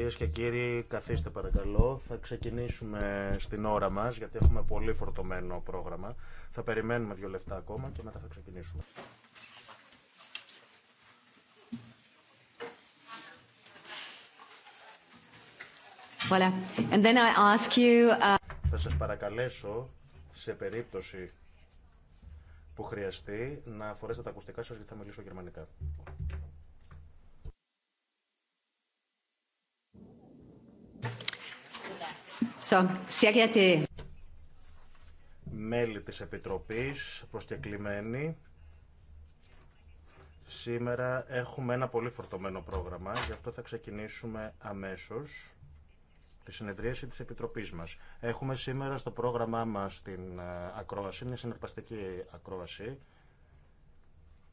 Κυρίες και κύριοι, καθίστε παρακαλώ. Θα ξεκινήσουμε στην ώρα μας, γιατί έχουμε πολύ φορτωμένο πρόγραμμα. Θα περιμένουμε δύο λεφτά ακόμα και μετά θα ξεκινήσουμε. Voilà. And then I ask you, uh, Θα σας παρακαλέσω, σε περίπτωση που χρειαστεί, να φορέσετε τα ακουστικά σας, γιατί θα μιλήσω γερμανικά. So, sehr Μέλη της Επιτροπής, προσκεκλημένοι, σήμερα έχουμε ένα πολύ φορτωμένο πρόγραμμα, γι' αυτό θα ξεκινήσουμε αμέσως τη συνεδρίαση της Επιτροπής μας. Έχουμε σήμερα στο πρόγραμμά μας την ε, ακρόαση, μια συναρπαστική ακρόαση,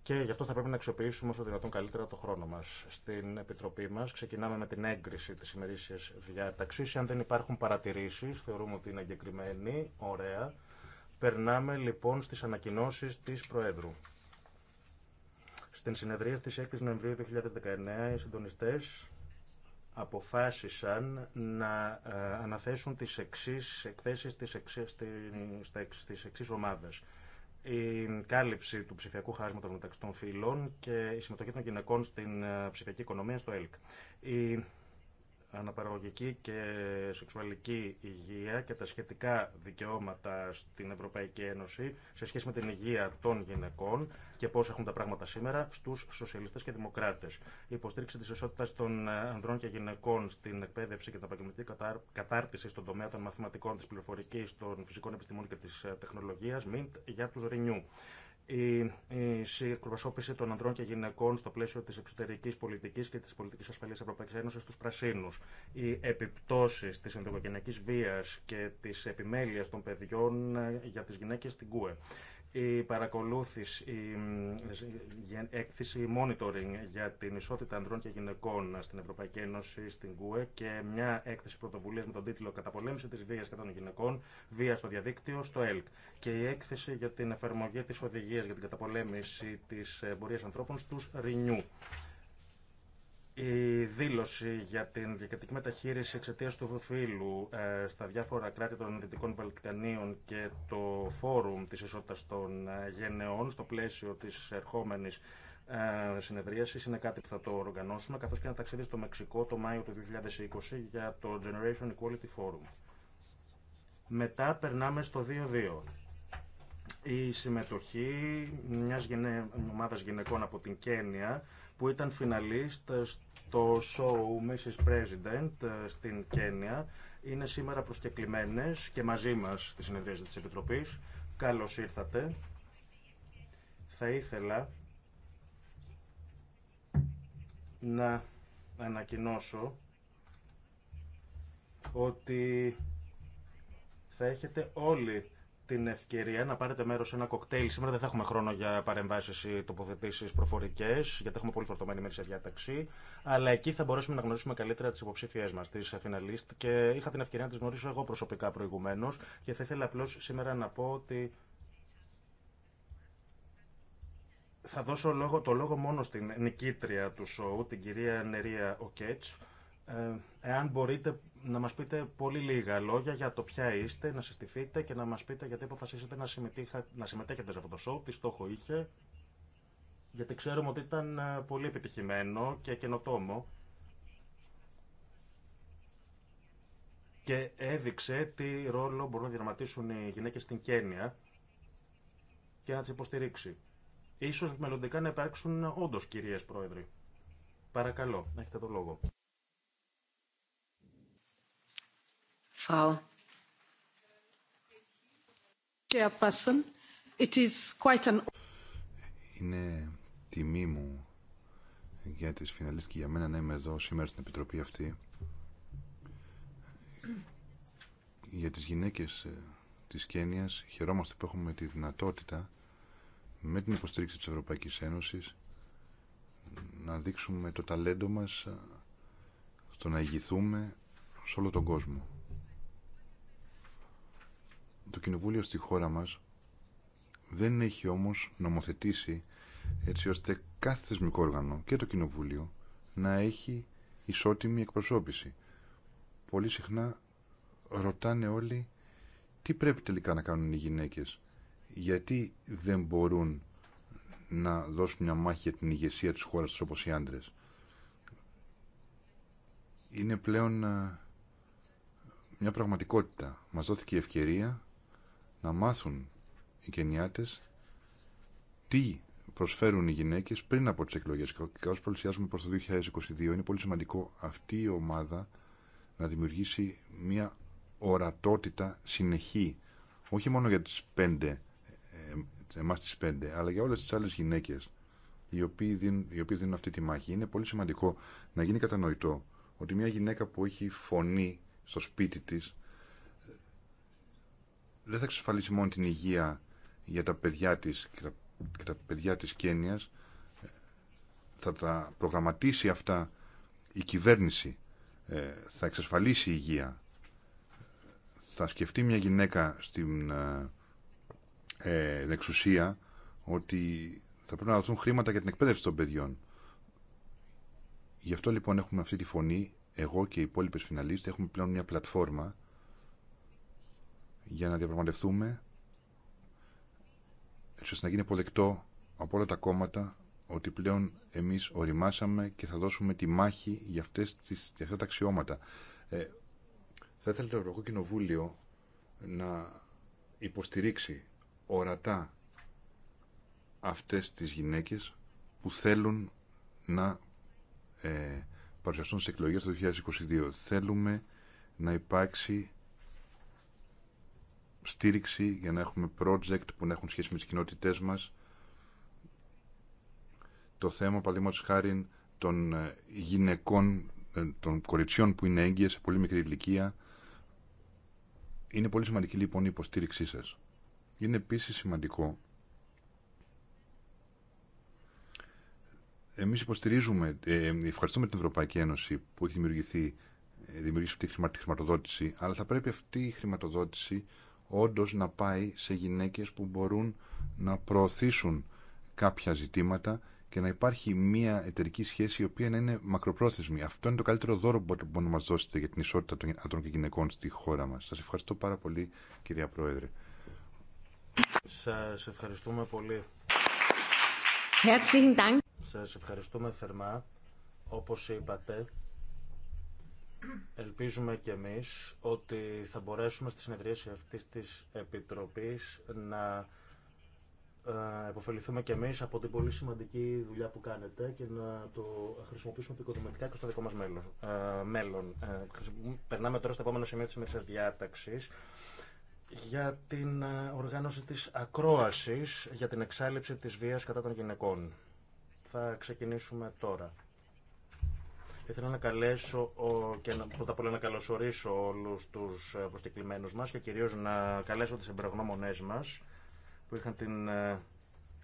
και γι' αυτό θα πρέπει να αξιοποιήσουμε όσο δυνατόν καλύτερα το χρόνο μα. Στην Επιτροπή μα ξεκινάμε με την έγκριση τη ημερήσια διάταξη. Αν δεν υπάρχουν παρατηρήσει, θεωρούμε ότι είναι εγκεκριμένη. Ωραία. Περνάμε λοιπόν στι ανακοινώσει τη Προέδρου. Στην συνεδρία τη 6 Νοεμβρίου 2019, οι συντονιστέ αποφάσισαν να ε, αναθέσουν τις εξής εκθέσεις στις εξή στις εξής ομάδες η κάλυψη του ψηφιακού χάσματος μεταξύ των φύλων και η συμμετοχή των γυναικών στην ε, ψηφιακή οικονομία στο ΕΛΚ αναπαραγωγική και σεξουαλική υγεία και τα σχετικά δικαιώματα στην Ευρωπαϊκή Ένωση σε σχέση με την υγεία των γυναικών και πώς έχουν τα πράγματα σήμερα στους σοσιαλιστές και δημοκράτες. Η υποστήριξη της ισότητας των ανδρών και γυναικών στην εκπαίδευση και την επαγγελματική κατάρτιση στον τομέα των μαθηματικών, της πληροφορικής, των φυσικών επιστημών και της τεχνολογίας, MINT, για τους ΡΙΝΙΟΥ η, η των ανδρών και γυναικών στο πλαίσιο τη εξωτερική πολιτική και τη πολιτική ασφαλείας Ευρωπαϊκή Ένωση στου Πρασίνου. Οι επιπτώσει τη ενδοοικογενειακή βία και τη επιμέλεια των παιδιών ε, για τι γυναίκε στην ΚΟΕ η παρακολούθηση, η έκθεση monitoring για την ισότητα ανδρών και γυναικών στην Ευρωπαϊκή Ένωση, στην ΚΟΕ και μια έκθεση πρωτοβουλία με τον τίτλο Καταπολέμηση τη βία κατά των γυναικών, βία στο διαδίκτυο, στο ΕΛΚ. Και η έκθεση για την εφαρμογή τη οδηγία για την καταπολέμηση τη ε, εμπορία ανθρώπων στου ΡΙΝΙΟΥ. Η δήλωση για την διακριτική μεταχείριση εξαιτία του ε, στα διάφορα κράτη των Δυτικών Βαλκανίων και το Φόρουμ τη Ισότητα των ε, Γενεών στο πλαίσιο τη ερχόμενη ε, συνεδρίαση είναι κάτι που θα το οργανώσουμε, καθώ και ένα ταξίδι στο Μεξικό το Μάιο του 2020 για το Generation Equality Forum. Μετά περνάμε στο 2-2. Η συμμετοχή μιας γυναι... ομάδας γυναικών από την Κένια που ήταν φιναλίστ στο show Mrs. President ε, στην Κένια. Είναι σήμερα προσκεκλημένες και μαζί μας στη συνεδρίαση της Επιτροπής. Καλώς ήρθατε. Θα ήθελα να ανακοινώσω ότι θα έχετε όλοι την ευκαιρία να πάρετε μέρο σε ένα κοκτέιλ. Σήμερα δεν θα έχουμε χρόνο για παρεμβάσει ή τοποθετήσει προφορικέ, γιατί έχουμε πολύ φορτωμένη μέρη σε διάταξη. Αλλά εκεί θα μπορέσουμε να γνωρίσουμε καλύτερα τι υποψήφιέ μα, τι φιναλίστ. Και είχα την ευκαιρία να τι γνωρίσω εγώ προσωπικά προηγουμένω. Και θα ήθελα απλώ σήμερα να πω ότι θα δώσω λόγο, το λόγο μόνο στην νικήτρια του σοου, την κυρία Νερία Οκέτς. Ε, εάν μπορείτε να μας πείτε πολύ λίγα λόγια για το ποια είστε, να συστηθείτε και να μας πείτε γιατί αποφασίσατε να, να συμμετέχετε σε αυτό το show, τι στόχο είχε, γιατί ξέρουμε ότι ήταν ε, πολύ επιτυχημένο και καινοτόμο και έδειξε τι ρόλο μπορούν να διαδραματίσουν οι γυναίκες στην Κένια και να τις υποστηρίξει. Ίσως μελλοντικά να υπάρξουν όντως κυρίες πρόεδροι. Παρακαλώ, έχετε το λόγο. Είναι τιμή μου για τις φιναλίστες και για μένα να είμαι εδώ σήμερα στην Επιτροπή αυτή. Για τις γυναίκες ε, της Κένιας χαιρόμαστε που έχουμε τη δυνατότητα με την υποστήριξη της Ευρωπαϊκής Ένωσης να δείξουμε το ταλέντο μας ε, στο να ηγηθούμε σε όλο τον κόσμο. Το Κοινοβούλιο στη χώρα μας δεν έχει όμως νομοθετήσει έτσι ώστε κάθε θεσμικό όργανο και το Κοινοβούλιο να έχει ισότιμη εκπροσώπηση. Πολύ συχνά ρωτάνε όλοι τι πρέπει τελικά να κάνουν οι γυναίκες. Γιατί δεν μπορούν να δώσουν μια μάχη για την ηγεσία της χώρας τους όπως οι άντρες. Είναι πλέον ε, μια πραγματικότητα. Μας δόθηκε η ευκαιρία να μάθουν οι Κενιάτες τι προσφέρουν οι γυναίκες πριν από τις εκλογές. Και όσο πλησιάζουμε προς το 2022 είναι πολύ σημαντικό αυτή η ομάδα να δημιουργήσει μια ορατότητα συνεχή, όχι μόνο για τις πέντε, ε, εμάς τις πέντε, αλλά για όλες τις άλλες γυναίκες οι οποίες δίνουν, οι οποίες δίνουν αυτή τη μάχη. Είναι πολύ σημαντικό να γίνει κατανοητό ότι μια γυναίκα που έχει φωνή στο σπίτι της δεν θα εξασφαλίσει μόνο την υγεία για τα παιδιά της και τα, παιδιά της Κένιας θα τα προγραμματίσει αυτά η κυβέρνηση ε, θα εξασφαλίσει υγεία θα σκεφτεί μια γυναίκα στην ε, ε εξουσία ότι θα πρέπει να δοθούν χρήματα για την εκπαίδευση των παιδιών γι' αυτό λοιπόν έχουμε αυτή τη φωνή εγώ και οι υπόλοιπε φιναλίστες έχουμε πλέον μια πλατφόρμα για να διαπραγματευτούμε έτσι ώστε να γίνει αποδεκτό από όλα τα κόμματα ότι πλέον εμείς οριμάσαμε και θα δώσουμε τη μάχη για, αυτές τις, για αυτά τα αξιώματα. Ε, θα ήθελα το Ευρωπαϊκό Κοινοβούλιο να υποστηρίξει ορατά αυτές τις γυναίκες που θέλουν να ε, παρουσιαστούν στις εκλογές το 2022. Θέλουμε να υπάρξει στήριξη, για να έχουμε project που να έχουν σχέση με τις κοινότητές μας. Το θέμα, παραδείγματος χάρη, των ε, γυναικών, ε, των κοριτσιών που είναι έγκυες σε πολύ μικρή ηλικία. Είναι πολύ σημαντική λοιπόν η υποστήριξή σας. Είναι επίσης σημαντικό Εμείς υποστηρίζουμε, ε, ευχαριστούμε την Ευρωπαϊκή Ένωση που έχει δημιουργηθεί, δημιουργήσει αυτή τη χρηματοδότηση, αλλά θα πρέπει αυτή η χρηματοδότηση όντως να πάει σε γυναίκες που μπορούν να προωθήσουν κάποια ζητήματα και να υπάρχει μια εταιρική σχέση η οποία να είναι μακροπρόθεσμη. Αυτό είναι το καλύτερο δώρο που μπορείτε να μας δώσετε για την ισότητα των άντρων και γυναικών στη χώρα μας. Σας ευχαριστώ πάρα πολύ κυρία Πρόεδρε. Σας ευχαριστούμε πολύ. Σας ευχαριστούμε θερμά. Όπως είπατε, Ελπίζουμε και εμείς ότι θα μπορέσουμε στη συνεδρίαση αυτής της Επιτροπής να ε, επωφεληθούμε και εμείς από την πολύ σημαντική δουλειά που κάνετε και να το χρησιμοποιήσουμε επικοδομητικά και στο δικό μας μέλλον. Ε, μέλλον. Ε, περνάμε τώρα στο επόμενο σημείο της μέσα διάταξης για την ε, οργάνωση της ακρόασης για την εξάλληψη της βίας κατά των γυναικών. Θα ξεκινήσουμε τώρα. Ήθελα να καλέσω και να, πρώτα απ' όλα να καλωσορίσω όλους τους ε, προσκεκλημένους μας και κυρίως να καλέσω τις εμπειρογνώμονές μας που είχαν την ε,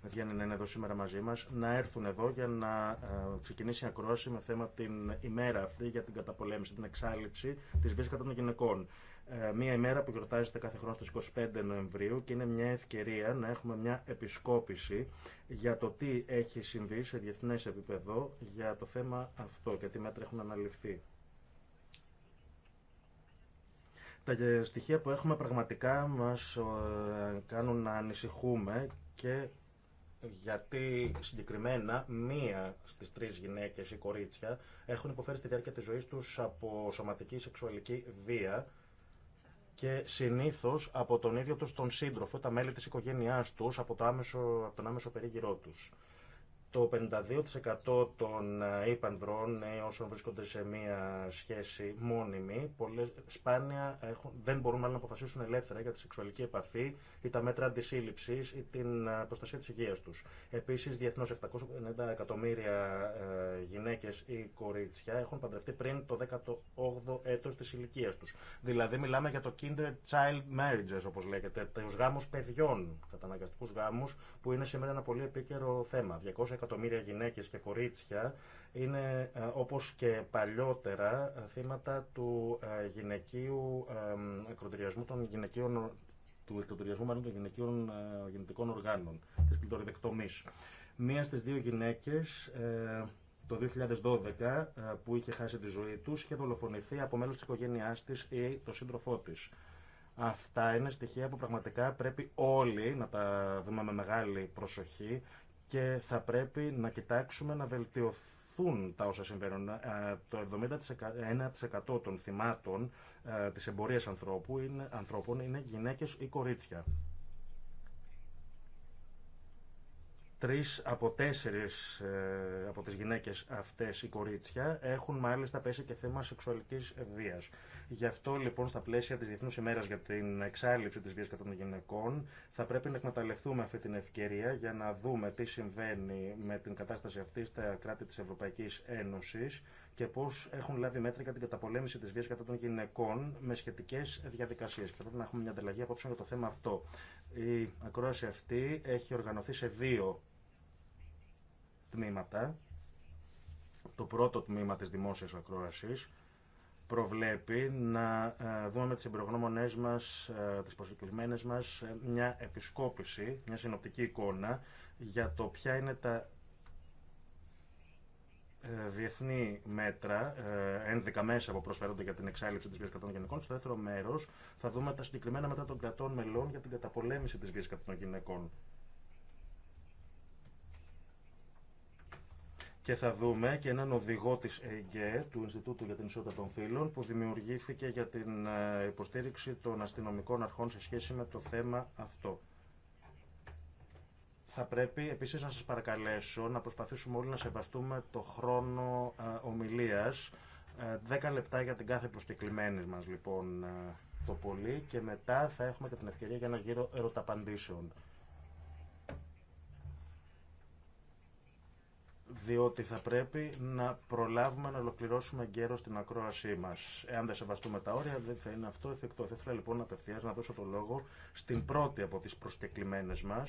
ευγένεια να είναι εδώ σήμερα μαζί μας να έρθουν εδώ για να ε, ξεκινήσει η ακρόαση με θέμα την ημέρα αυτή για την καταπολέμηση, την εξάλληψη της βίας των γυναικών. Ε, μια ημέρα που γιορτάζεται κάθε χρόνο στις 25 Νοεμβρίου και είναι μια ευκαιρία να έχουμε μια επισκόπηση για το τι έχει συμβεί σε διεθνές επίπεδο για το θέμα αυτό και τι μέτρα έχουν αναλυφθεί. Τα στοιχεία που έχουμε πραγματικά μας ε, κάνουν να ανησυχούμε και γιατί συγκεκριμένα μία στις τρεις γυναίκες ή κορίτσια έχουν υποφέρει στη διάρκεια της ζωής τους από σωματική σεξουαλική βία και συνήθως από τον ίδιο του τον σύντροφο, τα μέλη τη οικογένεια του από, το άμεσο, από τον άμεσο περίγυρό τους. Το 52% των ύπανδρων ε, ε, όσων βρίσκονται σε μία σχέση μόνιμη, πολλές, σπάνια έχουν, δεν μπορούν να αποφασίσουν ελεύθερα για τη σεξουαλική επαφή ή τα μέτρα αντισύλληψη ή την ε, προστασία τη υγεία του. Επίση, διεθνώ 790 εκατομμύρια γυναίκε ή κορίτσια έχουν παντρευτεί πριν το 18ο έτος τη ηλικία του. Δηλαδή, μιλάμε για το kinder child marriages, όπω λέγεται, τους γάμου παιδιών, καταναγκαστικού γάμου, που είναι σήμερα ένα πολύ επίκαιρο θέμα εκατομμύρια γυναίκες και κορίτσια είναι ε, όπως και παλιότερα ε, θύματα του ε, γυναικείου ακροτηριασμού των γυναικείων του εκτοτηριασμού μάλλον των γυναικείων γεννητικών οργάνων, της κλειτοριδεκτομής. Μία στις δύο γυναίκες το 2012 που είχε χάσει τη ζωή του είχε δολοφονηθεί από μέλος της οικογένειάς της ή το σύντροφό τη, Αυτά είναι στοιχεία που πραγματικά πρέπει όλοι να τα δούμε με μεγάλη προσοχή και θα πρέπει να κοιτάξουμε να βελτιωθούν τα όσα συμβαίνουν. Ε, το 71% των θυμάτων ε, της εμπορίας ανθρώπου είναι, ανθρώπων είναι γυναίκες ή κορίτσια. τρεις από τέσσερις ε, από τις γυναίκες αυτές οι κορίτσια έχουν μάλιστα πέσει και θέμα σεξουαλικής βίας. Γι' αυτό λοιπόν στα πλαίσια της Διεθνούς ημέρας για την εξάλληψη της βίας κατά των γυναικών θα πρέπει να εκμεταλλευτούμε αυτή την ευκαιρία για να δούμε τι συμβαίνει με την κατάσταση αυτή στα κράτη της Ευρωπαϊκής Ένωσης και πώ έχουν λάβει μέτρα για την καταπολέμηση τη βία κατά των γυναικών με σχετικέ διαδικασίε. Θα πρέπει να έχουμε μια ανταλλαγή απόψε για το θέμα αυτό. Η ακρόαση αυτή έχει οργανωθεί σε δύο τμήματα. Το πρώτο τμήμα της δημόσιας ακρόασης προβλέπει να ε, δούμε με τις εμπειρογνώμονές μας, ε, τις προσκεκλημένες μας, ε, μια επισκόπηση, μια συνοπτική εικόνα για το ποια είναι τα διεθνή μέτρα, ένδικα μέσα που προσφέρονται για την εξάλληψη της βίας κατά των γυναικών. Στο δεύτερο μέρος θα δούμε τα συγκεκριμένα μέτρα των κρατών μελών για την καταπολέμηση της βίας κατά των γυναικών. Και θα δούμε και έναν οδηγό της ΕΓΕ, του Ινστιτούτου για την Ισότητα των Φύλων, που δημιουργήθηκε για την ε, υποστήριξη των αστυνομικών αρχών σε σχέση με το θέμα αυτό. Θα πρέπει επίσης να σας παρακαλέσω να προσπαθήσουμε όλοι να σεβαστούμε το χρόνο ε, ομιλίας. Ε, δέκα λεπτά για την κάθε προσκεκλημένη μας λοιπόν το πολύ και μετά θα έχουμε και την ευκαιρία για ένα γύρο ερωταπαντήσεων. διότι θα πρέπει να προλάβουμε να ολοκληρώσουμε γέρο την ακρόασή μα. Εάν δεν σεβαστούμε τα όρια, δεν θα είναι αυτό εφικτό. Θα ήθελα λοιπόν απευθεία να δώσω το λόγο στην πρώτη από τι προσκεκλημένε μα,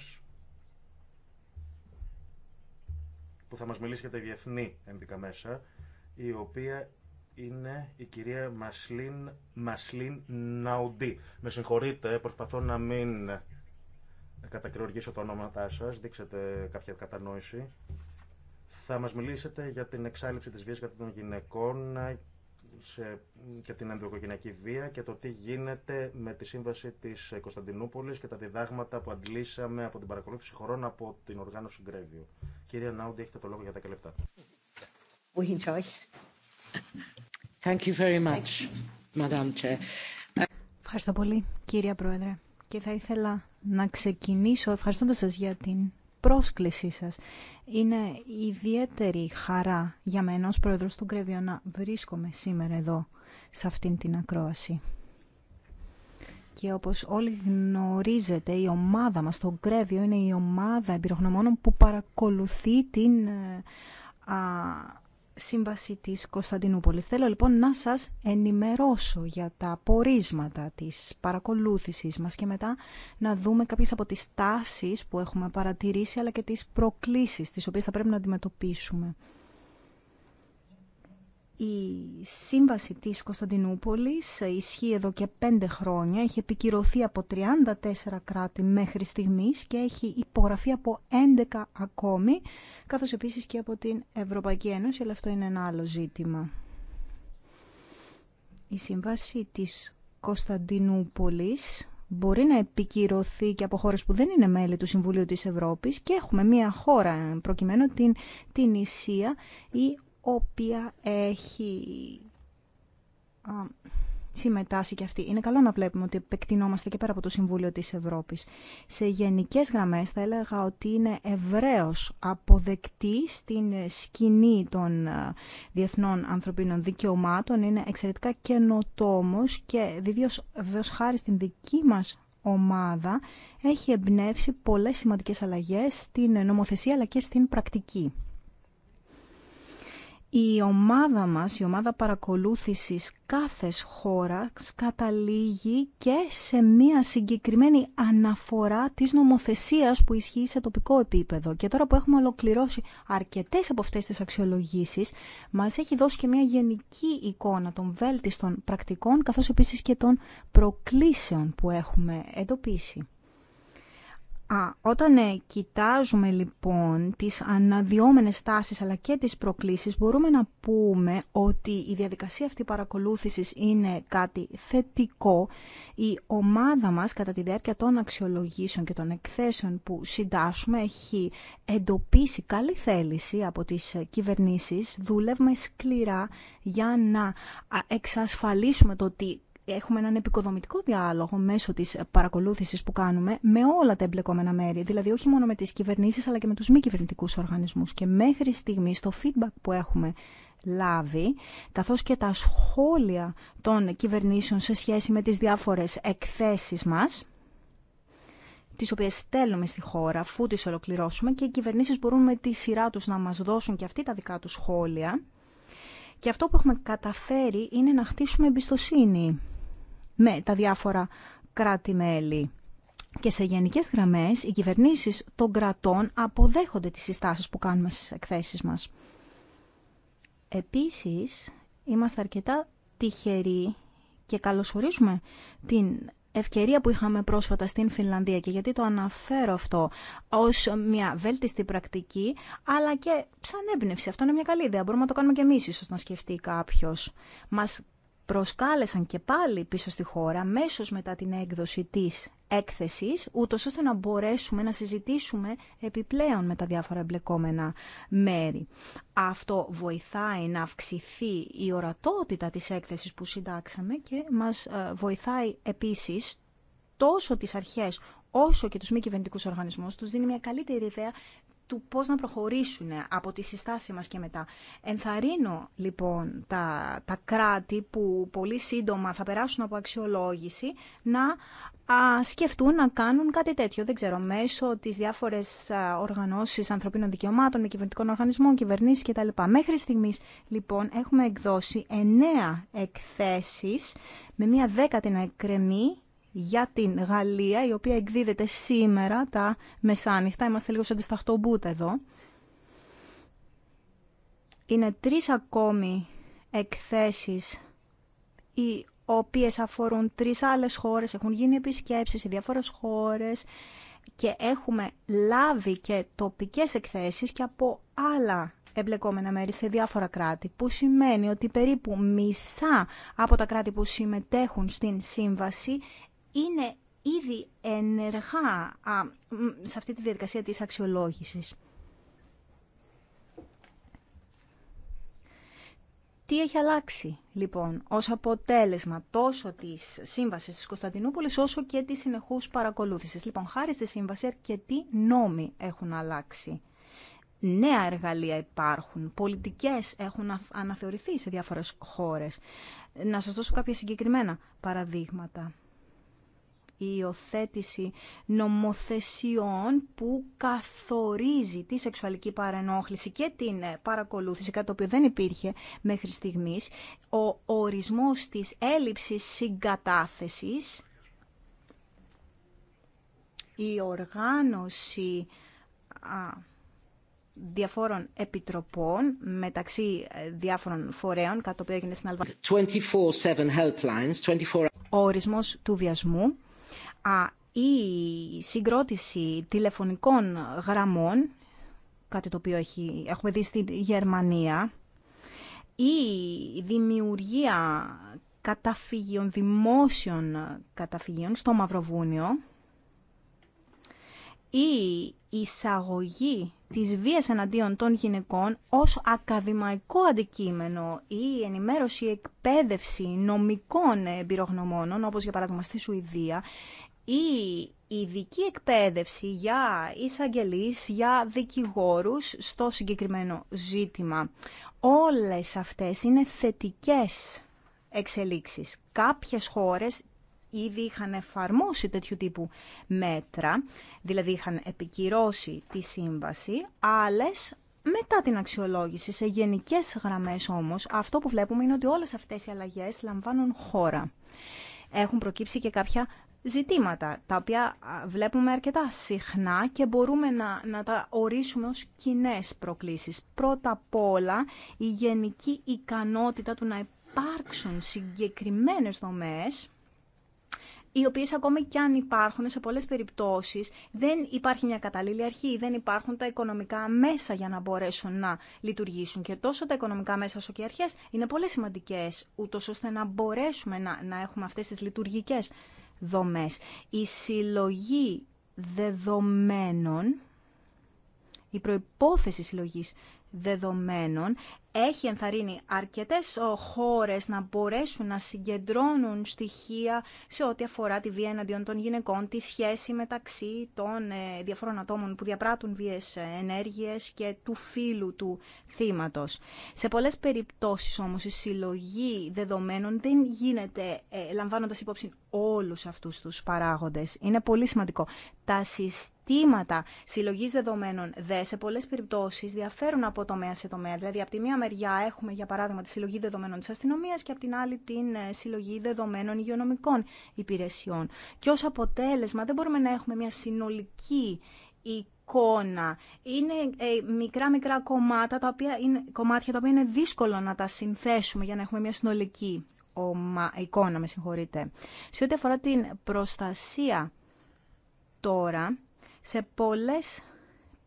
που θα μα μιλήσει για τα διεθνή ενδικά μέσα, η οποία είναι η κυρία Μασλίν, Μασλίν Ναουντή. Με συγχωρείτε, προσπαθώ να μην κατακριοργήσω τα ονόματά σας, δείξετε κάποια κατανόηση. Θα μας μιλήσετε για την εξάλληψη της βίας κατά των γυναικών σε, και την ενδοοικογενειακή βία και το τι γίνεται με τη σύμβαση της Κωνσταντινούπολης και τα διδάγματα που αντλήσαμε από την παρακολούθηση χωρών από την οργάνωση Γκρέβιο. Κυρία Νάουντι, έχετε το λόγο για 10 λεπτά. Thank you very much, Ευχαριστώ πολύ, κύρια Πρόεδρε. Και θα ήθελα να ξεκινήσω ευχαριστώντας σας για την πρόσκλησή σας. Είναι ιδιαίτερη χαρά για μένα ως πρόεδρος του Γκρεβιό να βρίσκομαι σήμερα εδώ, σε αυτήν την ακρόαση. Και όπως όλοι γνωρίζετε, η ομάδα μας στο Γκρέβιο είναι η ομάδα εμπειρογνωμόνων που παρακολουθεί την ε, Σύμβαση της Κωνσταντινούπολης. Θέλω λοιπόν να σας ενημερώσω για τα πορίσματα της παρακολούθησης μας και μετά να δούμε κάποιες από τις τάσεις που έχουμε παρατηρήσει αλλά και τις προκλήσεις τις οποίες θα πρέπει να αντιμετωπίσουμε. Η σύμβαση της Κωνσταντινούπολης ισχύει εδώ και πέντε χρόνια, έχει επικυρωθεί από 34 κράτη μέχρι στιγμής και έχει υπογραφεί από 11 ακόμη, καθώς επίσης και από την Ευρωπαϊκή Ένωση, αλλά αυτό είναι ένα άλλο ζήτημα. Η σύμβαση της Κωνσταντινούπολης μπορεί να επικυρωθεί και από χώρες που δεν είναι μέλη του Συμβουλίου της Ευρώπης και έχουμε μία χώρα προκειμένου την, την Ισία η οποία έχει α, συμμετάσχει και αυτή. Είναι καλό να βλέπουμε ότι επεκτηνόμαστε και πέρα από το Συμβούλιο της Ευρώπης. Σε γενικές γραμμές θα έλεγα ότι είναι ευρέως αποδεκτή στην σκηνή των διεθνών ανθρωπίνων δικαιωμάτων. Είναι εξαιρετικά καινοτόμο και βεβαίως χάρη στην δική μας ομάδα έχει εμπνεύσει πολλές σημαντικές αλλαγές στην νομοθεσία αλλά και στην πρακτική η ομάδα μας, η ομάδα παρακολούθησης κάθε χώρας καταλήγει και σε μία συγκεκριμένη αναφορά της νομοθεσίας που ισχύει σε τοπικό επίπεδο. Και τώρα που έχουμε ολοκληρώσει αρκετές από αυτές τις αξιολογήσεις, μας έχει δώσει και μία γενική εικόνα των βέλτιστων πρακτικών, καθώς επίσης και των προκλήσεων που έχουμε εντοπίσει όταν ε, κοιτάζουμε λοιπόν τις αναδυόμενες τάσεις αλλά και τις προκλήσεις μπορούμε να πούμε ότι η διαδικασία αυτή παρακολούθησης είναι κάτι θετικό. Η ομάδα μας κατά τη διάρκεια των αξιολογήσεων και των εκθέσεων που συντάσσουμε έχει εντοπίσει καλή θέληση από τις ε, κυβερνήσεις. Δουλεύουμε σκληρά για να εξασφαλίσουμε το ότι έχουμε έναν επικοδομητικό διάλογο μέσω της παρακολούθησης που κάνουμε με όλα τα εμπλεκόμενα μέρη, δηλαδή όχι μόνο με τις κυβερνήσεις αλλά και με τους μη κυβερνητικού οργανισμούς. Και μέχρι στιγμή το feedback που έχουμε λάβει, καθώς και τα σχόλια των κυβερνήσεων σε σχέση με τις διάφορες εκθέσεις μας, τις οποίες στέλνουμε στη χώρα αφού τις ολοκληρώσουμε και οι κυβερνήσεις μπορούν με τη σειρά τους να μας δώσουν και αυτοί τα δικά τους σχόλια. Και αυτό που έχουμε καταφέρει είναι να χτίσουμε εμπιστοσύνη με τα διάφορα κράτη-μέλη. Και σε γενικές γραμμές οι κυβερνήσεις των κρατών αποδέχονται τις συστάσεις που κάνουμε στις εκθέσεις μας. Επίσης, είμαστε αρκετά τυχεροί και καλωσορίζουμε την ευκαιρία που είχαμε πρόσφατα στην Φινλανδία και γιατί το αναφέρω αυτό ως μια βέλτιστη πρακτική αλλά και σαν έμπνευση. Αυτό είναι μια καλή ιδέα. Μπορούμε να το κάνουμε και εμείς ίσως να σκεφτεί κάποιος. Μας προσκάλεσαν και πάλι πίσω στη χώρα, μέσως μετά την έκδοση της έκθεσης, ούτως ώστε να μπορέσουμε να συζητήσουμε επιπλέον με τα διάφορα εμπλεκόμενα μέρη. Αυτό βοηθάει να αυξηθεί η ορατότητα της έκθεσης που συντάξαμε και μας ε, βοηθάει επίσης τόσο τις αρχές όσο και τους μη κυβερνητικού οργανισμούς, τους δίνει μια καλύτερη ιδέα του πώς να προχωρήσουν από τη συστάση μας και μετά. Ενθαρρύνω λοιπόν τα, τα κράτη που πολύ σύντομα θα περάσουν από αξιολόγηση να σκεφτούν να κάνουν κάτι τέτοιο. Δεν ξέρω, μέσω της διάφορες α, οργανώσεις ανθρωπίνων δικαιωμάτων, με κυβερνητικών οργανισμών, κυβερνήσεις κτλ. Μέχρι στιγμής λοιπόν έχουμε εκδώσει εννέα εκθέσεις με μία δέκατη να εκκρεμεί για την Γαλλία, η οποία εκδίδεται σήμερα τα μεσάνυχτα. Είμαστε λίγο σαν τη σταχτομπούτα εδώ. Είναι τρεις ακόμη εκθέσεις οι οποίες αφορούν τρεις άλλες χώρες, έχουν γίνει επισκέψεις σε διάφορες χώρες και έχουμε λάβει και τοπικές εκθέσεις και από άλλα εμπλεκόμενα μέρη σε διάφορα κράτη, που σημαίνει ότι περίπου μισά από τα κράτη που συμμετέχουν στην σύμβαση είναι ήδη ενεργά σε αυτή τη διαδικασία της αξιολόγησης. Τι έχει αλλάξει λοιπόν ως αποτέλεσμα τόσο της σύμβασης της Κωνσταντινούπολης όσο και της συνεχούς παρακολούθησης. Λοιπόν, χάρη στη σύμβαση αρκετοί νόμοι έχουν αλλάξει. Νέα εργαλεία υπάρχουν, πολιτικές έχουν αναθεωρηθεί σε διάφορες χώρες. Να σας δώσω κάποια συγκεκριμένα παραδείγματα η υιοθέτηση νομοθεσιών που καθορίζει τη σεξουαλική παρενόχληση και την ε, παρακολούθηση, κάτι το οποίο δεν υπήρχε μέχρι στιγμής, ο ορισμός της έλλειψης συγκατάθεσης, η οργάνωση διαφόρων επιτροπών μεταξύ ε, διάφορων φορέων, κάτι το οποίο έγινε στην Αλβανία. helplines, 24... Ο ορισμός του βιασμού η συγκρότηση τηλεφωνικών γραμμών, κάτι το οποίο έχει, έχουμε δει στη Γερμανία, η δημιουργία καταφυγίων, δημόσιων καταφυγίων στο Μαυροβούνιο, η εισαγωγή της βίας εναντίον των γυναικών ως ακαδημαϊκό αντικείμενο ή ενημέρωση, εκπαίδευση νομικών εμπειρογνωμόνων, όπως για παράδειγμα στη Σουηδία, η ειδική εκπαίδευση για εισαγγελείς, για δικηγόρους στο συγκεκριμένο ζήτημα. Όλες αυτές είναι θετικές εξελίξεις. Κάποιες χώρες ήδη είχαν εφαρμόσει τέτοιου τύπου μέτρα, δηλαδή είχαν επικυρώσει τη σύμβαση, άλλες μετά την αξιολόγηση, σε γενικές γραμμές όμως, αυτό που βλέπουμε είναι ότι όλες αυτές οι αλλαγές λαμβάνουν χώρα. Έχουν προκύψει και κάποια ζητήματα, τα οποία βλέπουμε αρκετά συχνά και μπορούμε να, να τα ορίσουμε ως κοινέ προκλήσεις. Πρώτα απ' όλα, η γενική ικανότητα του να υπάρξουν συγκεκριμένες δομές οι οποίες ακόμη και αν υπάρχουν σε πολλές περιπτώσεις δεν υπάρχει μια καταλήλη αρχή, δεν υπάρχουν τα οικονομικά μέσα για να μπορέσουν να λειτουργήσουν και τόσο τα οικονομικά μέσα όσο και οι αρχές είναι πολύ σημαντικές ούτως ώστε να μπορέσουμε να, να έχουμε αυτές τις λειτουργικές δομές. Η συλλογή δεδομένων, η προϋπόθεση συλλογής δεδομένων έχει ενθαρρύνει αρκετές ε, χώρες να μπορέσουν να συγκεντρώνουν στοιχεία σε ό,τι αφορά τη βία εναντίον των γυναικών, τη σχέση μεταξύ των ε, διαφορών ατόμων που διαπράττουν βίες ε, ενέργειες και του φίλου του θύματος. Σε πολλές περιπτώσεις όμως η συλλογή δεδομένων δεν γίνεται λαμβάνοντας υπόψη όλους αυτούς τους παράγοντες. Είναι πολύ σημαντικό. Τα συστήματα συλλογής δεδομένων δε σε πολλές περιπτώσεις διαφέρουν από τομέα σε τομέα. Δηλαδή από τη μία μεριά έχουμε για παράδειγμα τη συλλογή δεδομένων τη αστυνομία και από την άλλη την ε, συλλογή δεδομένων υγειονομικών υπηρεσιών. Και ω αποτέλεσμα δεν μπορούμε να έχουμε μια συνολική εικόνα. Είναι ε, μικρά-μικρά κομμάτια, τα οποία είναι, κομμάτια τα οποία είναι δύσκολο να τα συνθέσουμε για να έχουμε μια συνολική εικόνα. Με συγχωρείτε. Σε ό,τι αφορά την προστασία τώρα, σε πολλές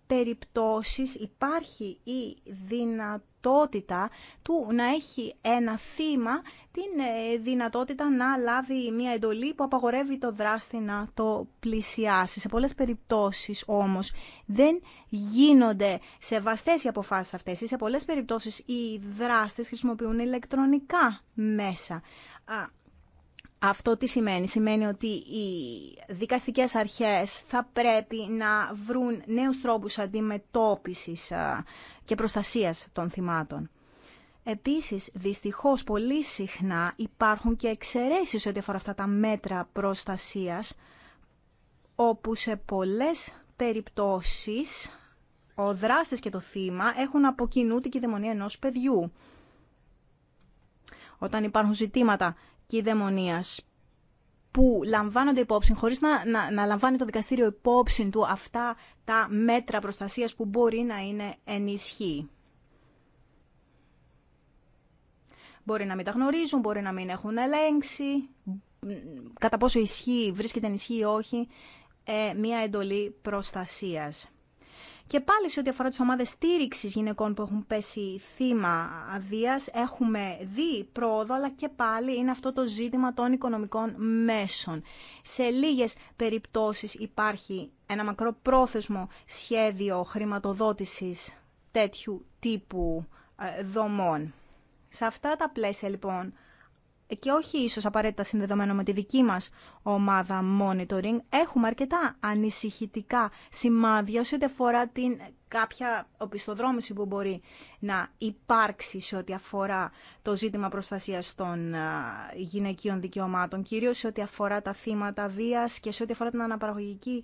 περιπτώσεις υπάρχει η δυνατότητα δυνατότητα του να έχει ένα θύμα την ε, δυνατότητα να λάβει μια εντολή που απαγορεύει το δράστη να το πλησιάσει. Σε πολλές περιπτώσεις όμως δεν γίνονται σεβαστές οι αποφάσεις αυτές σε πολλές περιπτώσεις οι δράστες χρησιμοποιούν ηλεκτρονικά μέσα. Αυτό τι σημαίνει. Σημαίνει ότι οι δικαστικές αρχές θα πρέπει να βρουν νέους τρόπους αντιμετώπισης και προστασίας των θυμάτων. Επίσης, δυστυχώς, πολύ συχνά υπάρχουν και εξαιρέσεις ό,τι αφορά αυτά τα μέτρα προστασίας, όπου σε πολλές περιπτώσεις ο δράστης και το θύμα έχουν από κοινού την κυδαιμονία ενός παιδιού. Όταν υπάρχουν ζητήματα κυδαιμονίας που λαμβάνονται υπόψη, χωρί να, να, λαμβάνει το δικαστήριο υπόψη του αυτά τα μέτρα προστασίας που μπορεί να είναι ενισχύει. Μπορεί να μην τα γνωρίζουν, μπορεί να μην έχουν ελέγξει, κατά πόσο ισχύει, βρίσκεται ενισχύει ή όχι, ε, μία εντολή προστασίας. Και πάλι σε ό,τι αφορά τις ομάδες στήριξης γυναικών που έχουν πέσει θύμα αδείας, έχουμε δει πρόοδο, αλλά και πάλι είναι αυτό το ζήτημα των οικονομικών μέσων. Σε λίγες περιπτώσεις υπάρχει ένα μακρό πρόθεσμο σχέδιο χρηματοδότησης τέτοιου τύπου ε, δομών. Σε αυτά τα πλαίσια λοιπόν και όχι ίσως απαραίτητα συνδεδεμένο με τη δική μας ομάδα monitoring, έχουμε αρκετά ανησυχητικά σημάδια σε ό,τι αφορά την κάποια οπισθοδρόμηση που μπορεί να υπάρξει σε ό,τι αφορά το ζήτημα προστασίας των γυναικείων δικαιωμάτων, κυρίως σε ό,τι αφορά τα θύματα βίας και σε ό,τι αφορά την αναπαραγωγική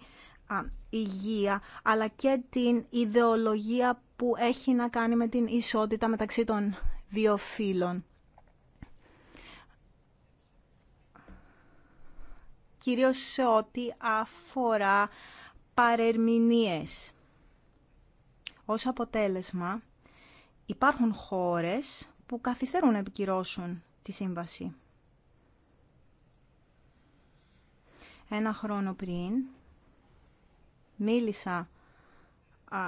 υγεία, αλλά και την ιδεολογία που έχει να κάνει με την ισότητα μεταξύ των δύο φύλων. κυρίως σε ό,τι αφορά παρερμηνίες. Ως αποτέλεσμα, υπάρχουν χώρες που καθυστερούν να επικυρώσουν τη σύμβαση. Ένα χρόνο πριν, μίλησα α,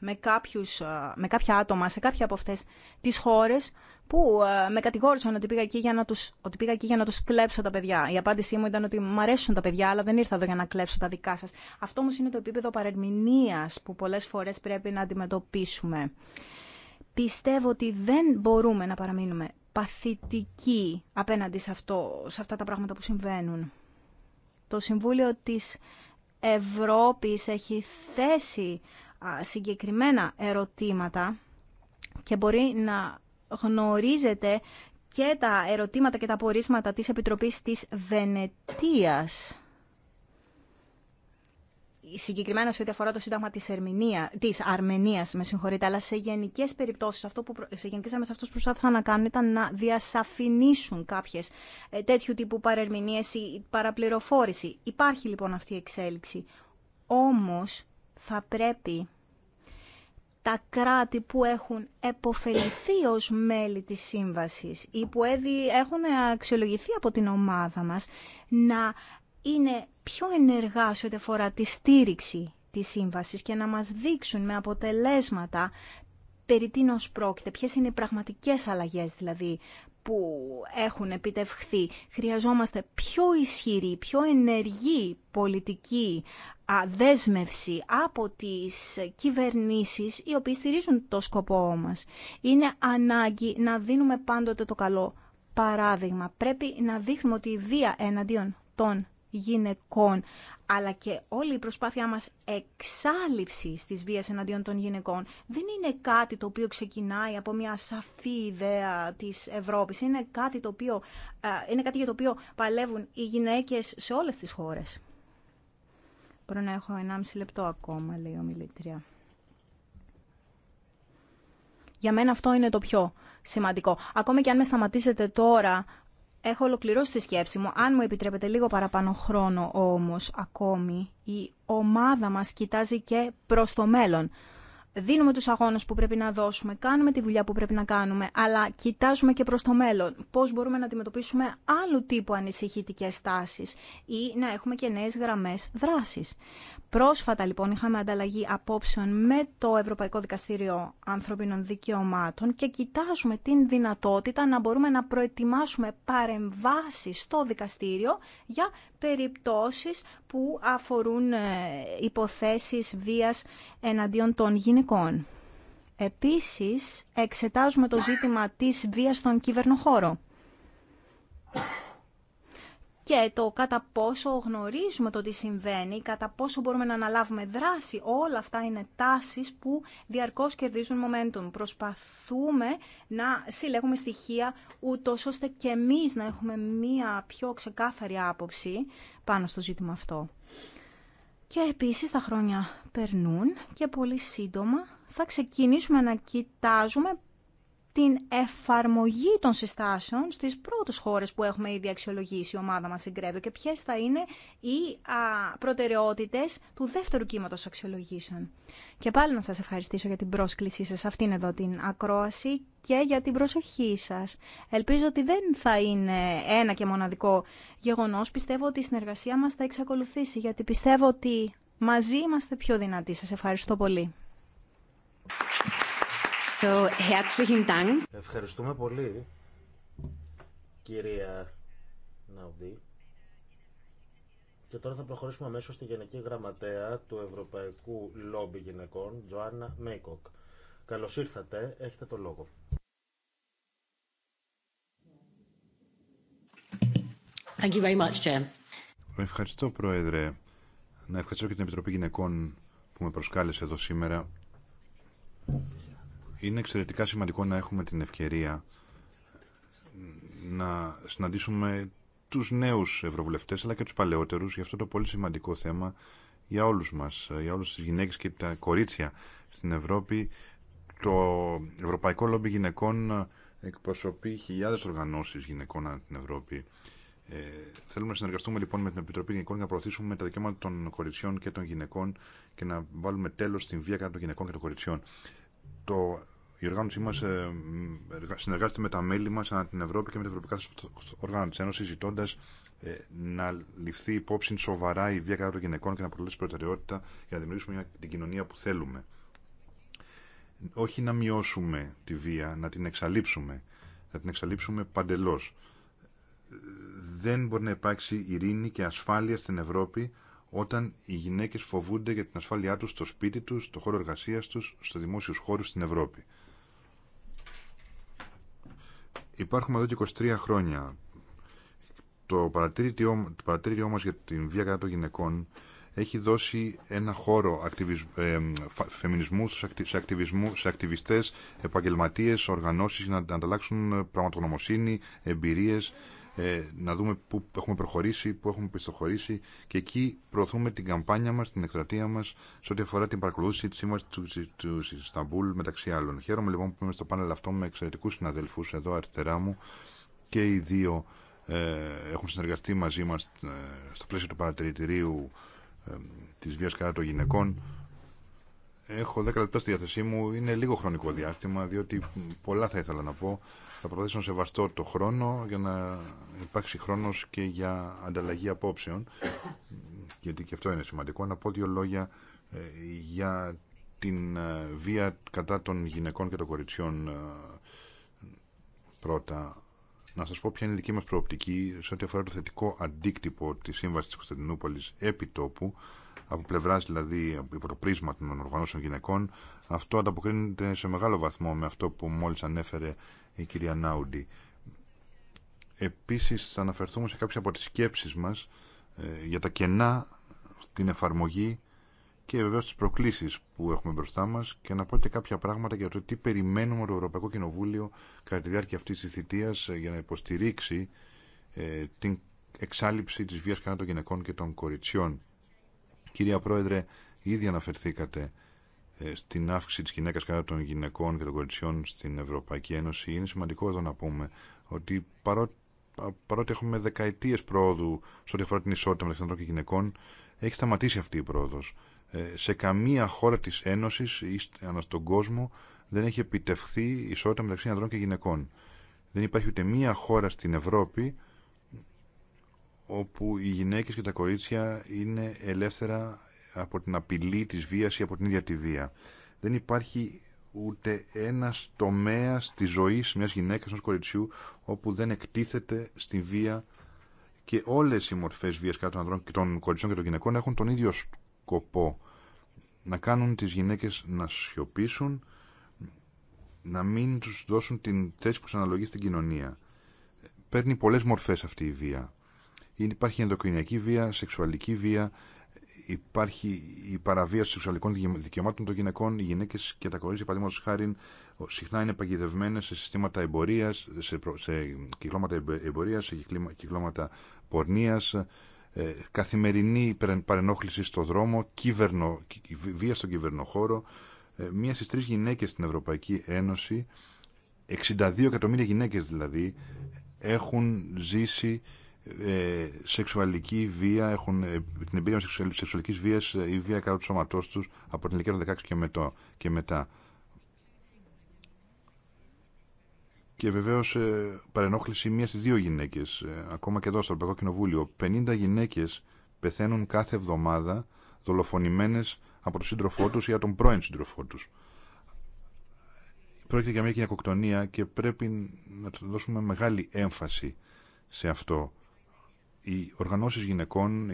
με, κάποιους, με κάποια άτομα σε κάποια από αυτές τις χώρες που ε, με κατηγόρησαν ότι πήγα, εκεί για να τους, ότι πήγα εκεί για να τους κλέψω τα παιδιά. Η απάντησή μου ήταν ότι μου αρέσουν τα παιδιά, αλλά δεν ήρθα εδώ για να κλέψω τα δικά σας. Αυτό όμως είναι το επίπεδο παρερμηνίας που πολλές φορές πρέπει να αντιμετωπίσουμε. Πιστεύω ότι δεν μπορούμε να παραμείνουμε παθητικοί απέναντι σε, αυτό, σε αυτά τα πράγματα που συμβαίνουν. Το Συμβούλιο της Ευρώπης έχει θέσει συγκεκριμένα ερωτήματα και μπορεί να γνωρίζετε και τα ερωτήματα και τα πορίσματα της Επιτροπής της Βενετίας. Συγκεκριμένα σε ό,τι αφορά το Σύνταγμα της, Ερμηνεία, της Αρμενίας, με συγχωρείτε, αλλά σε γενικές περιπτώσεις, αυτό που, σε γενικές αυτούς προσπάθησαν να κάνουν ήταν να διασαφηνίσουν κάποιες ε, τέτοιου τύπου παρερμηνίες ή παραπληροφόρηση. Υπάρχει λοιπόν αυτή η εξέλιξη. Όμως θα πρέπει τα κράτη που έχουν επωφεληθεί ως μέλη της σύμβασης ή που έχουν αξιολογηθεί από την ομάδα μας να είναι πιο ενεργά σε ό,τι αφορά τη στήριξη της σύμβασης και να μας δείξουν με αποτελέσματα περί τίνος πρόκειται, ποιες είναι οι πραγματικές αλλαγές δηλαδή που έχουν επιτευχθεί. Χρειαζόμαστε πιο ισχυρή, πιο ενεργή πολιτική δέσμευση από τις κυβερνήσεις οι οποίες στηρίζουν το σκοπό μας. Είναι ανάγκη να δίνουμε πάντοτε το καλό παράδειγμα. Πρέπει να δείχνουμε ότι η βία εναντίον των γυναικών αλλά και όλη η προσπάθειά μας εξάλληψης της βίας εναντίον των γυναικών δεν είναι κάτι το οποίο ξεκινάει από μια σαφή ιδέα της Ευρώπης. Είναι κάτι, το οποίο, είναι κάτι για το οποίο παλεύουν οι γυναίκες σε όλες τις χώρες. Μπορώ να έχω 1,5 λεπτό ακόμα, λέει ο μιλήτρια. Για μένα αυτό είναι το πιο σημαντικό. Ακόμα και αν με σταματήσετε τώρα, Έχω ολοκληρώσει τη σκέψη μου. Αν μου επιτρέπετε λίγο παραπάνω χρόνο όμως ακόμη, η ομάδα μας κοιτάζει και προς το μέλλον δίνουμε τους αγώνες που πρέπει να δώσουμε, κάνουμε τη δουλειά που πρέπει να κάνουμε, αλλά κοιτάζουμε και προς το μέλλον πώς μπορούμε να αντιμετωπίσουμε άλλου τύπου ανησυχητικές τάσεις ή να έχουμε και νέες γραμμές δράσης. Πρόσφατα λοιπόν είχαμε ανταλλαγή απόψεων με το Ευρωπαϊκό Δικαστήριο Ανθρωπίνων Δικαιωμάτων και κοιτάζουμε την δυνατότητα να μπορούμε να προετοιμάσουμε παρεμβάσεις στο δικαστήριο για περιπτώσεις που αφορούν ε, υποθέσεις βίας εναντίον των γυναικών. Επίσης, εξετάζουμε το ζήτημα της βίας στον κυβερνοχώρο. Και το κατά πόσο γνωρίζουμε το τι συμβαίνει, κατά πόσο μπορούμε να αναλάβουμε δράση, όλα αυτά είναι τάσεις που διαρκώς κερδίζουν momentum. Προσπαθούμε να συλλέγουμε στοιχεία, ούτω ώστε και εμείς να έχουμε μία πιο ξεκάθαρη άποψη πάνω στο ζήτημα αυτό. Και επίσης τα χρόνια περνούν και πολύ σύντομα θα ξεκινήσουμε να κοιτάζουμε την εφαρμογή των συστάσεων στις πρώτες χώρες που έχουμε ήδη αξιολογήσει η ομάδα μας στην και ποιες θα είναι οι α, προτεραιότητες του δεύτερου κύματος αξιολογήσεων. Και πάλι να σας ευχαριστήσω για την πρόσκλησή σας αυτήν εδώ την ακρόαση και για την προσοχή σας. Ελπίζω ότι δεν θα είναι ένα και μοναδικό γεγονός. Πιστεύω ότι η συνεργασία μας θα εξακολουθήσει γιατί πιστεύω ότι μαζί είμαστε πιο δυνατοί. Σας ευχαριστώ πολύ. So, herzlichen Dank. Ευχαριστούμε πολύ, κυρία Ναουδή. Και τώρα θα προχωρήσουμε αμέσω στη Γενική Γραμματέα του Ευρωπαϊκού Λόμπι Γυναικών, Τζοάννα Μέικοκ. Καλώ ήρθατε, έχετε το λόγο. Thank you very much, Chair. Ευχαριστώ, Πρόεδρε. Να ευχαριστώ και την Επιτροπή Γυναικών που με προσκάλεσε εδώ σήμερα. Είναι εξαιρετικά σημαντικό να έχουμε την ευκαιρία να συναντήσουμε τους νέους ευρωβουλευτές αλλά και τους παλαιότερους για αυτό το πολύ σημαντικό θέμα για όλους μας, για όλες τις γυναίκες και τα κορίτσια στην Ευρώπη. Το Ευρωπαϊκό Λόμπι Γυναικών εκπροσωπεί χιλιάδες οργανώσεις γυναικών στην Ευρώπη. Ε, θέλουμε να συνεργαστούμε λοιπόν με την Επιτροπή Γυναικών για να προωθήσουμε τα δικαιώματα των κοριτσιών και των γυναικών και να βάλουμε τέλος στην βία κατά των γυναικών και των κοριτσιών. Το η οργάνωσή μα ε, συνεργάζεται με τα μέλη μα ανά την Ευρώπη και με τα ευρωπαϊκά όργανα τη Ένωση, ζητώντα ε, να ληφθεί υπόψη σοβαρά η βία κατά των γυναικών και να αποτελέσει προτεραιότητα για να δημιουργήσουμε την κοινωνία που θέλουμε. Όχι να μειώσουμε τη βία, να την εξαλείψουμε. Να την εξαλείψουμε παντελώ. Δεν μπορεί να υπάρξει ειρήνη και ασφάλεια στην Ευρώπη όταν οι γυναίκε φοβούνται για την ασφάλειά του στο σπίτι του, στο χώρο εργασία του, στου δημόσιου χώρου στην Ευρώπη. Υπάρχουμε εδώ και 23 χρόνια. Το παρατήρητο το για την βία κατά των γυναικών έχει δώσει ένα χώρο ακτιβισ... φεμινισμού σε, ακτιβισμού, σε ακτιβιστές, επαγγελματίες, οργανώσεις να ανταλλάξουν πραγματογνωμοσύνη, εμπειρίες ε, να δούμε πού έχουμε προχωρήσει, πού έχουμε πιστοχωρήσει και εκεί προωθούμε την καμπάνια μας, την εκστρατεία μας σε ό,τι αφορά την παρακολούθηση της σύμβασης του, του Ισταμπούλ μεταξύ άλλων. Χαίρομαι λοιπόν που είμαι στο πάνελ αυτό με εξαιρετικού συναδελφούς εδώ αριστερά μου και οι δύο ε, έχουν συνεργαστεί μαζί μας ε, στα πλαίσια του παρατηρητηρίου ε, της βίας κατά των γυναικών. Έχω 10 λεπτά στη διάθεσή μου, είναι λίγο χρονικό διάστημα διότι πολλά θα ήθελα να πω. Θα προσπαθήσω να σεβαστώ το χρόνο για να υπάρξει χρόνος και για ανταλλαγή απόψεων, γιατί και αυτό είναι σημαντικό. Να πω δύο λόγια ε, για την ε, βία κατά των γυναικών και των κοριτσιών ε, πρώτα. Να σας πω ποια είναι η δική μας προοπτική σε ό,τι αφορά το θετικό αντίκτυπο της Σύμβασης της Κωνσταντινούπολης επί τόπου από πλευρά δηλαδή από το πρίσμα των οργανώσεων γυναικών, αυτό ανταποκρίνεται σε μεγάλο βαθμό με αυτό που μόλι ανέφερε η κυρία Νάουντι. Επίση, θα αναφερθούμε σε κάποιε από τι σκέψει μα ε, για τα κενά στην εφαρμογή και βεβαίω τι προκλήσει που έχουμε μπροστά μα και να πω και κάποια πράγματα για το τι περιμένουμε το Ευρωπαϊκό Κοινοβούλιο κατά τη διάρκεια αυτή τη θητεία ε, για να υποστηρίξει ε, την εξάλληψη της βίας κατά των γυναικών και των κοριτσιών. Κυρία Πρόεδρε, ήδη αναφερθήκατε ε, στην αύξηση τη γυναίκα κατά των γυναικών και των κοριτσιών στην Ευρωπαϊκή Ένωση. Είναι σημαντικό εδώ να πούμε ότι παρότι, παρότι έχουμε δεκαετίε πρόοδου σε ό,τι αφορά την ισότητα μεταξύ ανδρών και γυναικών, έχει σταματήσει αυτή η πρόοδο. Ε, σε καμία χώρα τη Ένωση ή ισότητα μεταξύ ανδρών κόσμο δεν έχει επιτευχθεί ισότητα μεταξύ ανδρών και γυναικών. Δεν υπάρχει ούτε μία χώρα στην Ευρώπη όπου οι γυναίκες και τα κορίτσια είναι ελεύθερα από την απειλή της βίας ή από την ίδια τη βία. Δεν υπάρχει ούτε ένας τομέας της ζωής μιας γυναίκας, ενό κοριτσιού, όπου δεν εκτίθεται στη βία και όλες οι μορφές βίας κατά των ανδρών και των κοριτσιών και των γυναικών έχουν τον ίδιο σκοπό. Να κάνουν τις γυναίκες να σιωπήσουν, να μην τους δώσουν την θέση που τους αναλογεί στην κοινωνία. Παίρνει πολλές μορφές αυτή η βία. Υπάρχει ενδοκρινιακή βία, σεξουαλική βία, υπάρχει η παραβίαση σεξουαλικών δικαιωμάτων των γυναικών. Οι γυναίκε και τα κορίτσια, παραδείγματο χάρη, συχνά είναι παγιδευμένε σε συστήματα εμπορία, σε, σε κυκλώματα εμπορία, σε κυκλώματα πορνεία, ε, καθημερινή παρενόχληση στο δρόμο, κύβερνο, βία στον κυβερνοχώρο. Ε, μία στι τρει γυναίκε στην Ευρωπαϊκή Ένωση, 62 εκατομμύρια γυναίκε δηλαδή, έχουν ζήσει ε, σεξουαλική βία, έχουν ε, την εμπειρία σεξουαλική ε, βία ή βία κατά του σώματό του από την ηλικία των 16 και, μετά. Και βεβαίω ε, παρενόχληση μία στι δύο γυναίκε. Ακόμα και εδώ στο Ευρωπαϊκό Κοινοβούλιο. 50 γυναίκε πεθαίνουν κάθε εβδομάδα δολοφονημένε από τον σύντροφό του ή από τον πρώην σύντροφό του. Πρόκειται για μια κοινιακοκτονία και πρέπει να δώσουμε μεγάλη έμφαση σε αυτό οι οργανώσει γυναικών,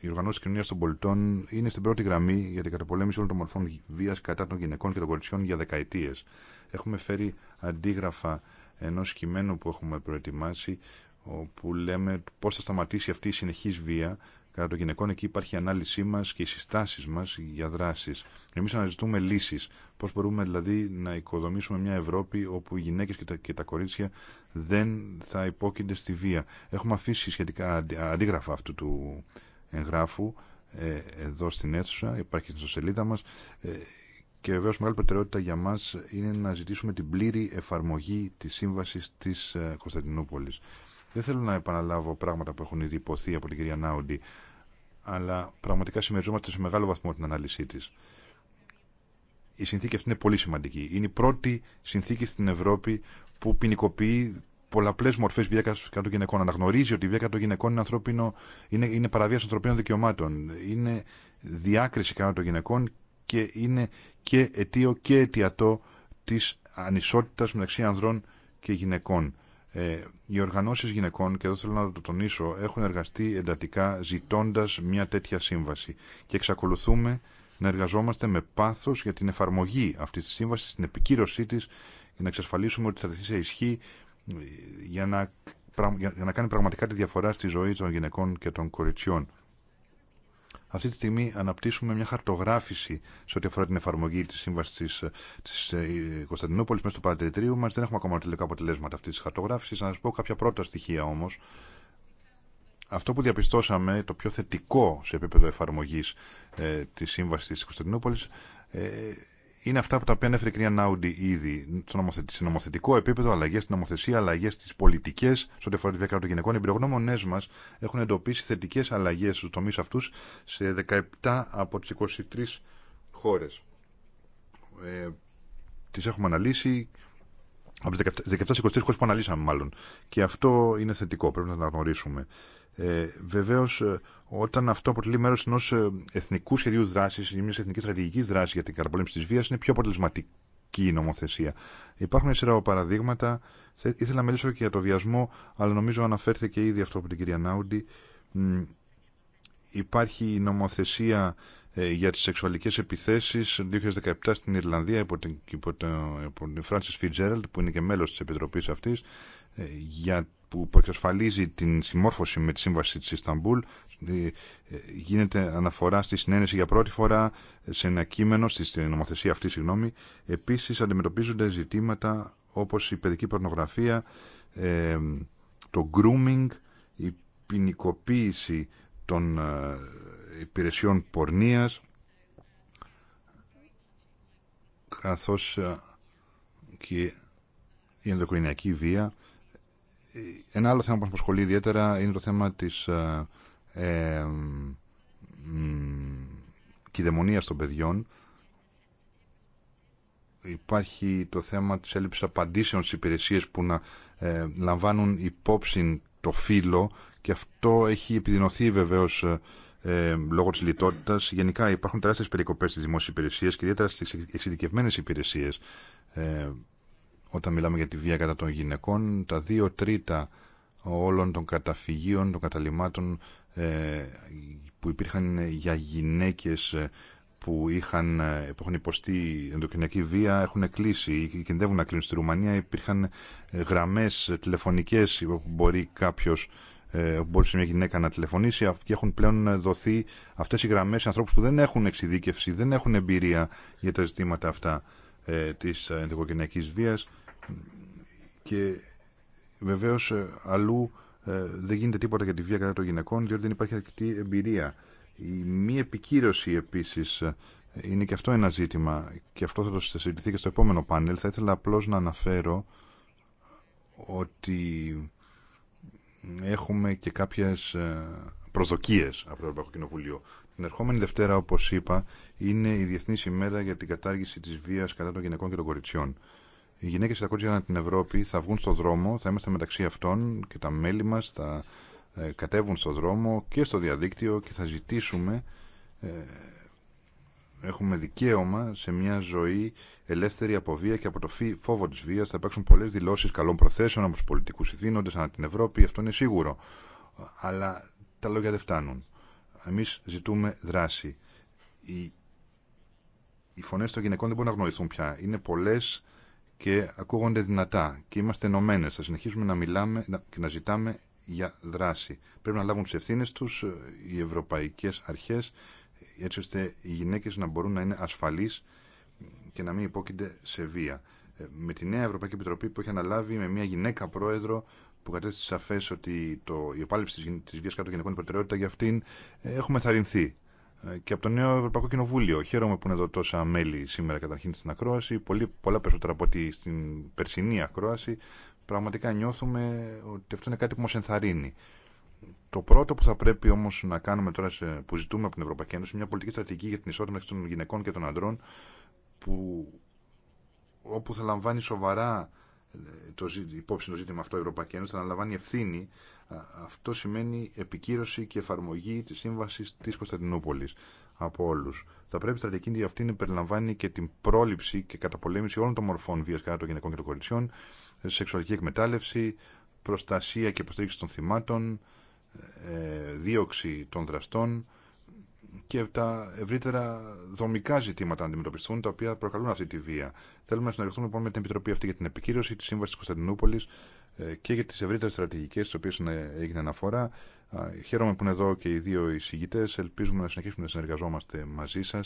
οι οργανώσει κοινωνία των πολιτών είναι στην πρώτη γραμμή για την καταπολέμηση όλων των μορφών βίας κατά των γυναικών και των κοριτσιών για δεκαετίες. Έχουμε φέρει αντίγραφα ενός κειμένου που έχουμε προετοιμάσει όπου λέμε πώς θα σταματήσει αυτή η συνεχής βία κατά των γυναικών. Εκεί υπάρχει η ανάλυση μα και οι συστάσει μα για δράσει. Εμεί αναζητούμε λύσει. Πώ μπορούμε δηλαδή να οικοδομήσουμε μια Ευρώπη όπου οι γυναίκε και, τα κορίτσια δεν θα υπόκεινται στη βία. Έχουμε αφήσει σχετικά αντίγραφα αυτού του εγγράφου ε, εδώ στην αίθουσα, υπάρχει στην σελίδα μα. Ε, και βεβαίω μεγάλη προτεραιότητα για μα είναι να ζητήσουμε την πλήρη εφαρμογή τη σύμβαση τη ε, Κωνσταντινούπολη. Δεν θέλω να επαναλάβω πράγματα που έχουν ήδη υποθεί από την κυρία Νάουντι, αλλά πραγματικά συμμεριζόμαστε σε μεγάλο βαθμό την ανάλυση τη. Η συνθήκη αυτή είναι πολύ σημαντική. Είναι η πρώτη συνθήκη στην Ευρώπη που ποινικοποιεί πολλαπλέ μορφέ βία κατά των γυναικών. Αναγνωρίζει ότι η βία κατά των γυναικών είναι, ανθρώπινο, είναι, παραβίαση ανθρωπίνων δικαιωμάτων. Είναι διάκριση κατά των γυναικών και είναι και αιτίο και αιτιατό τη ανισότητα μεταξύ ανδρών και γυναικών. Ε, οι οργανώσεις γυναικών, και εδώ θέλω να το τονίσω, έχουν εργαστεί εντατικά ζητώντας μια τέτοια σύμβαση και εξακολουθούμε να εργαζόμαστε με πάθος για την εφαρμογή αυτής της σύμβασης, την επικύρωσή της, για να εξασφαλίσουμε ότι θα τεθεί σε ισχύ ε, για να, για να κάνει πραγματικά τη διαφορά στη ζωή των γυναικών και των κοριτσιών. Αυτή τη στιγμή αναπτύσσουμε μια χαρτογράφηση σε ό,τι αφορά την εφαρμογή τη σύμβαση τη ε, Κωνσταντινούπολη μέσα στο παρατηρητήριο μα. Δεν έχουμε ακόμα τελικά αποτελέσματα αυτή τη χαρτογράφηση. Να σα πω κάποια πρώτα στοιχεία όμω. Αυτό που διαπιστώσαμε, το πιο θετικό σε επίπεδο εφαρμογή ε, τη σύμβαση τη Κωνσταντινούπολη, ε, είναι αυτά που τα οποία έφερε η κυρία Νάουντι ήδη. Σε νομοθετικό επίπεδο, αλλαγέ στην νομοθεσία, αλλαγέ στι πολιτικέ, σε ό,τι αφορά τη διακράτηση των γυναικών. Οι εμπειρογνώμονέ μα έχουν εντοπίσει θετικέ αλλαγέ στου τομεί αυτού σε 17 από τι 23 χώρε. Ε, τι έχουμε αναλύσει. Από τι 17-23 χώρε που αναλύσαμε, μάλλον. Και αυτό είναι θετικό, πρέπει να το αναγνωρίσουμε. Ε, Βεβαίω, ε, όταν αυτό αποτελεί μέρο ενό ε, εθνικού σχεδίου δράση ή μια εθνική στρατηγική δράση για την καταπολέμηση τη βία, είναι πιο αποτελεσματική η νομοθεσία. Υπάρχουν σειρά παραδείγματα. Ήθελα να μιλήσω και για το βιασμό, αλλά νομίζω αναφέρθηκε ήδη αυτό από την κυρία Νάουντι. Υπάρχει η νομοθεσία ε, για τις σεξουαλικές επιθέσεις 2017 στην Ιρλανδία από την, υπό, Φιτζέρελτ Francis Fitzgerald που είναι και μέλος της Επιτροπής αυτής για που, εξασφαλίζει την συμμόρφωση με τη σύμβαση της Ισταμπούλ ε, γίνεται αναφορά στη συνένεση για πρώτη φορά σε ένα κείμενο, στη νομοθεσία αυτή συγγνώμη. Επίσης αντιμετωπίζονται ζητήματα όπως η παιδική πορνογραφία, ε, το grooming, η ποινικοποίηση των ε, υπηρεσιών πορνείας καθώς και η ενδοκρινιακή βία ένα άλλο θέμα που μας απασχολεί ιδιαίτερα είναι το θέμα της ε, ε κυδαιμονίας των παιδιών. Υπάρχει το θέμα της έλλειψης απαντήσεων στις υπηρεσίες που να ε, λαμβάνουν υπόψη το φύλλο και αυτό έχει επιδεινωθεί βεβαίως ε, λόγω της λιτότητας. Γενικά υπάρχουν τεράστιες περικοπές στις δημόσιες υπηρεσίες και ιδιαίτερα στις εξειδικευμένες υπηρεσίες. Ε, όταν μιλάμε για τη βία κατά των γυναικών, τα δύο τρίτα όλων των καταφυγίων, των καταλημάτων ε, που υπήρχαν για γυναίκες ε, που, είχαν, ε, που έχουν υποστεί ενδοκινιακή βία έχουν κλείσει ή κινδεύουν να κλείνουν στη Ρουμανία. Υπήρχαν γραμμές τηλεφωνικές που μπορεί κάποιος μπορεί μια γυναίκα να τηλεφωνήσει και έχουν πλέον δοθεί αυτές οι γραμμές σε ανθρώπους που δεν έχουν εξειδίκευση, δεν έχουν εμπειρία για τα ζητήματα αυτά ε, της ενδοικογενειακής βίας και βεβαίως ε, αλλού ε, δεν γίνεται τίποτα για τη βία κατά των γυναικών διότι δεν υπάρχει αρκετή εμπειρία. Η μη επικύρωση επίσης ε, είναι και αυτό ένα ζήτημα και αυτό θα το συζητηθεί και στο επόμενο πάνελ. Θα ήθελα απλώς να αναφέρω ότι έχουμε και κάποιες προσδοκίες από το Ευρωπαϊκό Κοινοβουλίο. Την ερχόμενη Δευτέρα, όπω είπα, είναι η Διεθνή ημέρα για την κατάργηση τη βία κατά των γυναικών και των κοριτσιών. Οι γυναίκε και τα κορίτσια ανά την Ευρώπη θα βγουν στον δρόμο, θα είμαστε μεταξύ αυτών και τα μέλη μα θα ε, κατέβουν στον δρόμο και στο διαδίκτυο και θα ζητήσουμε. Ε, έχουμε δικαίωμα σε μια ζωή ελεύθερη από βία και από το φόβο τη βία. Θα υπάρξουν πολλέ δηλώσει καλών προθέσεων από του πολιτικού ηθήνοντε ανά την Ευρώπη, αυτό είναι σίγουρο. Αλλά τα λόγια δεν φτάνουν. Εμείς ζητούμε δράση. Οι, οι φωνές των γυναικών δεν μπορούν να γνωριστούν πια. Είναι πολλές και ακούγονται δυνατά και είμαστε ενωμένε. Θα συνεχίσουμε να μιλάμε και να ζητάμε για δράση. Πρέπει να λάβουν τι ευθύνε του ε, οι ευρωπαϊκέ αρχέ, έτσι ώστε οι γυναίκε να μπορούν να είναι ασφαλεί και να μην υπόκεινται σε βία. Ε, με τη νέα Ευρωπαϊκή Επιτροπή που έχει αναλάβει με μια γυναίκα πρόεδρο, που κατέστησε σαφέ ότι το, η επάλυψη τη βία κάτω των γυναικών προτεραιότητα, για αυτήν ε, έχουμε θαρρυνθεί. Ε, και από το νέο Ευρωπαϊκό Κοινοβούλιο. Χαίρομαι που είναι εδώ τόσα μέλη σήμερα καταρχήν στην ακρόαση, πολύ, πολλά περισσότερα από ότι στην περσινή ακρόαση. Πραγματικά νιώθουμε ότι αυτό είναι κάτι που μα ενθαρρύνει. Το πρώτο που θα πρέπει όμω να κάνουμε τώρα σε, που ζητούμε από την Ευρωπαϊκή Ένωση μια πολιτική στρατηγική για την ισότητα των γυναικών και των αντρών που όπου θα λαμβάνει σοβαρά το υπόψη το ζήτημα αυτό η Ευρωπαϊκή Ένωση, θα αναλαμβάνει ευθύνη. Αυτό σημαίνει επικύρωση και εφαρμογή τη σύμβαση τη Κωνσταντινούπολη από όλου. Θα πρέπει η στρατηγική αυτή να περιλαμβάνει και την πρόληψη και καταπολέμηση όλων των μορφών βία κατά των γυναικών και των κοριτσιών, σεξουαλική εκμετάλλευση, προστασία και υποστήριξη των θυμάτων, ε, δίωξη των δραστών, και τα ευρύτερα δομικά ζητήματα να αντιμετωπιστούν, τα οποία προκαλούν αυτή τη βία. Θέλουμε να συνεργαστούμε λοιπόν με την Επιτροπή αυτή για την επικύρωση τη Σύμβαση τη Κωνσταντινούπολη ε, και για τι ευρύτερε στρατηγικέ, τι οποίε έγινε αναφορά. Χαίρομαι που είναι εδώ και οι δύο εισηγητέ. Ελπίζουμε να συνεχίσουμε να συνεργαζόμαστε μαζί σα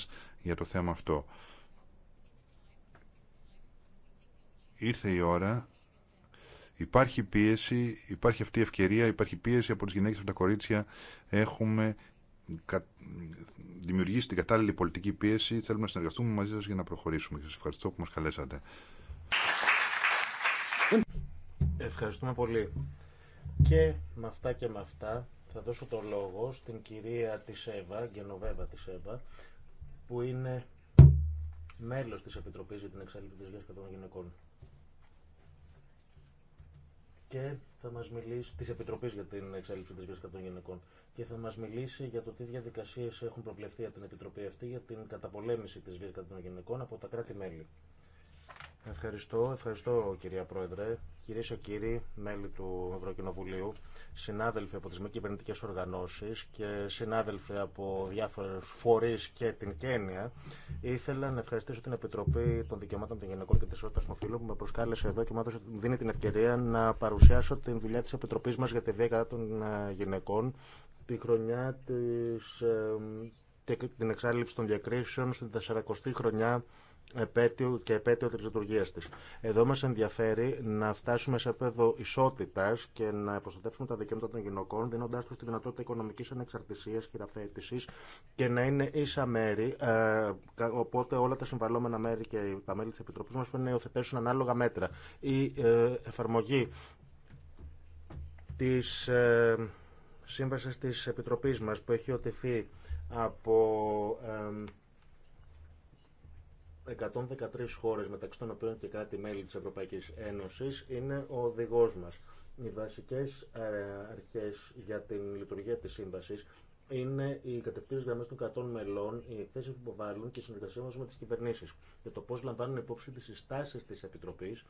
για το θέμα αυτό. Ήρθε η ώρα. Υπάρχει πίεση, υπάρχει αυτή η ευκαιρία, υπάρχει πίεση από τι γυναίκε, από τα κορίτσια. Έχουμε δημιουργήσει την κατάλληλη πολιτική πίεση. Θέλουμε να συνεργαστούμε μαζί σας για να προχωρήσουμε. Σας ευχαριστώ που μας καλέσατε. Ευχαριστούμε πολύ. Και με αυτά και με αυτά θα δώσω το λόγο στην κυρία Τισέβα, Γενοβέβα Τισέβα, που είναι μέλος της Επιτροπής για την Εξάλληψη της Βίας των Γυναικών και θα μας μιλήσει της Επιτροπής για την εξέλιξη της βίας των γυναικών και θα μας μιλήσει για το τι διαδικασίες έχουν προβλεφθεί από την Επιτροπή αυτή για την καταπολέμηση της βίας των γυναικών από τα κράτη-μέλη. Ευχαριστώ, ευχαριστώ κυρία Πρόεδρε, Κυρίε και κύριοι, μέλη του Ευρωκοινοβουλίου, συνάδελφοι από τι μη κυβερνητικέ οργανώσεις και συνάδελφοι από διάφορες φορεί και την Κένια. Ήθελα να ευχαριστήσω την Επιτροπή των Δικαιωμάτων των Γυναικών και τη Ισότητα των Φίλων που με προσκάλεσε εδώ και μου δίνει την ευκαιρία να παρουσιάσω την δουλειά τη Επιτροπή μα για τη βία των ε, γυναικών τη χρονιά της, ε, την εξάλληψη των διακρίσεων στην 40η χρονιά επέτειο και επέτειο της λειτουργίας της. Εδώ μας ενδιαφέρει να φτάσουμε σε επέδο ισότητας και να προστατεύσουμε τα δικαιώματα των γυναικών δίνοντάς τους τη δυνατότητα οικονομικής ανεξαρτησίας, χειραφέτησης και να είναι ίσα μέρη, ε, οπότε όλα τα συμβαλόμενα μέρη και τα μέλη της Επιτροπής μας πρέπει να υιοθετήσουν ανάλογα μέτρα. Η ε, εφαρμογή της ε, σύμβασης της Επιτροπής μας που έχει οτιθεί από 113 χώρες μεταξύ των οποίων και κάτι μέλη της Ευρωπαϊκής Ένωσης είναι ο οδηγός μας. Οι βασικές ε, αρχές για την λειτουργία της σύμβασης είναι οι κατευθύνες γραμμές των κρατών μελών, οι εκθέσει που υποβάλλουν και η συνεργασία μας με τις κυβερνήσεις για το πώς λαμβάνουν υπόψη τις συστάσεις της Επιτροπής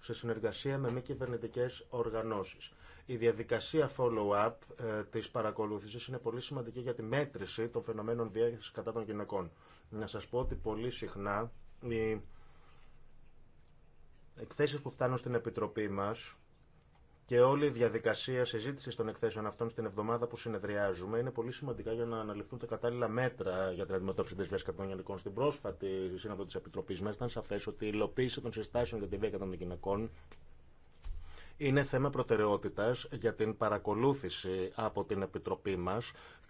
σε συνεργασία με μη κυβερνητικέ οργανώσεις. Η διαδικασία follow-up ε, της παρακολούθησης είναι πολύ σημαντική για τη μέτρηση των φαινομένων βίας κατά των γυναικών να σας πω ότι πολύ συχνά οι εκθέσεις που φτάνουν στην Επιτροπή μας και όλη η διαδικασία συζήτηση των εκθέσεων αυτών στην εβδομάδα που συνεδριάζουμε είναι πολύ σημαντικά για να αναλυθούν τα κατάλληλα μέτρα για την αντιμετώπιση τη βία κατά των γυναικών. Στην πρόσφατη σύνοδο τη Επιτροπή μα ήταν σαφέ ότι η υλοποίηση των συστάσεων για τη βία κατά των γυναικών είναι θέμα προτεραιότητα για την παρακολούθηση από την Επιτροπή μα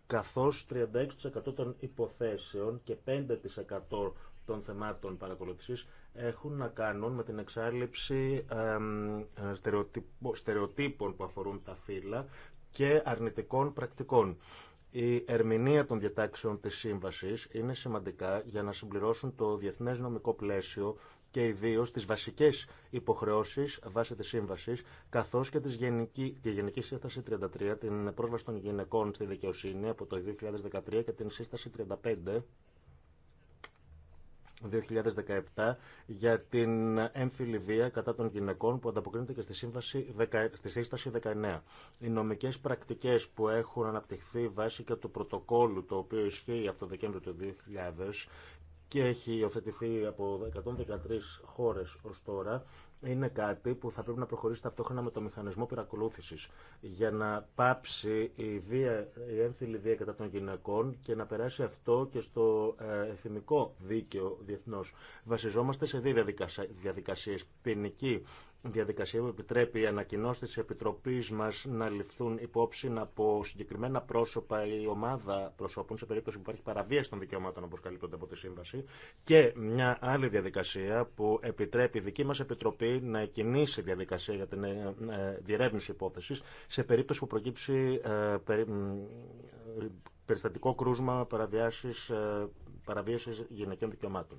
καθώς 36% των υποθέσεων και 5% των θεμάτων παρακολούθησης έχουν να κάνουν με την εξάλληψη ε, στερεοτύπων που αφορούν τα φύλλα και αρνητικών πρακτικών. Η ερμηνεία των διατάξεων της σύμβασης είναι σημαντικά για να συμπληρώσουν το διεθνές νομικό πλαίσιο και ιδίω τι βασικέ υποχρεώσει βάσει τη σύμβαση, καθώ και τη γενική, σύσταση 33, την πρόσβαση των γυναικών στη δικαιοσύνη από το 2013 και την σύσταση 35. 2017 για την έμφυλη βία κατά των γυναικών που ανταποκρίνεται και στη, σύμβαση, στη σύσταση 19. Οι νομικές πρακτικές που έχουν αναπτυχθεί βάσει και του πρωτοκόλου το οποίο ισχύει από το Δεκέμβριο του 2000 και έχει υιοθετηθεί από 113 χώρες ως τώρα είναι κάτι που θα πρέπει να προχωρήσει ταυτόχρονα με το μηχανισμό παρακολούθηση για να πάψει η, βία, η έμφυλη βία κατά των γυναικών και να περάσει αυτό και στο ε, εθνικό δίκαιο διεθνώ. Βασιζόμαστε σε δύο διαδικασίε. Ποινική διαδικασία που επιτρέπει οι ανακοινώσει τη Επιτροπή μα να ληφθούν υπόψη από συγκεκριμένα πρόσωπα ή ομάδα προσώπων σε περίπτωση που υπάρχει παραβίαση των δικαιωμάτων όπω καλύπτονται από τη Σύμβαση. Και μια άλλη διαδικασία που επιτρέπει η δική μα Επιτροπή να κινήσει διαδικασία για την ε, ε, διερεύνηση υπόθεση σε περίπτωση που προκύψει ε, περιστατικό κρούσμα παραβίαση γυναικών δικαιωμάτων.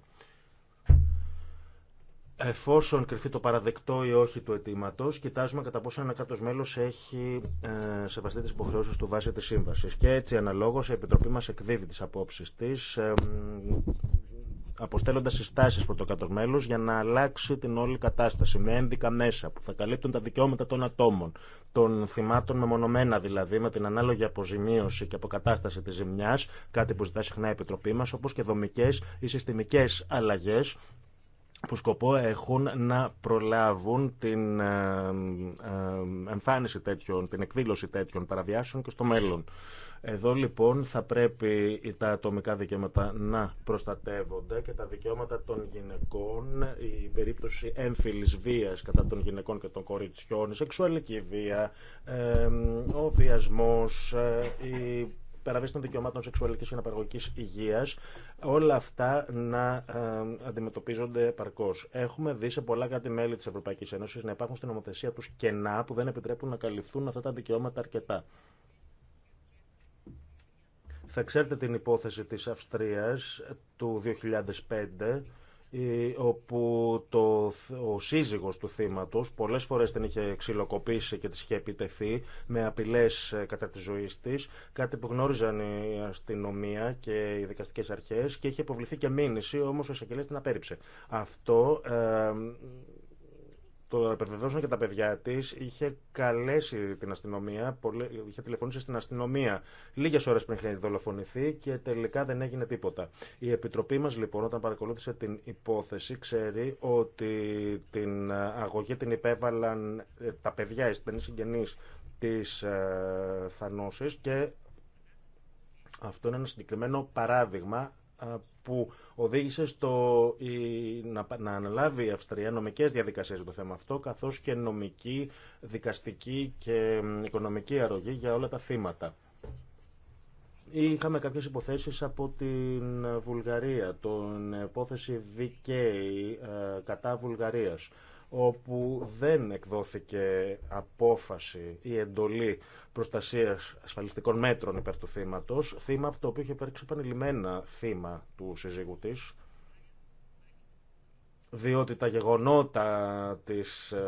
Εφόσον κρυφτεί το παραδεκτό ή όχι του αιτήματο, κοιτάζουμε κατά πόσο ένα κράτο μέλο έχει ε, σεβαστεί τι υποχρεώσει του βάσει τη σύμβαση. Και έτσι, αναλόγω, η Επιτροπή μα εκδίδει τι απόψει τη, αποστέλλοντας συστάσεις προς το για να αλλάξει την όλη κατάσταση με ένδικα μέσα που θα καλύπτουν τα δικαιώματα των ατόμων, των θυμάτων μεμονωμένα δηλαδή με την ανάλογη αποζημίωση και αποκατάσταση της ζημιάς, κάτι που ζητά συχνά η Επιτροπή μας, όπως και δομικές ή συστημικές αλλαγές που σκοπό έχουν να προλάβουν την ε, ε, εμφάνιση τέτοιων, την εκδήλωση τέτοιων παραβιάσεων και στο μέλλον. Εδώ λοιπόν θα πρέπει τα ατομικά δικαιώματα να προστατεύονται και τα δικαιώματα των γυναικών, η περίπτωση έμφυλης βίας κατά των γυναικών και των κοριτσιών, η σεξουαλική βία, ο βιασμός, ε, η παραβίαση των δικαιωμάτων σεξουαλική και αναπαραγωγική υγείας, όλα αυτά να αντιμετωπίζονται επαρκώ. Έχουμε δει σε πολλά κάτι μέλη της Ευρωπαϊκής Ένωσης να υπάρχουν στην νομοθεσία τους κενά που δεν επιτρέπουν να καλυφθούν αυτά τα δικαιώματα αρκετά. Θα ξέρετε την υπόθεση της Αυστρίας του 2005 όπου το, ο σύζυγος του θύματος πολλές φορές την είχε ξυλοκοπήσει και της είχε επιτεθεί με απειλές ε, κατά της ζωής της, κάτι που γνώριζαν η αστυνομία και οι δικαστικές αρχές και είχε υποβληθεί και μήνυση, όμως ο εισαγγελέας την απέρριψε. Αυτό ε, το επιβεβαίωσαν και τα παιδιά τη. Είχε καλέσει την αστυνομία, είχε τηλεφωνήσει στην αστυνομία λίγε ώρε πριν δολοφονηθεί και τελικά δεν έγινε τίποτα. Η Επιτροπή μα λοιπόν, όταν παρακολούθησε την υπόθεση, ξέρει ότι την αγωγή την υπέβαλαν ε, τα παιδιά, οι στενοί συγγενεί τη ε, και αυτό είναι ένα συγκεκριμένο παράδειγμα που οδήγησε στο να, αναλάβει η Αυστρία νομικές διαδικασίες για το θέμα αυτό, καθώς και νομική, δικαστική και οικονομική αρρωγή για όλα τα θύματα. Είχαμε κάποιες υποθέσεις από την Βουλγαρία, τον ε, υπόθεση VK ε, κατά Βουλγαρίας όπου δεν εκδόθηκε απόφαση ή εντολή προστασίας ασφαλιστικών μέτρων υπέρ του θύματος, θύμα από το οποίο είχε υπάρξει επανειλημμένα θύμα του συζύγου της, διότι τα γεγονότα της ε,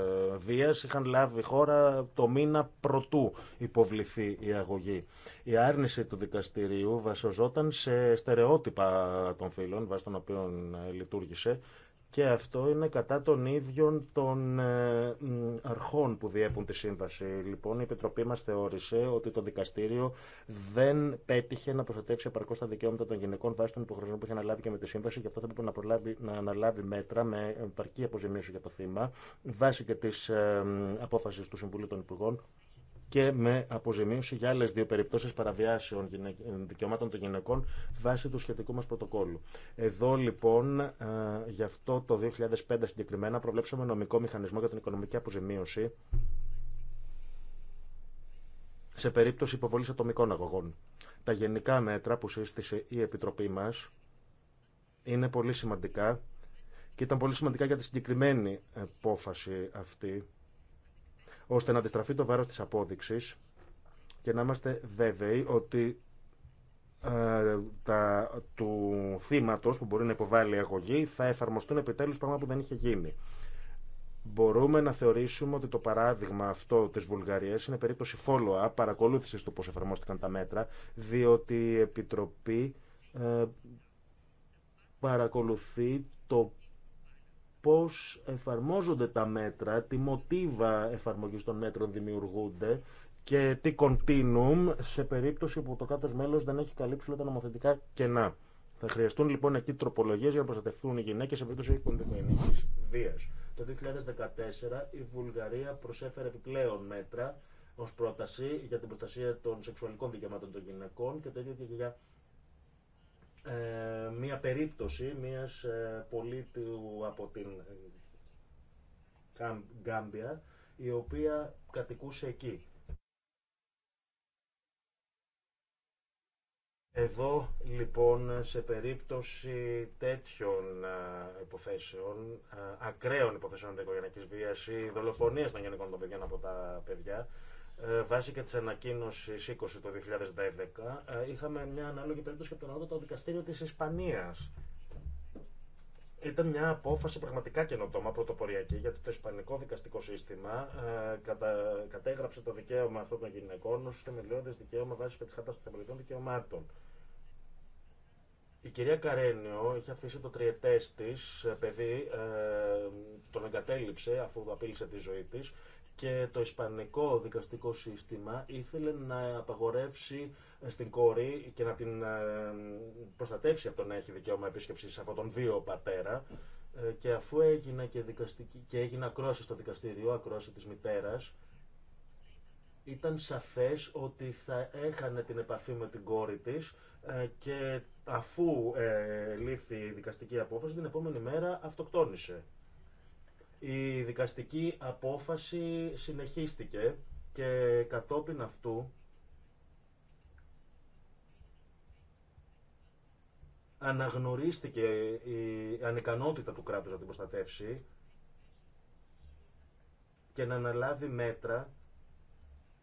βίας είχαν λάβει χώρα το μήνα προτού υποβληθεί η αγωγή. Η άρνηση του δικαστηρίου βασιζόταν σε στερεότυπα των φίλων, βάσει των οποίων ε, λειτουργήσε, και αυτό είναι κατά των ίδιων των ε, αρχών που διέπουν τη σύμβαση. Λοιπόν, η Επιτροπή μας θεώρησε ότι το δικαστήριο δεν πέτυχε να προστατεύσει επαρκώς τα δικαιώματα των γυναικών βάσει των υποχρεώσεων που είχε αναλάβει και με τη σύμβαση και αυτό θα πρέπει να, προλάβει, να αναλάβει μέτρα με επαρκή αποζημίωση για το θύμα βάσει και της ε, απόφασης του Συμβουλίου των Υπουργών και με αποζημίωση για άλλε δύο περιπτώσει παραβιάσεων δικαιωμάτων των γυναικών βάσει του σχετικού μα πρωτοκόλλου. Εδώ λοιπόν, ε, γι' αυτό το 2005 συγκεκριμένα, προβλέψαμε νομικό μηχανισμό για την οικονομική αποζημίωση σε περίπτωση υποβολή ατομικών αγωγών. Τα γενικά μέτρα που σύστησε η Επιτροπή μα είναι πολύ σημαντικά και ήταν πολύ σημαντικά για τη συγκεκριμένη απόφαση αυτή ώστε να αντιστραφεί το βάρος της απόδειξης και να είμαστε βέβαιοι ότι ε, τα, του θύματος που μπορεί να υποβάλει η αγωγή θα εφαρμοστούν επιτέλους πράγμα που δεν είχε γίνει. Μπορούμε να θεωρήσουμε ότι το παράδειγμα αυτό τη Βουλγαρίας είναι περίπτωση follow-up, παρακολούθηση του πώ εφαρμόστηκαν τα μέτρα, διότι η Επιτροπή ε, παρακολουθεί το πώς εφαρμόζονται τα μέτρα, τι μοτίβα εφαρμογής των μέτρων δημιουργούνται και τι continuum σε περίπτωση που το κάτω μέλος δεν έχει καλύψει όλα τα νομοθετικά κενά. Θα χρειαστούν λοιπόν εκεί τροπολογίες για να προστατευτούν οι γυναίκες σε περίπτωση οικονομική βία. Το 2014 η Βουλγαρία προσέφερε επιπλέον μέτρα ω πρόταση για την προστασία των σεξουαλικών δικαιωμάτων των γυναικών και το ίδιο και για ε, μία περίπτωση μίας ε, πολίτου από την Γκάμπια η οποία κατοικούσε εκεί. Εδώ λοιπόν σε περίπτωση τέτοιων ε, υποθέσεων, ακραίων υποθέσεων οικογενειακής βίας ή δολοφονίας των γενικών των παιδιών από τα παιδιά, ε, βάσει και τη ανακοίνωση 20 το 2011, ε, είχαμε μια ανάλογη περίπτωση και από τον Ανώτατο Δικαστήριο τη Ισπανία. Ήταν μια απόφαση πραγματικά καινοτόμα, πρωτοποριακή, γιατί το Ισπανικό δικαστικό σύστημα ε, κατα... κατέγραψε το δικαίωμα αυτών των γυναικών ω θεμελιώδε δικαίωμα βάσει και τη Χάρτα των Θεμελιωδών Δικαιωμάτων. Η κυρία Καρένιο είχε αφήσει το τριετές της παιδί, τον εγκατέλειψε αφού απείλησε τη ζωή τη και το ισπανικό δικαστικό σύστημα ήθελε να απαγορεύσει στην κόρη και να την ε, προστατεύσει από το να έχει δικαίωμα σε από τον βίο πατέρα ε, και αφού έγινε και, δικαστική, και έγινε ακρόαση στο δικαστήριο, ακρόαση της μητέρας, ήταν σαφές ότι θα έχανε την επαφή με την κόρη της ε, και αφού λήφθη η δικαστική απόφαση την επόμενη μέρα αυτοκτόνησε. Η δικαστική απόφαση συνεχίστηκε και κατόπιν αυτού αναγνωρίστηκε η ανικανότητα του κράτους να την προστατεύσει και να αναλάβει μέτρα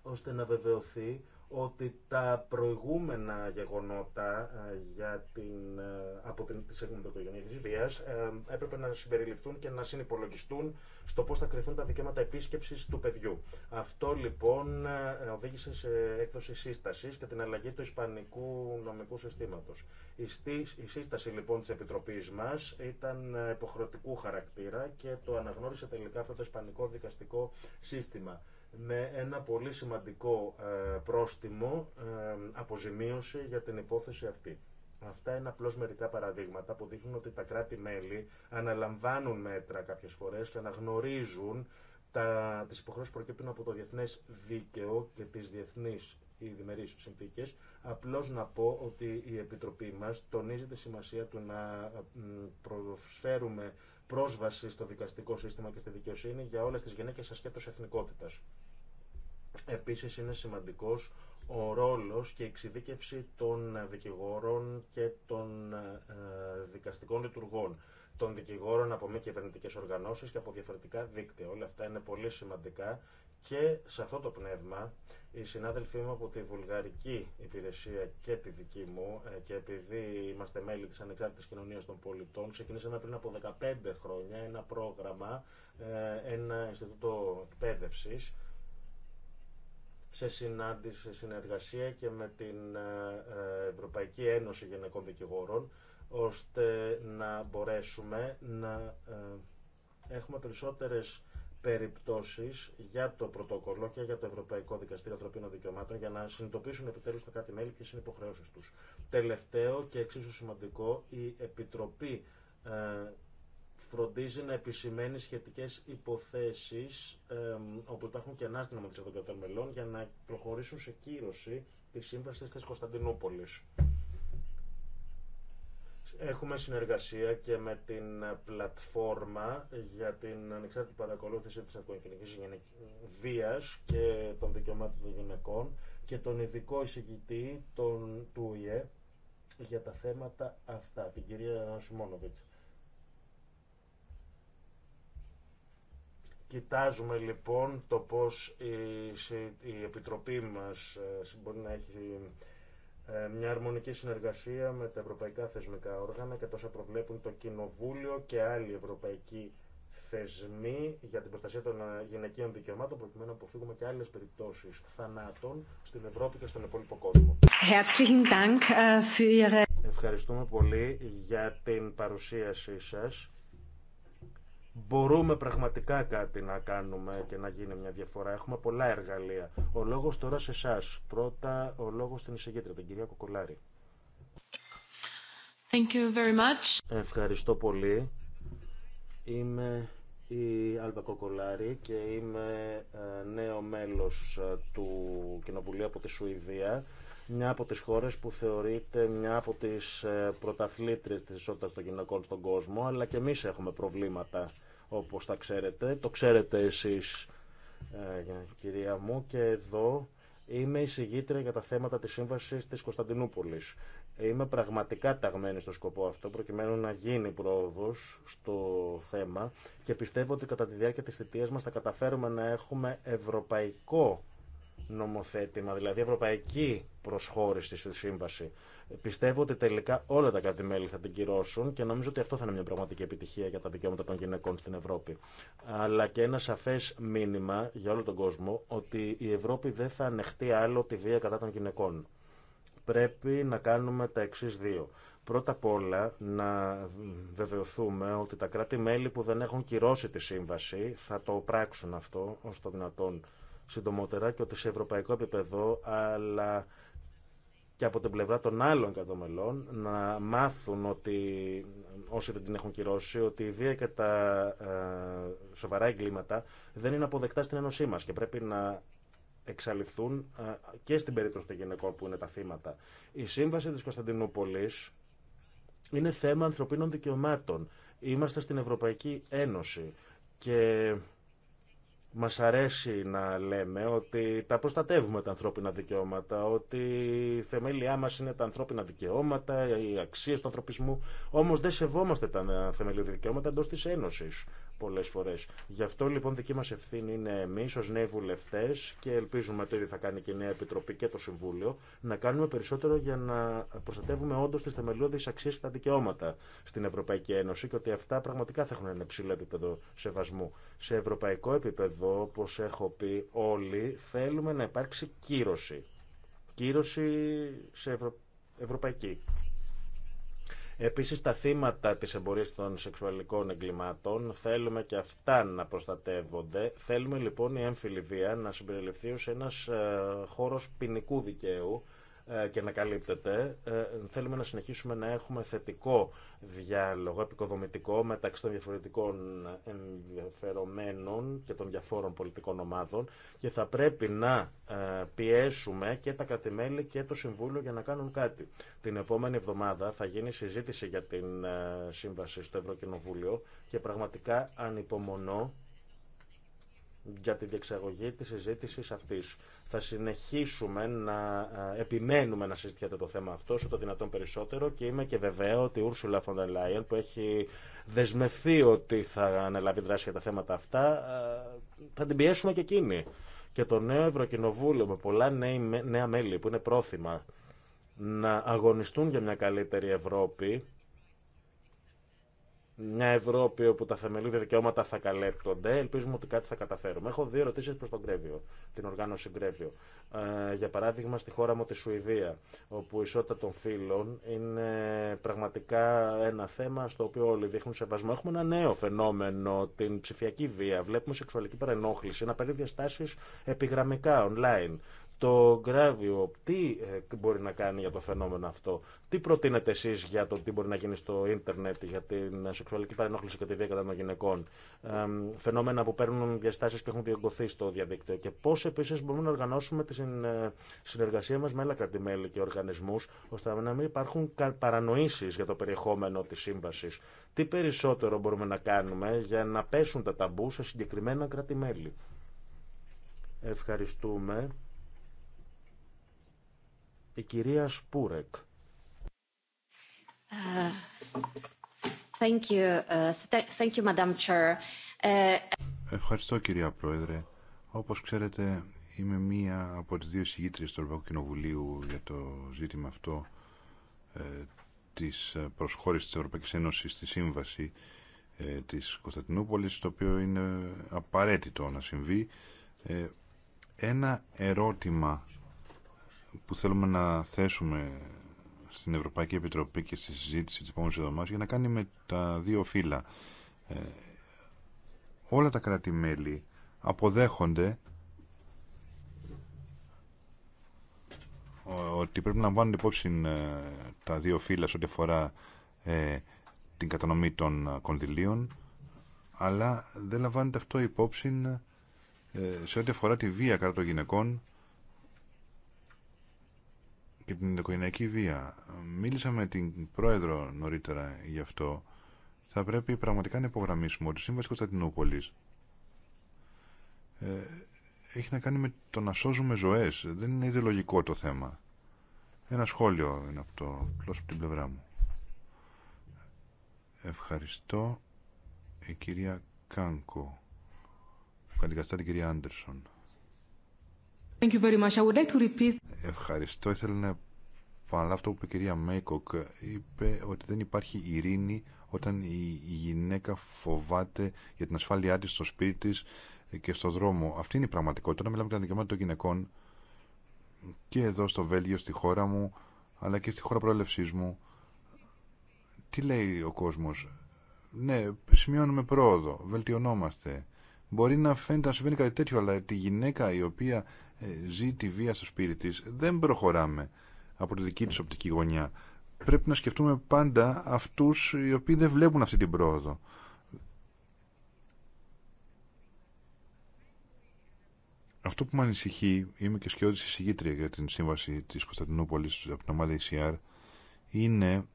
ώστε να βεβαιωθεί ότι τα προηγούμενα γεγονότα ε, για την, ε, από την, της βία ε, έπρεπε να συμπεριληφθούν και να συνυπολογιστούν στο πώς θα κρυθούν τα δικαιώματα επίσκεψη του παιδιού. Αυτό λοιπόν οδήγησε σε έκδοση σύσταση και την αλλαγή του ισπανικού νομικού συστήματος. Η, σύσταση λοιπόν της Επιτροπής μας ήταν υποχρεωτικού χαρακτήρα και το αναγνώρισε τελικά αυτό το ισπανικό δικαστικό σύστημα με ένα πολύ σημαντικό ε, πρόστιμο ε, αποζημίωση για την υπόθεση αυτή. Αυτά είναι απλώς μερικά παραδείγματα που δείχνουν ότι τα κράτη-μέλη αναλαμβάνουν μέτρα κάποιες φορές και αναγνωρίζουν τα, τις υποχρεώσεις που προκύπτουν από το διεθνές δίκαιο και τις διεθνείς ή διμερείς συνθήκες. Απλώς να πω ότι η Επιτροπή μας τονίζει τη σημασία του να ε, προσφέρουμε πρόσβαση στο δικαστικό σύστημα και στη δικαιοσύνη για όλες τις γυναίκες ασχέτως εθνικότητας. Επίσης είναι σημαντικός ο ρόλος και η εξειδίκευση των δικηγόρων και των ε, δικαστικών λειτουργών, των δικηγόρων από μη κυβερνητικέ οργανώσεις και από διαφορετικά δίκτυα. Όλα αυτά είναι πολύ σημαντικά και σε αυτό το πνεύμα οι συνάδελφοί μου από τη βουλγαρική υπηρεσία και τη δική μου ε, και επειδή είμαστε μέλη της Ανεξάρτητης Κοινωνίας των Πολιτών ξεκινήσαμε πριν από 15 χρόνια ένα πρόγραμμα, ε, ένα Ινστιτούτο εκπαίδευση σε συνάντηση, σε συνεργασία και με την ε, Ευρωπαϊκή Ένωση Γενικών Δικηγόρων ώστε να μπορέσουμε να έχουμε περισσότερες περιπτώσεις για το πρωτόκολλο και για το Ευρωπαϊκό Δικαστήριο Ανθρωπίνων Δικαιωμάτων για να συνειδητοποιήσουν επιτέλους τα κάτι μέλη ποιες οι υποχρεώσεις τους. Τελευταίο και εξίσου σημαντικό, η Επιτροπή ε, φροντίζει να επισημαίνει σχετικές υποθέσεις ε, όπου υπάρχουν κενά στην νομοθεσία των κρατών μελών για να προχωρήσουν σε κύρωση τη σύμβαση της Κωνσταντινούπολης. Έχουμε συνεργασία και με την πλατφόρμα για την ανεξάρτητη παρακολούθηση της γενικής βίας και των δικαιωμάτων των γυναικών και τον ειδικό εισηγητή τον, του ΙΕ για τα θέματα αυτά, την κυρία Σιμόνοβιτς. Κοιτάζουμε λοιπόν το πώς η, η Επιτροπή μας ε, μπορεί να έχει ε, μια αρμονική συνεργασία με τα ευρωπαϊκά θεσμικά όργανα και τόσα προβλέπουν το Κοινοβούλιο και άλλοι ευρωπαϊκοί θεσμοί για την προστασία των ε, γυναικείων δικαιωμάτων προκειμένου να αποφύγουμε και άλλες περιπτώσεις θανάτων στην Ευρώπη και στον υπόλοιπο κόσμο. Ε, Ευχαριστούμε πολύ για την παρουσίασή σας μπορούμε πραγματικά κάτι να κάνουμε και να γίνει μια διαφορά. Έχουμε πολλά εργαλεία. Ο λόγος τώρα σε εσά. Πρώτα ο λόγος στην εισηγήτρια, την κυρία Κοκολάρη. Thank you very much. Ευχαριστώ πολύ. Είμαι η Άλβα Κοκολάρη και είμαι ε, νέο μέλος ε, του Κοινοβουλίου από τη Σουηδία μια από τις χώρες που θεωρείται μια από τις ε, πρωταθλήτρες της ισότητας των γυναικών στον κόσμο, αλλά και εμείς έχουμε προβλήματα όπως τα ξέρετε. Το ξέρετε εσείς, ε, κυρία μου, και εδώ είμαι συγγήτρια για τα θέματα της σύμβασης της Κωνσταντινούπολης. Είμαι πραγματικά ταγμένη στο σκοπό αυτό, προκειμένου να γίνει πρόοδο στο θέμα και πιστεύω ότι κατά τη διάρκεια της θητείας μας θα καταφέρουμε να έχουμε ευρωπαϊκό νομοθέτημα, δηλαδή ευρωπαϊκή προσχώρηση στη σύμβαση. Πιστεύω ότι τελικά όλα τα κράτη-μέλη θα την κυρώσουν και νομίζω ότι αυτό θα είναι μια πραγματική επιτυχία για τα δικαιώματα των γυναικών στην Ευρώπη. Αλλά και ένα σαφέ μήνυμα για όλο τον κόσμο ότι η Ευρώπη δεν θα ανεχτεί άλλο τη βία κατά των γυναικών. Πρέπει να κάνουμε τα εξή δύο. Πρώτα απ' όλα να βεβαιωθούμε ότι τα κράτη-μέλη που δεν έχουν κυρώσει τη σύμβαση θα το πράξουν αυτό ως το δυνατόν συντομότερα και ότι σε ευρωπαϊκό επίπεδο αλλά και από την πλευρά των άλλων κατομελών να μάθουν ότι όσοι δεν την έχουν κυρώσει ότι η βία και τα ε, σοβαρά εγκλήματα δεν είναι αποδεκτά στην Ένωσή μας και πρέπει να εξαλειφθούν ε, και στην περίπτωση των γυναικών που είναι τα θύματα. Η Σύμβαση της Κωνσταντινούπολης είναι θέμα ανθρωπίνων δικαιωμάτων. Είμαστε στην Ευρωπαϊκή Ένωση και μας αρέσει να λέμε ότι τα προστατεύουμε τα ανθρώπινα δικαιώματα, ότι η θεμέλιά μας είναι τα ανθρώπινα δικαιώματα, οι αξίες του ανθρωπισμού, όμως δεν σεβόμαστε τα θεμελιώδη δικαιώματα εντός της Ένωσης πολλέ φορέ. Γι' αυτό λοιπόν δική μα ευθύνη είναι εμεί ω νέοι βουλευτέ και ελπίζουμε το ίδιο θα κάνει και η Νέα Επιτροπή και το Συμβούλιο να κάνουμε περισσότερο για να προστατεύουμε όντω τι θεμελιώδει αξίε και τα δικαιώματα στην Ευρωπαϊκή Ένωση και ότι αυτά πραγματικά θα έχουν ένα υψηλό επίπεδο σεβασμού. Σε ευρωπαϊκό επίπεδο, όπω έχω πει όλοι, θέλουμε να υπάρξει κύρωση. Κύρωση σε ευρωπαϊκή. Επίση, τα θύματα τη εμπορία των σεξουαλικών εγκλημάτων θέλουμε και αυτά να προστατεύονται. Θέλουμε λοιπόν η έμφυλη βία να συμπεριληφθεί ω ένα ε, χώρο ποινικού δικαίου ε, και να καλύπτεται. Ε, θέλουμε να συνεχίσουμε να έχουμε θετικό διάλογο, επικοδομητικό μεταξύ των διαφορετικών ενδιαφερομένων και των διαφόρων πολιτικών ομάδων και θα πρέπει να ε, πιέσουμε και τα κατημέλη και το Συμβούλιο για να κάνουν κάτι. Την επόμενη εβδομάδα θα γίνει συζήτηση για την σύμβαση στο Ευρωκοινοβούλιο και πραγματικά ανυπομονώ για τη διεξαγωγή της συζήτηση αυτής. Θα συνεχίσουμε να επιμένουμε να συζητιέται το θέμα αυτό όσο το δυνατόν περισσότερο και είμαι και βεβαίω ότι η Ursula von der Leyen που έχει δεσμευθεί ότι θα αναλάβει δράση για τα θέματα αυτά θα την πιέσουμε και εκείνη. Και το νέο Ευρωκοινοβούλιο με πολλά νέα μέλη που είναι πρόθυμα να αγωνιστούν για μια καλύτερη Ευρώπη μια Ευρώπη όπου τα θεμελίδια δικαιώματα θα καλέπτονται. Ελπίζουμε ότι κάτι θα καταφέρουμε. Έχω δύο ερωτήσει προ τον Γκρέβιο, την οργάνωση Γκρέβιο. Ε, για παράδειγμα, στη χώρα μου τη Σουηδία, όπου η ισότητα των φύλων είναι πραγματικά ένα θέμα στο οποίο όλοι δείχνουν σεβασμό. Έχουμε ένα νέο φαινόμενο, την ψηφιακή βία. Βλέπουμε σεξουαλική παρενόχληση να παίρνει διαστάσει επιγραμμικά online το Γκράβιο, τι ε, μπορεί να κάνει για το φαινόμενο αυτό, τι προτείνετε εσεί για το τι μπορεί να γίνει στο ίντερνετ για την σεξουαλική παρενόχληση και τη βία κατά των γυναικών, φαινόμενα που παίρνουν διαστάσει και έχουν διεγκωθεί στο διαδίκτυο και πώ επίση μπορούμε να οργανώσουμε τη ε, συνεργασία μα με άλλα κρατημέλη και οργανισμού, ώστε να μην υπάρχουν παρανοήσει για το περιεχόμενο τη σύμβαση. Τι περισσότερο μπορούμε να κάνουμε για να πέσουν τα ταμπού σε συγκεκριμένα κρατημέλη. Ευχαριστούμε. Η κυρία Σπούρεκ. Ευχαριστώ κυρία Πρόεδρε. Όπως ξέρετε είμαι μία από τις δύο συγγήτριες του Ευρωπαϊκού Κοινοβουλίου για το ζήτημα αυτό ε, της ε, προσχώρησης της Ευρωπαϊκής Ένωσης στη Σύμβαση ε, της Κωνσταντινούπολης το οποίο είναι απαραίτητο να συμβεί. Ε, ένα ερώτημα που θέλουμε να θέσουμε στην Ευρωπαϊκή Επιτροπή και στη συζήτηση της επόμενης εβδομάδας για να κάνει με τα δύο φύλλα. Ε, όλα τα κράτη-μέλη αποδέχονται ότι πρέπει να λαμβάνουν υπόψη ε, τα δύο φύλλα σε ό,τι αφορά ε, την κατανομή των κονδυλίων αλλά δεν λαμβάνεται αυτό υπόψη σε ό,τι αφορά τη βία κατά των γυναικών και την ενδοκοινωνιακή βία. Μίλησα με την πρόεδρο νωρίτερα γι' αυτό. Θα πρέπει πραγματικά να υπογραμμίσουμε ότι η Σύμβαση Κωνσταντινούπολη ε, έχει να κάνει με το να σώζουμε ζωές. Δεν είναι ιδεολογικό το θέμα. Ένα σχόλιο είναι από, το, από την πλευρά μου. Ευχαριστώ η κυρία Κάνκο που την κυρία Άντερσον. Thank you very much. I would like to repeat... Ευχαριστώ. Ήθελα να επαναλάβω αυτό που είπε η κυρία Μέικοκ. Είπε ότι δεν υπάρχει ειρήνη όταν η γυναίκα φοβάται για την ασφάλειά τη στο σπίτι τη και στο δρόμο. Αυτή είναι η πραγματικότητα. Όταν μιλάμε για τα δικαιώματα των γυναικών και εδώ στο Βέλγιο, στη χώρα μου, αλλά και στη χώρα προέλευσή μου, τι λέει ο κόσμο, Ναι, σημειώνουμε πρόοδο, βελτιωνόμαστε. Μπορεί να φαίνεται να συμβαίνει κάτι τέτοιο, αλλά τη γυναίκα η οποία ε, ζει τη βία στο σπίτι τη, δεν προχωράμε από τη δική της οπτική γωνιά. Πρέπει να σκεφτούμε πάντα αυτούς οι οποίοι δεν βλέπουν αυτή την πρόοδο. Αυτό που με ανησυχεί, είμαι και η εισηγήτρια για την σύμβαση της Κωνσταντινούπολης από την ομάδα ECR, είναι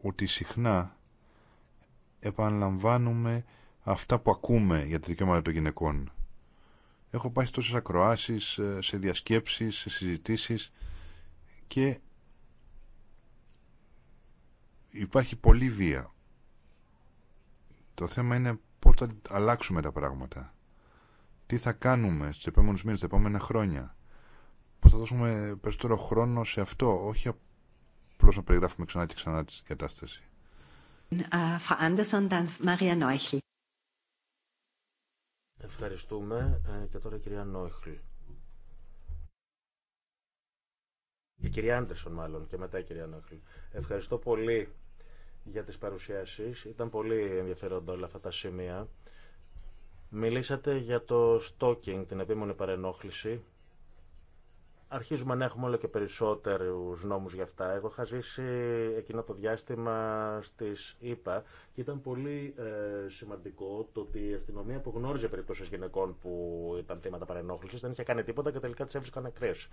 ότι συχνά επαναλαμβάνουμε αυτά που ακούμε για τα δικαιώματα των γυναικών. Έχω πάει σε τόσες ακροάσεις, ε, σε διασκέψεις, σε συζητήσεις και υπάρχει πολλή βία. Το θέμα είναι πώς θα αλλάξουμε τα πράγματα. Τι θα κάνουμε στις επόμενους μήνες, τα επόμενα χρόνια. Πώς θα δώσουμε περισσότερο χρόνο σε αυτό, όχι απλώς να περιγράφουμε ξανά και ξανά τη κατάσταση. Äh, Frau Maria Neuchel. Ευχαριστούμε. Ε, και τώρα η κυρία Νόιχλ. Η κυρία Άντερσον μάλλον και μετά η κυρία Νόιχλ. Ευχαριστώ πολύ για τις παρουσιάσεις. Ήταν πολύ ενδιαφέροντα όλα αυτά τα σημεία. Μιλήσατε για το stalking, την επίμονη παρενόχληση αρχίζουμε να έχουμε όλο και περισσότερους νόμους για αυτά. Εγώ είχα ζήσει εκείνο το διάστημα στις ΗΠΑ και ήταν πολύ ε, σημαντικό το ότι η αστυνομία που γνώριζε περιπτώσεις γυναικών που ήταν θύματα παρενόχλησης δεν είχε κάνει τίποτα και τελικά τις έβρισκαν ακραίες.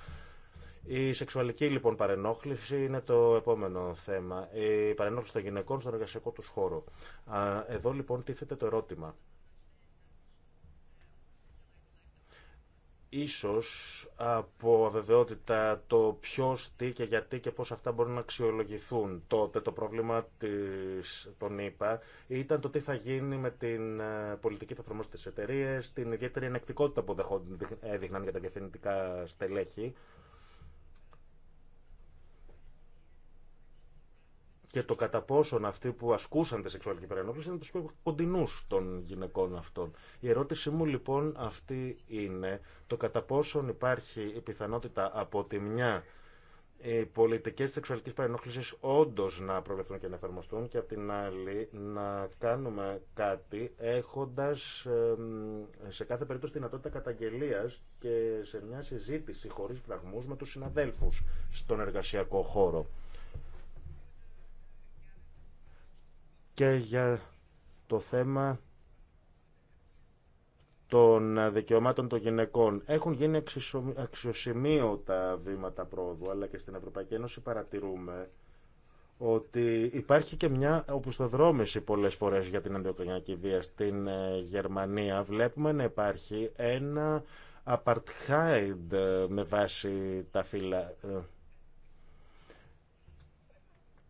Η σεξουαλική λοιπόν παρενόχληση είναι το επόμενο θέμα. Η παρενόχληση των γυναικών στον εργασιακό του χώρο. Εδώ λοιπόν τίθεται το ερώτημα. ίσως από αβεβαιότητα το ποιος, τι και γιατί και πώς αυτά μπορούν να αξιολογηθούν. Τότε το πρόβλημα της, των ΗΠΑ ήταν το τι θα γίνει με την ε, πολιτική που εφαρμόζεται την ιδιαίτερη ενεκτικότητα που έδειχναν για τα διευθυντικά στελέχη και το κατά πόσον αυτοί που ασκούσαν τη σεξουαλική παρενόχληση είναι του πιο κοντινούς των γυναικών αυτών. Η ερώτησή μου λοιπόν αυτή είναι το κατά πόσον υπάρχει η πιθανότητα από τη μια οι πολιτικέ τη σεξουαλική παρένόχληση όντω να προβλεφθούν και να εφαρμοστούν και από την άλλη να κάνουμε κάτι έχοντας σε κάθε περίπτωση δυνατότητα καταγγελία και σε μια συζήτηση χωρί φραγμού με του συναδέλφου στον εργασιακό χώρο. και για το θέμα των δικαιωμάτων των γυναικών. Έχουν γίνει αξιοσημείωτα βήματα πρόοδου, αλλά και στην Ευρωπαϊκή Ένωση παρατηρούμε ότι υπάρχει και μια οπισθοδρόμηση πολλές φορές για την ενδοοικογενειακή βία στην ε, Γερμανία. Βλέπουμε να υπάρχει ένα apartheid ε, με βάση τα φύλλα.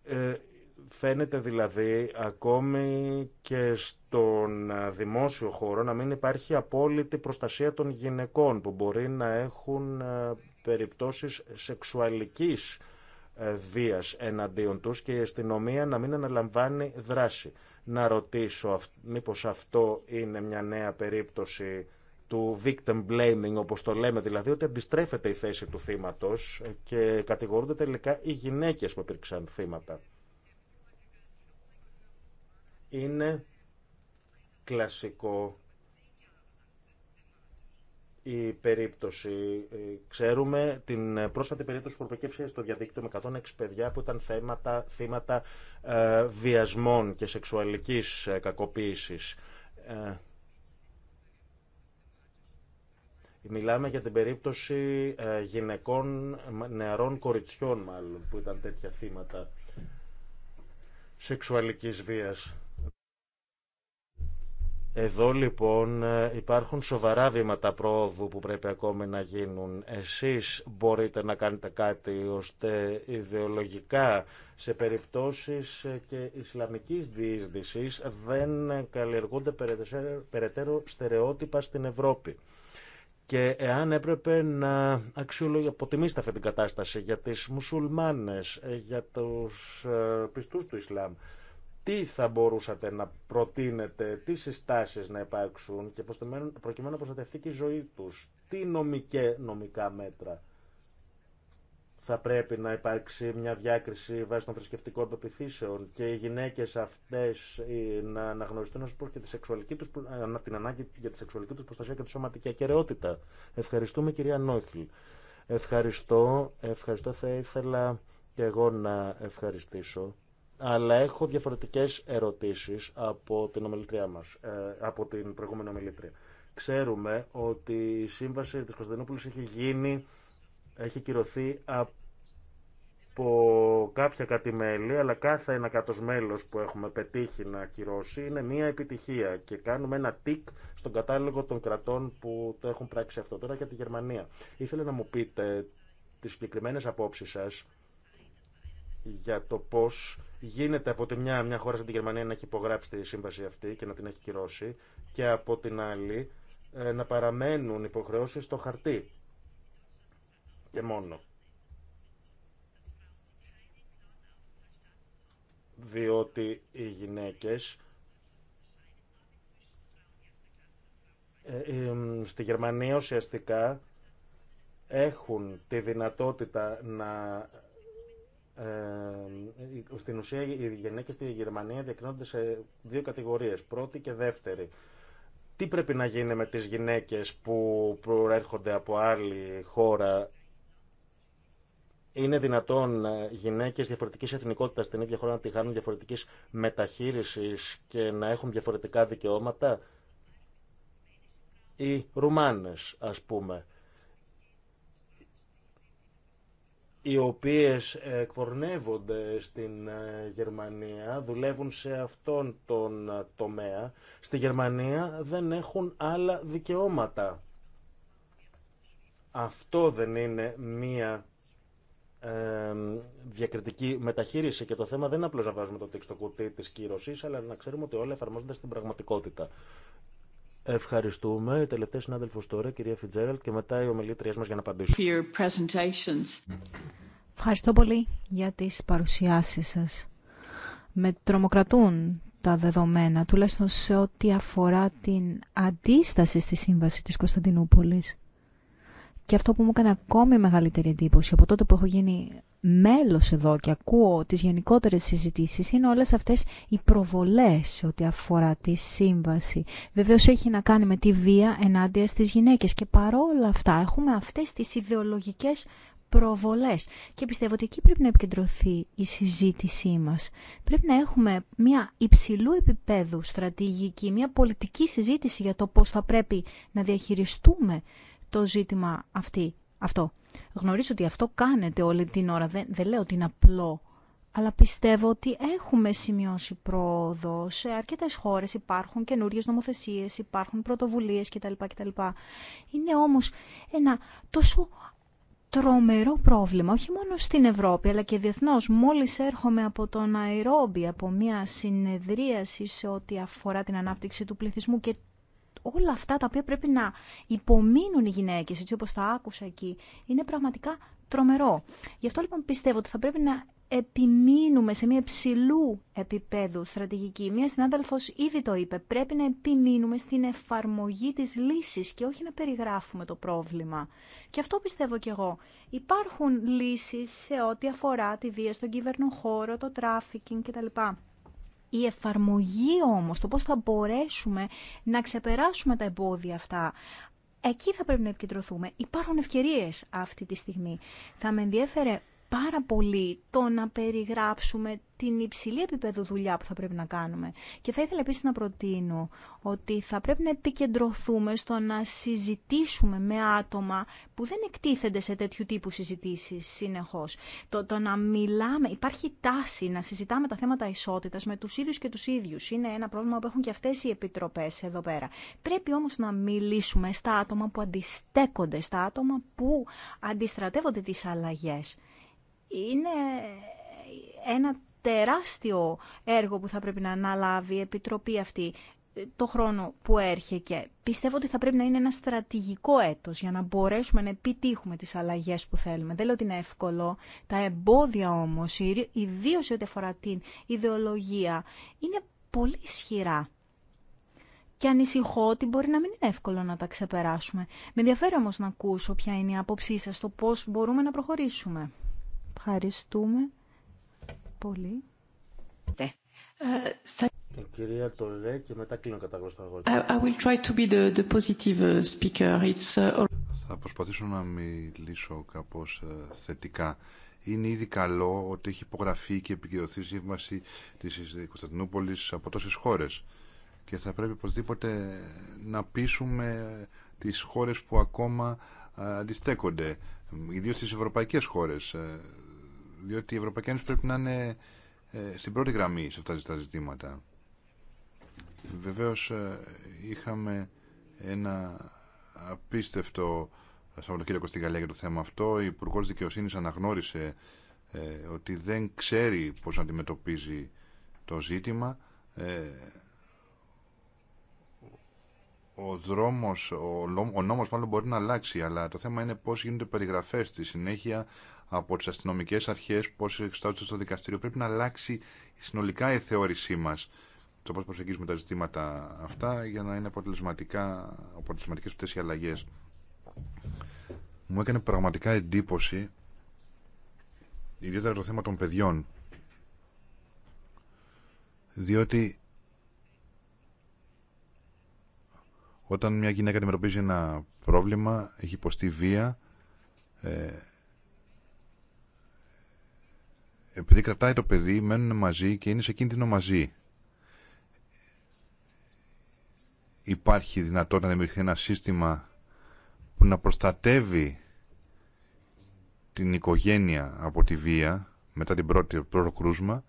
Ε, Φαίνεται δηλαδή ακόμη και στον δημόσιο χώρο να μην υπάρχει απόλυτη προστασία των γυναικών που μπορεί να έχουν ε, περιπτώσεις σεξουαλικής ε, βίας εναντίον τους και η αστυνομία να μην αναλαμβάνει δράση. Να ρωτήσω μήπως αυτό είναι μια νέα περίπτωση του victim blaming όπως το λέμε δηλαδή ότι αντιστρέφεται η θέση του θύματος και κατηγορούνται τελικά οι γυναίκες που υπήρξαν θύματα είναι κλασικό η περίπτωση. Ξέρουμε την πρόσφατη περίπτωση που προκύψε στο διαδίκτυο με 106 παιδιά που ήταν θέματα, θύματα ε, βιασμών και σεξουαλικής ε, κακοποίησης. Ε, μιλάμε για την περίπτωση γυναικών, νεαρών κοριτσιών μάλλον, που ήταν τέτοια θύματα σεξουαλικής βίας. Εδώ λοιπόν ε, υπάρχουν σοβαρά βήματα πρόοδου που πρέπει ακόμη να γίνουν. Εσείς μπορείτε να κάνετε κάτι ώστε ιδεολογικά σε περιπτώσεις ε, και ισλαμικής διείσδυσης δεν καλλιεργούνται περαιτέρω στερεότυπα στην Ευρώπη. Και εάν έπρεπε να αποτιμήσετε αυτή την κατάσταση για τις μουσουλμάνες, ε, για τους πιστούς του Ισλάμ, τι θα μπορούσατε να προτείνετε, τι συστάσεις να υπάρξουν και προκειμένου να προστατευτεί και η ζωή τους. Τι νομικέ, νομικά μέτρα θα πρέπει να υπάρξει μια διάκριση βάσει των θρησκευτικών πεπιθήσεων και οι γυναίκες αυτές να αναγνωριστούν ως προς και τη σεξουαλική τους, ε, την ανάγκη για τη σεξουαλική τους προστασία και τη σωματική ακαιρεότητα. Ευχαριστούμε κυρία Νόχλη. Ευχαριστώ, ευχαριστώ θα ήθελα και εγώ να ευχαριστήσω αλλά έχω διαφορετικές ερωτήσεις από την ομιλητριά μας, ε, από την προηγούμενη ομιλητρία. Ξέρουμε ότι η σύμβαση της Κωνσταντινούπολης έχει γίνει, έχει κυρωθεί από κάποια κάτι μέλη, αλλά κάθε ένα κάτω μέλος που έχουμε πετύχει να κυρώσει είναι μια επιτυχία και κάνουμε ένα τικ στον κατάλογο των κρατών που το έχουν πράξει αυτό τώρα για τη Γερμανία. Ήθελα να μου πείτε τις συγκεκριμένε απόψεις σας για το πώ γίνεται από τη μια, μια χώρα στην Γερμανία να έχει υπογράψει τη σύμβαση αυτή και να την έχει κυρώσει και από την άλλη ε, να παραμένουν υποχρεώσει στο χαρτί. Και μόνο. Διότι οι γυναίκες ε, ε, στη Γερμανία ουσιαστικά έχουν τη δυνατότητα να ε, στην ουσία οι γυναίκες στη Γερμανία διακρίνονται σε δύο κατηγορίες, πρώτη και δεύτερη. Τι πρέπει να γίνει με τις γυναίκες που προέρχονται από άλλη χώρα είναι δυνατόν ε, γυναίκες διαφορετικής εθνικότητας στην ίδια χώρα να τη χάνουν διαφορετικής μεταχείρισης και να έχουν διαφορετικά δικαιώματα. Οι Ρουμάνες, ας πούμε, οι οποίες εκπορνεύονται στην ε, Γερμανία, δουλεύουν σε αυτόν τον ε, τομέα, στη Γερμανία δεν έχουν άλλα δικαιώματα. Αυτό δεν είναι μία ε, διακριτική μεταχείριση και το θέμα δεν είναι απλώς να βάζουμε το τίξτο κουτί της κύρωσης, αλλά να ξέρουμε ότι όλα εφαρμόζονται στην πραγματικότητα. Ευχαριστούμε. Η τελευταία συνάδελφο τώρα, κυρία Φιτζέραλτ, και μετά η ομιλήτριά μα για να απαντήσουν. Ευχαριστώ πολύ για τις παρουσιάσεις σας. Με τρομοκρατούν τα δεδομένα, τουλάχιστον σε ό,τι αφορά την αντίσταση στη Σύμβαση της Κωνσταντινούπολης. Και αυτό που μου έκανε ακόμη μεγαλύτερη εντύπωση από τότε που έχω γίνει μέλος εδώ και ακούω τις γενικότερες συζητήσεις είναι όλες αυτές οι προβολές ό,τι αφορά τη σύμβαση. Βεβαίως έχει να κάνει με τη βία ενάντια στις γυναίκες και παρόλα αυτά έχουμε αυτές τις ιδεολογικές προβολές και πιστεύω ότι εκεί πρέπει να επικεντρωθεί η συζήτησή μας. Πρέπει να έχουμε μια υψηλού επίπεδου στρατηγική, μια πολιτική συζήτηση για το πώς θα πρέπει να διαχειριστούμε το ζήτημα αυτή, αυτό. Γνωρίζω ότι αυτό κάνετε όλη την ώρα, δεν, λέω ότι είναι απλό, αλλά πιστεύω ότι έχουμε σημειώσει πρόοδο. Σε αρκετές χώρες υπάρχουν καινούριε νομοθεσίε, υπάρχουν πρωτοβουλίες κτλ. κτλ. Είναι όμως ένα τόσο τρομερό πρόβλημα, όχι μόνο στην Ευρώπη, αλλά και διεθνώς. Μόλις έρχομαι από τον Αιρόμπι, από μια συνεδρίαση σε ό,τι αφορά την ανάπτυξη του πληθυσμού και όλα αυτά τα οποία πρέπει να υπομείνουν οι γυναίκες, έτσι όπως τα άκουσα εκεί, είναι πραγματικά τρομερό. Γι' αυτό λοιπόν πιστεύω ότι θα πρέπει να επιμείνουμε σε μια υψηλού επίπεδου στρατηγική. Μια συνάδελφος ήδη το είπε, πρέπει να επιμείνουμε στην εφαρμογή της λύσης και όχι να περιγράφουμε το πρόβλημα. Και αυτό πιστεύω κι εγώ. Υπάρχουν λύσεις σε ό,τι αφορά τη βία στον κυβερνοχώρο, το τράφικινγκ κτλ. Η εφαρμογή όμως, το πώς θα μπορέσουμε να ξεπεράσουμε τα εμπόδια αυτά, εκεί θα πρέπει να επικεντρωθούμε. Υπάρχουν ευκαιρίες αυτή τη στιγμή. Θα με ενδιέφερε πάρα πολύ το να περιγράψουμε την υψηλή επίπεδο δουλειά που θα πρέπει να κάνουμε. Και θα ήθελα επίσης να προτείνω ότι θα πρέπει να επικεντρωθούμε στο να συζητήσουμε με άτομα που δεν εκτίθενται σε τέτοιου τύπου συζητήσεις συνεχώς. Το, το να μιλάμε, υπάρχει τάση να συζητάμε τα θέματα ισότητας με τους ίδιους και τους ίδιους. Είναι ένα πρόβλημα που έχουν και αυτές οι επιτροπές εδώ πέρα. Πρέπει όμως να μιλήσουμε στα άτομα που αντιστέκονται, στα άτομα που αντιστρατεύονται τις αλλαγές είναι ένα τεράστιο έργο που θα πρέπει να αναλάβει η Επιτροπή αυτή ε, το χρόνο που έρχεται. Πιστεύω ότι θα πρέπει να είναι ένα στρατηγικό έτος για να μπορέσουμε να επιτύχουμε τις αλλαγές που θέλουμε. Δεν λέω ότι είναι εύκολο. Τα εμπόδια όμως, ιδίως ό,τι αφορά την ιδεολογία, είναι πολύ ισχυρά. Και ανησυχώ ότι μπορεί να μην είναι εύκολο να τα ξεπεράσουμε. Με ενδιαφέρει όμως να ακούσω ποια είναι η άποψή σας, το πώς μπορούμε να προχωρήσουμε. Ευχαριστούμε πολύ. Ναι. Ε, κυρία το λέει και μετά κλείνω κατά I will try to be the, the positive uh, speaker. It's... Uh, θα προσπαθήσω να μιλήσω κάπως ε, θετικά. Είναι ήδη καλό ότι έχει υπογραφεί και επικοινωθεί η σύμβαση της Κωνσταντινούπολης από τόσες χώρες. Και θα πρέπει οπωσδήποτε να πείσουμε ε, τις χώρες που ακόμα αντιστέκονται, ιδίως τις ευρωπαϊκές χώρες διότι η Ευρωπαϊκή Ένωση πρέπει να είναι ε, στην πρώτη γραμμή σε αυτά τα ζητήματα. Βεβαίως ε, είχαμε ένα απίστευτο Σαββατοκύριακο στην Γαλλία για το θέμα αυτό. Ο Υπουργό Δικαιοσύνη αναγνώρισε ε, ότι δεν ξέρει πώς αντιμετωπίζει το ζήτημα. ο δρόμο ο, ο νόμος μάλλον μπορεί να αλλάξει, αλλά το θέμα είναι πώς γίνονται περιγραφέ στη συνέχεια από τι αστυνομικέ αρχές πώς εξετάζονται στο δικαστήριο. Πρέπει να αλλάξει συνολικά η θεώρησή μας το πώ προσεγγίζουμε τα ζητήματα αυτά για να είναι αποτελεσματικά, αυτέ οι αλλαγέ. Μου έκανε πραγματικά εντύπωση ιδιαίτερα το θέμα των παιδιών διότι όταν μια γυναίκα αντιμετωπίζει ένα πρόβλημα, έχει υποστεί βία, ε, επειδή κρατάει το παιδί, μένουν μαζί και είναι σε κίνδυνο μαζί. Υπάρχει δυνατότητα να δημιουργηθεί ένα σύστημα που να προστατεύει την οικογένεια από τη βία μετά την πρώτη πρώτο κρούσμα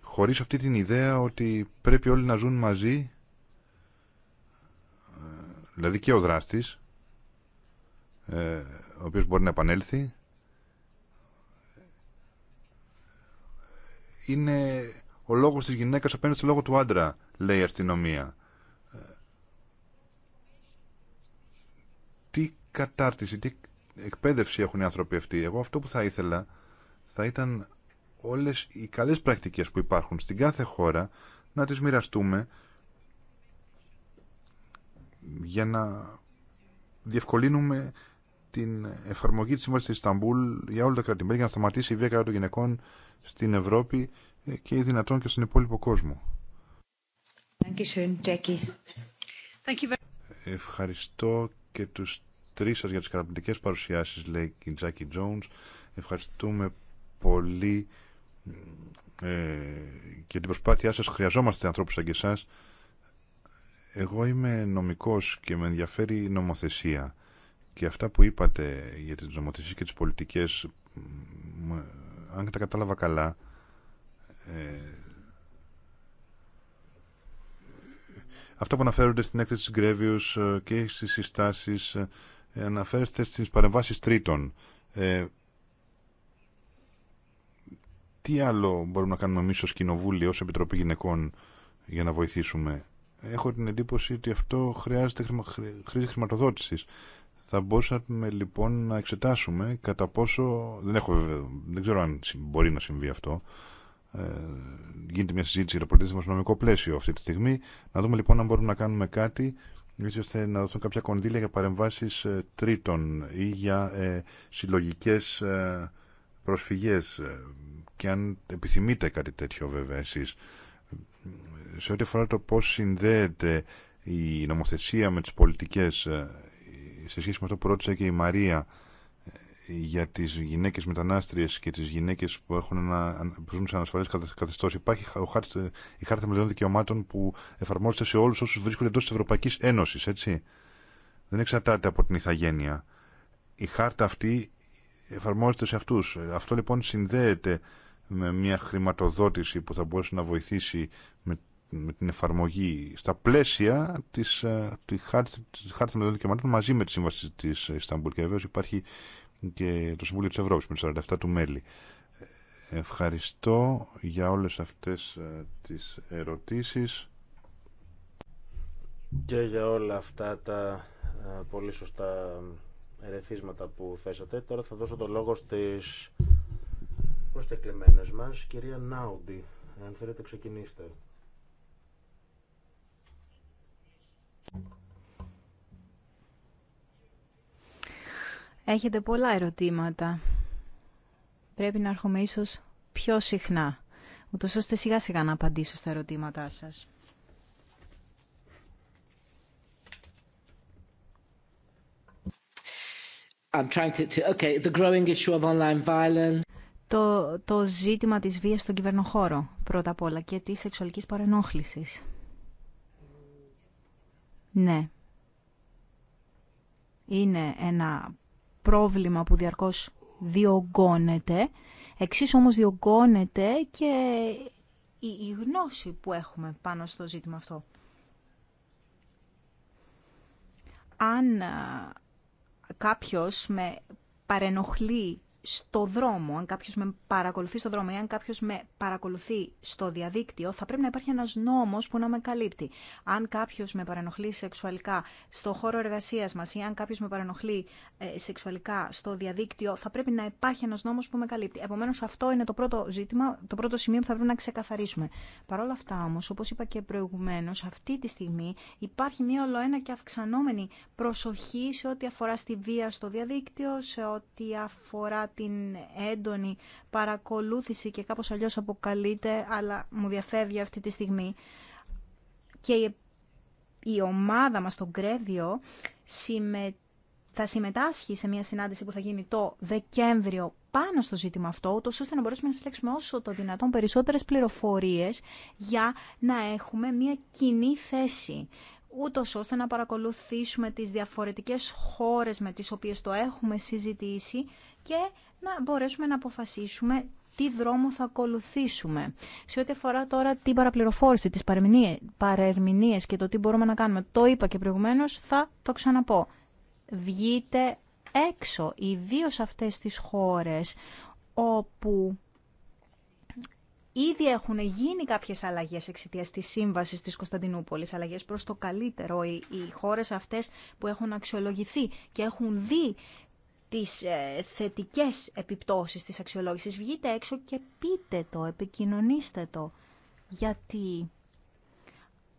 χωρίς αυτή την ιδέα ότι πρέπει όλοι να ζουν μαζί ε, δηλαδή και ο δράστης ε, ο οποίος μπορεί να επανέλθει είναι ο λόγος της γυναίκας απέναντι στο λόγο του άντρα, λέει η αστυνομία. Τι κατάρτιση, τι εκπαίδευση έχουν οι άνθρωποι αυτοί. Εγώ αυτό που θα ήθελα θα ήταν όλες οι καλές πρακτικές που υπάρχουν στην κάθε χώρα να τις μοιραστούμε για να διευκολύνουμε την εφαρμογή της Σύμβασης της Ισταμπούλ για όλα τα κρατημέρια για να σταματήσει η βία κατά των γυναικών στην Ευρώπη ε, και δυνατόν και στον υπόλοιπο κόσμο. Ευχαριστώ και τους τρεις σας για τις καταπληκτικές παρουσιάσεις, λέει η Τζάκι Τζόουνς. Ευχαριστούμε πολύ ε, και την προσπάθειά σας. Χρειαζόμαστε ανθρώπους σαν και εσάς. Εγώ είμαι νομικός και με ενδιαφέρει η νομοθεσία. Και αυτά που είπατε για τις νομοθεσίες και τις πολιτικές αν τα κατάλαβα καλά, ε, αυτό που αναφέρονται στην έκθεση της Γκρέβιους ε, και στις συστάσεις ε, ε, αναφέρεστε στις παρεμβάσεις τρίτων. Ε, τι άλλο μπορούμε να κάνουμε εμείς ως Κοινοβούλιο, ως Επιτροπή Γυναικών για να βοηθήσουμε. Έχω την εντύπωση ότι αυτό χρειάζεται χρήση χρηματοδότησης. Θα μπορούσαμε λοιπόν να εξετάσουμε κατά πόσο, δεν, έχω, δεν ξέρω αν μπορεί να συμβεί αυτό, ε, γίνεται μια συζήτηση για το πολιτικό δημοσιονομικό πλαίσιο αυτή τη στιγμή. Να δούμε λοιπόν αν μπορούμε να κάνουμε κάτι έτσι ώστε να δοθούν κάποια κονδύλια για παρεμβασει ε, τρίτων ή για ε, συλλογικές ε, προσφυγές ε, και αν επιθυμείτε κάτι τέτοιο βέβαια εσει Σε ό,τι αφορά το πω συνδέεται η νομοθεσία με τις πολιτικές σε σχέση με αυτό που ρώτησε και η Μαρία ε, για τι γυναίκε μετανάστριες και τι γυναίκε που, έχουν ένα, που ζουν σε ανασφαλέ καθεστώ, υπάρχει ο χάρτη, ε, η Χάρτα Μελιών Δικαιωμάτων που εφαρμόζεται σε όλου όσου βρίσκονται εντό τη Ευρωπαϊκή Ένωση. έτσι. δεν εξαρτάται από την ηθαγένεια η χάρτα αυτή εφαρμόζεται σε αυτού. αυτό λοιπόν συνδέεται με μια χρηματοδότηση που θα μπορέσει να βοηθήσει με με την εφαρμογή στα πλαίσια της, ε, του χάρτη των δικαιωμάτων μαζί με τη σύμβαση της Ισταμπούλ και βεβαίω υπάρχει και το Συμβούλιο της Ευρώπη με 47 του μέλη. Ε, ευχαριστώ για όλες αυτές ε, τις ερωτήσεις και για όλα αυτά τα πολύ σωστά ερεθίσματα που θέσατε. Τώρα θα δώσω το λόγο στις προστεκλημένες μας. Κυρία Νάουντι, αν θέλετε ξεκινήστε. Έχετε πολλά ερωτήματα. Πρέπει να έρχομαι ίσως πιο συχνά, ούτως ώστε σιγά σιγά να απαντήσω στα ερωτήματά σας. to, okay, violence. Το, το ζήτημα της βίας στον κυβερνοχώρο, πρώτα απ' όλα, και της σεξουαλικής παρενόχλησης. Ναι. Είναι ένα πρόβλημα που διαρκώς διωγγώνεται. Εξής όμως διωγγώνεται και η γνώση που έχουμε πάνω στο ζήτημα αυτό. Αν κάποιος με παρενοχλεί στο δρόμο, αν κάποιο με παρακολουθεί στο δρόμο ή αν κάποιο με παρακολουθεί στο διαδίκτυο, θα πρέπει να υπάρχει ένα νόμο που να με καλύπτει. Αν κάποιο με παρενοχλεί σεξουαλικά στο χώρο εργασία μα, ή αν κάποιο με παρενοχλεί ε, σεξουαλικά στο διαδίκτυο, θα πρέπει να υπάρχει ένα νόμο που με καλύπτει. Επομένω, αυτό είναι το πρώτο ζήτημα, το πρώτο σημείο που θα πρέπει να ξεκαθαρίσουμε. Παρ' όλα αυτά όμω, όπω είπα και προηγουμένω, αυτή τη στιγμή υπάρχει μια ολοένα και αυξανόμενη προσοχή σε ό,τι αφορά στη βία στο διαδίκτυο, σε ό,τι αφορά την έντονη παρακολούθηση και κάπως αλλιώς αποκαλείται, αλλά μου διαφεύγει αυτή τη στιγμή. Και η ομάδα μας το Γκρέβιο θα συμμετάσχει σε μια συνάντηση που θα γίνει το Δεκέμβριο πάνω στο ζήτημα αυτό, ούτως ώστε να μπορέσουμε να συλλέξουμε όσο το δυνατόν περισσότερες πληροφορίες για να έχουμε μια κοινή θέση ούτω ώστε να παρακολουθήσουμε τις διαφορετικές χώρες με τις οποίες το έχουμε συζητήσει και να μπορέσουμε να αποφασίσουμε τι δρόμο θα ακολουθήσουμε. Σε ό,τι αφορά τώρα την παραπληροφόρηση, τις παρερμηνίες και το τι μπορούμε να κάνουμε, το είπα και προηγουμένως, θα το ξαναπώ. Βγείτε έξω, ιδίω αυτές τις χώρες όπου ήδη έχουν γίνει κάποιες αλλαγές εξαιτίας της σύμβασης της Κωνσταντινούπολης, αλλαγές προς το καλύτερο. Οι, οι χώρες αυτές που έχουν αξιολογηθεί και έχουν δει τις ε, θετικές επιπτώσεις της αξιολόγησης. Βγείτε έξω και πείτε το, επικοινωνήστε το. Γιατί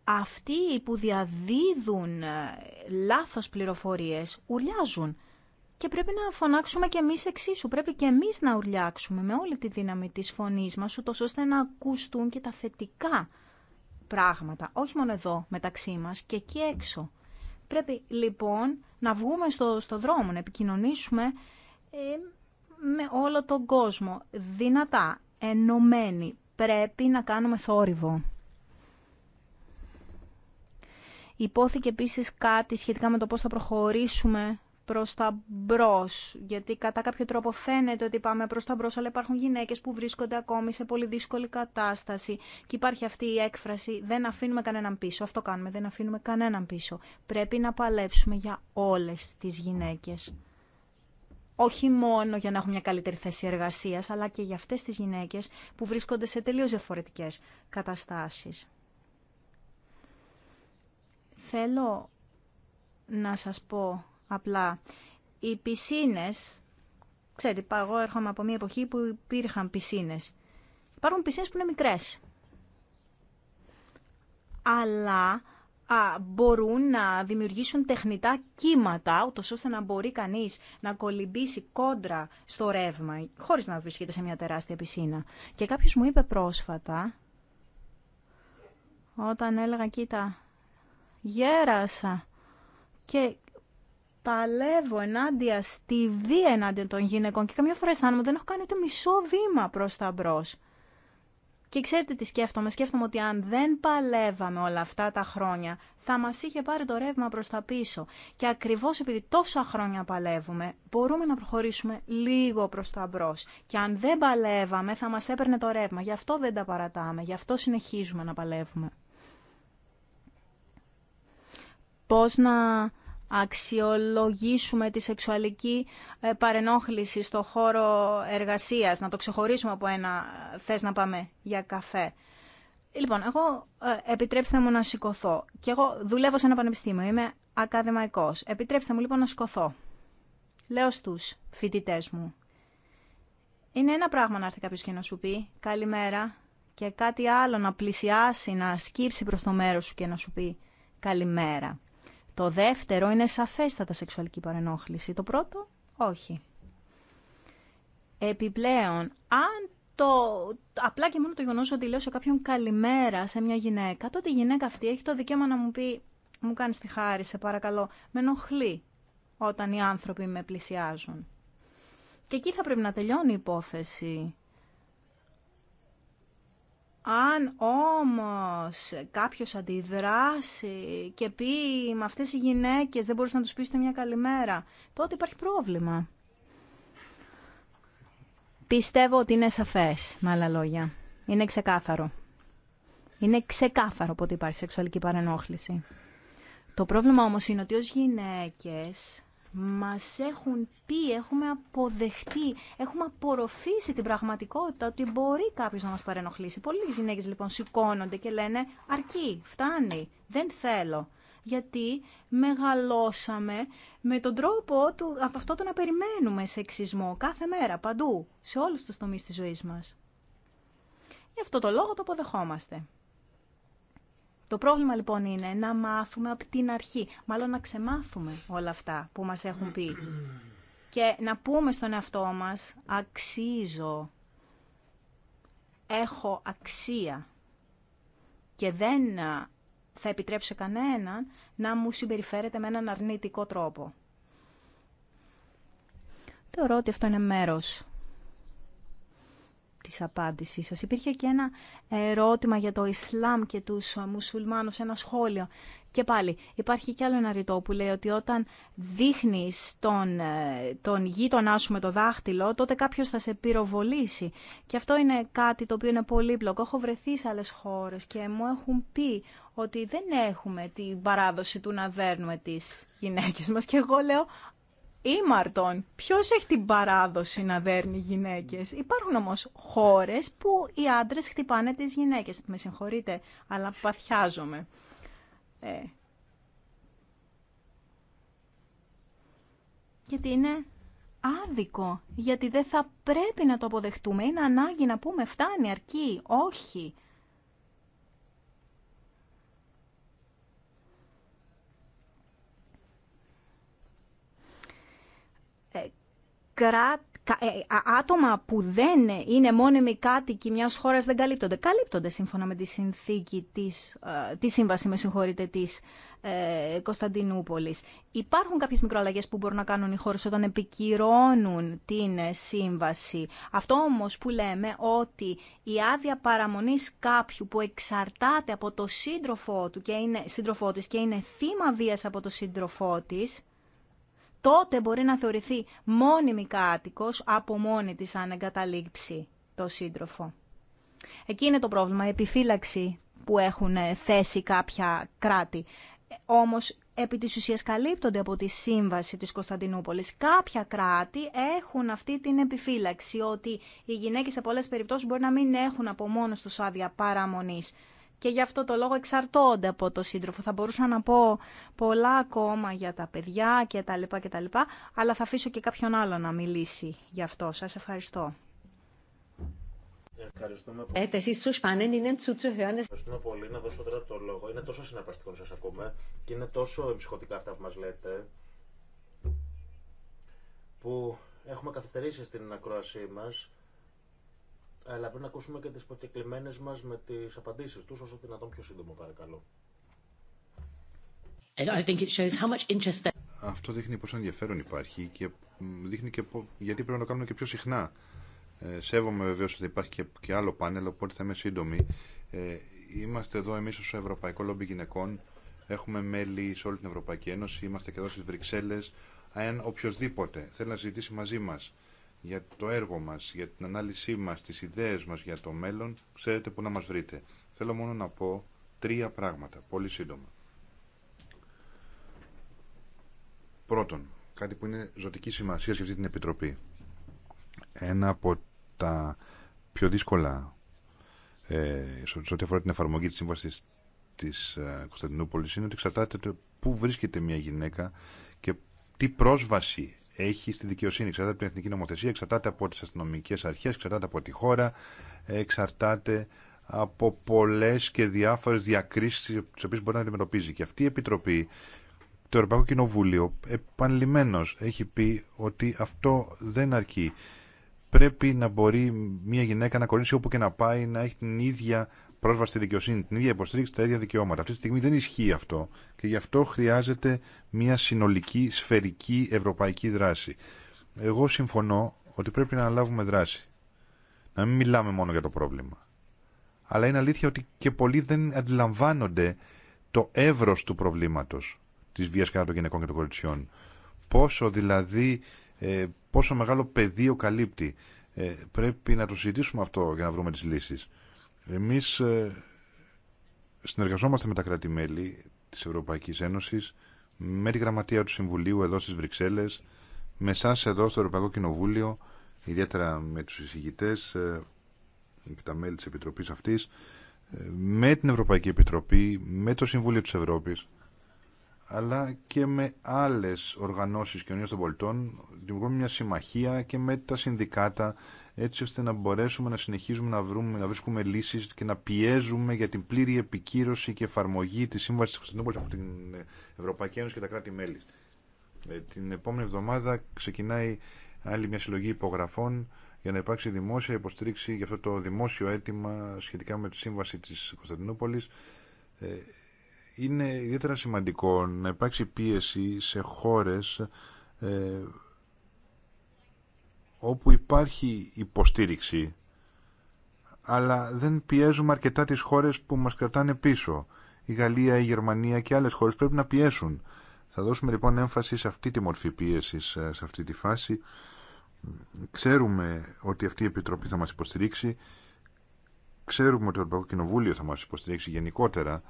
αυτοί που διαδίδουν ε, λάθος πληροφορίες ουρλιάζουν. Και πρέπει να φωνάξουμε και εμείς εξίσου. Πρέπει και εμείς να ουρλιάξουμε με όλη τη δύναμη της φωνής μας, ούτως ώστε να ακουστούν και τα θετικά πράγματα. Όχι μόνο εδώ μεταξύ μας και εκεί έξω. Πρέπει λοιπόν να βγούμε στο, στο δρόμο, να επικοινωνήσουμε ε, με όλο τον κόσμο. Δυνατά, ενωμένοι, πρέπει να κάνουμε θόρυβο. Υπόθηκε επίσης κάτι σχετικά με το πώς θα προχωρήσουμε προς τα μπρος, γιατί κατά κάποιο τρόπο φαίνεται ότι πάμε προς τα μπρο, αλλά υπάρχουν γυναίκες που βρίσκονται ακόμη σε πολύ δύσκολη κατάσταση και υπάρχει αυτή η έκφραση «δεν αφήνουμε κανέναν πίσω». Αυτό κάνουμε, δεν αφήνουμε κανέναν πίσω. Πρέπει να παλέψουμε για όλες τις γυναίκες. Όχι μόνο για να έχουμε μια καλύτερη θέση εργασίας, αλλά και για αυτές τις γυναίκες που βρίσκονται σε τελείως διαφορετικέ καταστάσεις. Θέλω να σας πω απλά. Οι πισίνες, ξέρετε, εγώ έρχομαι από μια εποχή που υπήρχαν πισίνες. Υπάρχουν πισίνες που είναι μικρές. Αλλά α, μπορούν να δημιουργήσουν τεχνητά κύματα, ούτω ώστε να μπορεί κανείς να κολυμπήσει κόντρα στο ρεύμα, χωρίς να βρίσκεται σε μια τεράστια πισίνα. Και κάποιο μου είπε πρόσφατα, όταν έλεγα, κοίτα, γέρασα και παλεύω ενάντια στη βία ενάντια των γυναικών και καμιά φορά αισθάνομαι δεν έχω κάνει ούτε μισό βήμα προς τα μπρος. Και ξέρετε τι σκέφτομαι, σκέφτομαι ότι αν δεν παλεύαμε όλα αυτά τα χρόνια θα μας είχε πάρει το ρεύμα προς τα πίσω και ακριβώς επειδή τόσα χρόνια παλεύουμε μπορούμε να προχωρήσουμε λίγο προς τα μπρος και αν δεν παλεύαμε θα μα έπαιρνε το ρεύμα, γι' αυτό δεν τα παρατάμε, γι' αυτό συνεχίζουμε να παλεύουμε. Πώς να αξιολογήσουμε τη σεξουαλική ε, παρενόχληση στο χώρο εργασίας, να το ξεχωρίσουμε από ένα «θες να πάμε για καφέ». Λοιπόν, εγώ ε, επιτρέψτε μου να σηκωθώ. Και εγώ δουλεύω σε ένα πανεπιστήμιο, είμαι ακαδημαϊκός. Επιτρέψτε μου λοιπόν να σηκωθώ. Λέω στους φοιτητέ μου. Είναι ένα πράγμα να έρθει κάποιο και να σου πει «Καλημέρα» και κάτι άλλο να πλησιάσει, να σκύψει προς το μέρος σου και να σου πει «Καλημέρα». Το δεύτερο είναι σαφέστατα σεξουαλική παρενόχληση. Το πρώτο, όχι. Επιπλέον, αν το, απλά και μόνο το γεγονό ότι λέω σε κάποιον καλημέρα σε μια γυναίκα, τότε η γυναίκα αυτή έχει το δικαίωμα να μου πει μου κάνει τη χάρη, σε παρακαλώ, με ενοχλεί όταν οι άνθρωποι με πλησιάζουν. Και εκεί θα πρέπει να τελειώνει η υπόθεση αν όμως κάποιος αντιδράσει και πει με αυτές οι γυναίκες δεν μπορούσε να τους πείσετε μια καλημέρα, τότε υπάρχει πρόβλημα. Πιστεύω ότι είναι σαφές, με άλλα λόγια. Είναι ξεκάθαρο. Είναι ξεκάθαρο πότε υπάρχει σεξουαλική παρενόχληση. Το πρόβλημα όμως είναι ότι ως γυναίκες μας έχουν πει, έχουμε αποδεχτεί, έχουμε απορροφήσει την πραγματικότητα ότι μπορεί κάποιος να μας παρενοχλήσει. Πολλοί γυναίκες λοιπόν σηκώνονται και λένε αρκεί, φτάνει, δεν θέλω. Γιατί μεγαλώσαμε με τον τρόπο του, από αυτό το να περιμένουμε σεξισμό κάθε μέρα, παντού, σε όλους τους τομείς της ζωής μας. Γι' αυτό το λόγο το αποδεχόμαστε. Το πρόβλημα λοιπόν είναι να μάθουμε από την αρχή, μάλλον να ξεμάθουμε όλα αυτά που μας έχουν πει και να πούμε στον εαυτό μας αξίζω, έχω αξία και δεν θα επιτρέψω κανέναν να μου συμπεριφέρεται με έναν αρνητικό τρόπο. Θεωρώ ότι αυτό είναι μέρος της απάντησής σας. Υπήρχε και ένα ερώτημα για το Ισλάμ και τους μουσουλμάνους, ένα σχόλιο. Και πάλι, υπάρχει κι άλλο ένα ρητό που λέει ότι όταν δείχνεις τον, ε, τον γείτονά σου με το δάχτυλο, τότε κάποιος θα σε πυροβολήσει. Και αυτό είναι κάτι το οποίο είναι πολύπλοκο. Έχω βρεθεί σε άλλες χώρες και μου έχουν πει ότι δεν έχουμε την παράδοση του να δέρνουμε τις γυναίκες μας. Και εγώ λέω, ήμαρτον. ποιο έχει την παράδοση να δέρνει γυναίκες. Υπάρχουν όμως χώρες που οι άντρες χτυπάνε τις γυναίκες. Με συγχωρείτε, αλλά παθιάζομαι. Ε. Γιατί είναι άδικο. Γιατί δεν θα πρέπει να το αποδεχτούμε. Είναι ανάγκη να πούμε φτάνει, αρκεί, όχι. Ε, άτομα που δεν είναι μόνιμοι κάτοικοι μια χώρας δεν καλύπτονται. Καλύπτονται σύμφωνα με τη συνθήκη της, ε, τη σύμβαση με συγχωρείτε, της ε, Κωνσταντινούπολης. Υπάρχουν κάποιες μικροαλλαγέ που μπορούν να κάνουν οι χώρε όταν επικυρώνουν την σύμβαση. Αυτό όμως που λέμε ότι η άδεια παραμονής κάποιου που εξαρτάται από το σύντροφό του και είναι, σύντροφό και είναι θύμα βία από το σύντροφό τότε μπορεί να θεωρηθεί μόνιμη κάτοικος από μόνη της αν εγκαταλείψει το σύντροφο. Εκεί είναι το πρόβλημα, η επιφύλαξη που έχουν ε, θέσει κάποια κράτη. Όμως επί της ουσίας καλύπτονται από τη σύμβαση της Κωνσταντινούπολης. Κάποια κράτη έχουν αυτή την επιφύλαξη ότι οι γυναίκες σε πολλές περιπτώσεις μπορεί να μην έχουν από μόνος τους άδεια παραμονής και γι' αυτό το λόγο εξαρτώνται από το σύντροφο. Θα μπορούσα να πω πολλά ακόμα για τα παιδιά και τα λοιπά και τα λοιπά, αλλά θα αφήσω και κάποιον άλλο να μιλήσει γι' αυτό. Σας ευχαριστώ. Ευχαριστούμε πολύ. Ε, να δώσω τώρα το λόγο. Είναι τόσο συναρπαστικό να σας ακούμε και είναι τόσο εμψυχωτικά αυτά που μας λέτε που έχουμε καθυστερήσει στην ακρόασή μας αλλά πρέπει να ακούσουμε και τι προκεκλημένε μα με τι απαντήσει του, όσο δυνατόν πιο σύντομο, παρακαλώ. Αυτό δείχνει πόσο ενδιαφέρον υπάρχει και δείχνει και πο... γιατί πρέπει να το κάνουμε και πιο συχνά. Ε, σέβομαι βεβαίω ότι υπάρχει και, και άλλο πάνελ, οπότε θα είμαι σύντομη. Ε, είμαστε εδώ εμεί ω Ευρωπαϊκό Λόμπι Γυναικών. Έχουμε μέλη σε όλη την Ευρωπαϊκή Ένωση. Είμαστε και εδώ στι Βρυξέλλε. Αν οποιοδήποτε θέλει να συζητήσει μαζί μα για το έργο μας, για την ανάλυση μας, τις ιδέες μας για το μέλλον, ξέρετε που να μας βρείτε. Θέλω μόνο να πω τρία πράγματα, πολύ σύντομα. Πρώτον, κάτι που είναι ζωτική σημασία για αυτή την Επιτροπή. Ένα από τα πιο δύσκολα ε, σε ό,τι αφορά την εφαρμογή της σύμβασης της Κωνσταντινούπολη ε, Κωνσταντινούπολης είναι ότι εξαρτάται πού βρίσκεται μια γυναίκα και τι πρόσβαση έχει στη δικαιοσύνη, εξαρτάται από την εθνική νομοθεσία, εξαρτάται από τι αστυνομικέ αρχέ, εξαρτάται από τη χώρα, εξαρτάται από πολλέ και διάφορε διακρίσει τι οποίες μπορεί να αντιμετωπίζει. Και αυτή η Επιτροπή, το Ευρωπαϊκό Κοινοβούλιο, επανειλημμένως έχει πει ότι αυτό δεν αρκεί. Πρέπει να μπορεί μια γυναίκα να κολλήσει όπου και να πάει, να έχει την ίδια πρόσβαση στη δικαιοσύνη, την ίδια υποστήριξη, τα ίδια δικαιώματα. Αυτή τη στιγμή δεν ισχύει αυτό και γι' αυτό χρειάζεται μια συνολική, σφαιρική ευρωπαϊκή δράση. Εγώ συμφωνώ ότι πρέπει να λάβουμε δράση. Να μην μιλάμε μόνο για το πρόβλημα. Αλλά είναι αλήθεια ότι και πολλοί δεν αντιλαμβάνονται το εύρος του προβλήματος της βίας κατά των γυναικών και των κοριτσιών. Πόσο δηλαδή, ε, πόσο μεγάλο πεδίο καλύπτει. Ε, πρέπει να το συζητήσουμε αυτό για να βρούμε τις λύσεις. Εμείς ε, συνεργαζόμαστε με τα κράτη-μέλη της Ευρωπαϊκής Ένωσης, με τη γραμματεία του Συμβουλίου εδώ στις Βρυξέλλες, με εσά εδώ στο Ευρωπαϊκό Κοινοβούλιο, ιδιαίτερα με τους εισηγητές ε, και τα μέλη της Επιτροπής αυτής, ε, με την Ευρωπαϊκή Επιτροπή, με το Συμβούλιο της Ευρώπης, αλλά και με άλλες οργανώσεις κοινωνίας των πολιτών, δημιουργούμε μια συμμαχία και με τα συνδικάτα έτσι ώστε να μπορέσουμε να συνεχίζουμε να, βρούμε, να βρίσκουμε λύσεις και να πιέζουμε για την πλήρη επικύρωση και εφαρμογή της Σύμβασης της Κωνσταντινούπολης από την Ευρωπαϊκή Ένωση και τα κράτη-μέλη. Ε, την επόμενη εβδομάδα ξεκινάει άλλη μια συλλογή υπογραφών για να υπάρξει δημόσια υποστήριξη για αυτό το δημόσιο αίτημα σχετικά με τη Σύμβαση της Κωνσταντινούπολης. Ε, είναι ιδιαίτερα σημαντικό να υπάρξει πίεση σε χώρες ε, όπου υπάρχει υποστήριξη αλλά δεν πιέζουμε αρκετά τις χώρες που μας κρατάνε πίσω. Η Γαλλία, η Γερμανία και άλλες χώρες πρέπει να πιέσουν. Θα δώσουμε λοιπόν έμφαση σε αυτή τη μορφή πίεσης, ε, σε αυτή τη φάση. Ξέρουμε ότι αυτή η Επιτροπή θα μας υποστηρίξει. Ξέρουμε ότι το Ευρωπαϊκό Κοινοβούλιο θα μας υποστηρίξει γενικότερα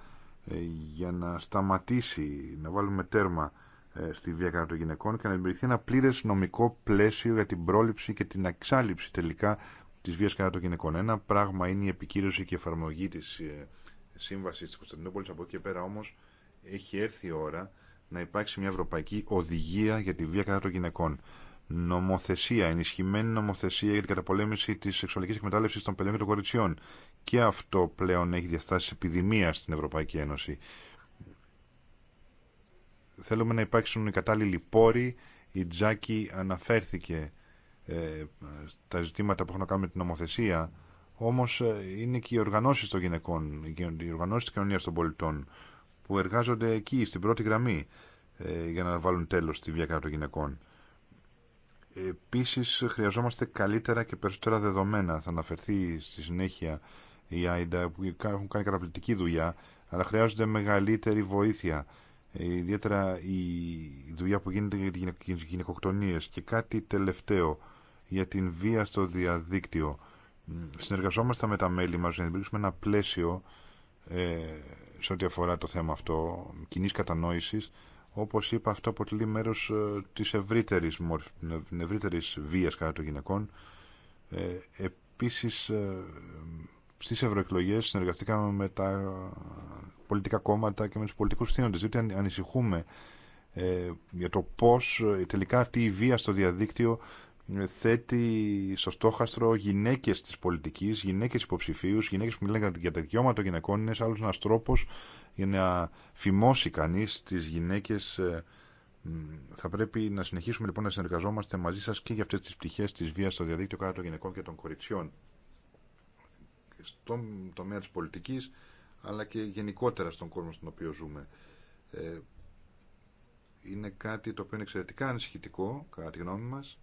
ε, για να σταματήσει, να βάλουμε τέρμα ε, στη βία κατά των γυναικών και να δημιουργηθεί ένα πλήρε νομικό πλαίσιο για την πρόληψη και την εξάλληψη τελικά τη βία κατά των γυναικών. Ένα πράγμα είναι η επικύρωση και εφαρμογή τη ε, σύμβαση τη Κωνσταντινούπολη. Από εκεί και πέρα όμω έχει έρθει η ώρα να υπάρξει μια ευρωπαϊκή οδηγία για τη βία κατά των γυναικών. Νομοθεσία, ενισχυμένη νομοθεσία για την καταπολέμηση τη σεξουαλική εκμετάλλευση των παιδιών και των κοριτσιών. Και αυτό πλέον έχει διαστάσει επιδημία στην Ευρωπαϊκή Ένωση θέλουμε να υπάρξουν οι κατάλληλοι πόροι. Η Τζάκη αναφέρθηκε ε, στα ζητήματα που έχουν να κάνουν με την νομοθεσία, όμως ε, είναι και οι οργανώσεις των γυναικών, οι οργανώσεις της κοινωνίας των πολιτών, που εργάζονται εκεί, στην πρώτη γραμμή, ε, για να βάλουν τέλος στη βία κατά των γυναικών. Επίση χρειαζόμαστε καλύτερα και περισσότερα δεδομένα. Θα αναφερθεί στη συνέχεια η ΆΙΝΤΑ, που έχουν κάνει καταπληκτική δουλειά, αλλά χρειάζονται μεγαλύτερη βοήθεια ε, ιδιαίτερα η δουλειά που γίνεται για τις γυναικοκτονίες και κάτι τελευταίο για την βία στο διαδίκτυο. Συνεργαζόμαστε με τα μέλη μας για να δημιουργήσουμε ένα πλαίσιο ε, σε ό,τι αφορά το θέμα αυτό, κοινή κατανόησης. Όπως είπα, αυτό αποτελεί μέρος ε, της ευρύτερης, βίας κατά των γυναικών. Ε, επίσης, στις ευρωεκλογές συνεργαστήκαμε με τα πολιτικά κόμματα και με τους πολιτικούς θύνοντες, διότι ανησυχούμε ε, για το πώς ε, τελικά αυτή η βία στο διαδίκτυο ε, θέτει στο στόχαστρο γυναίκες της πολιτικής, γυναίκες υποψηφίους, γυναίκες που μιλάνε για τα δικαιώματα των γυναικών. Είναι άλλος ένας τρόπος για να φημώσει κανείς τις γυναίκες. Θα πρέπει να συνεχίσουμε λοιπόν να συνεργαζόμαστε μαζί σας και για αυτές τις πτυχές της βίας στο διαδίκτυο κατά των γυναικών και των κοριτσιών στον τομέα της πολιτικής αλλά και γενικότερα στον κόσμο στον οποίο ζούμε. Ε, είναι κάτι το οποίο είναι εξαιρετικά ανησυχητικό κατά τη γνώμη μας.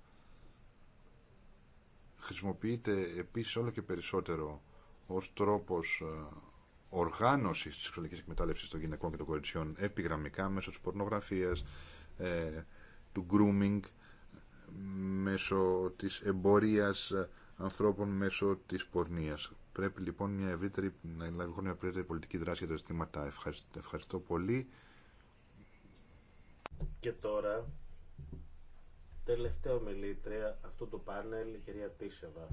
Χρησιμοποιείται επίσης όλο και περισσότερο ως τρόπος ε, οργάνωσης της σεξουαλικής εκμετάλλευσης των γυναικών και των κοριτσιών επιγραμμικά μέσω της πορνογραφίας, ε, του grooming, μέσω της εμπορίας ανθρώπων μέσω της πορνείας. Πρέπει λοιπόν μια ευρύτερη, να λάβει μια ευρύτερη πολιτική δράση για τα ζητήματα. Ευχαριστώ, ευχαριστώ πολύ. Και τώρα, τελευταία ομιλήτρια αυτού του πάνελ, η κυρία Τίσεβα.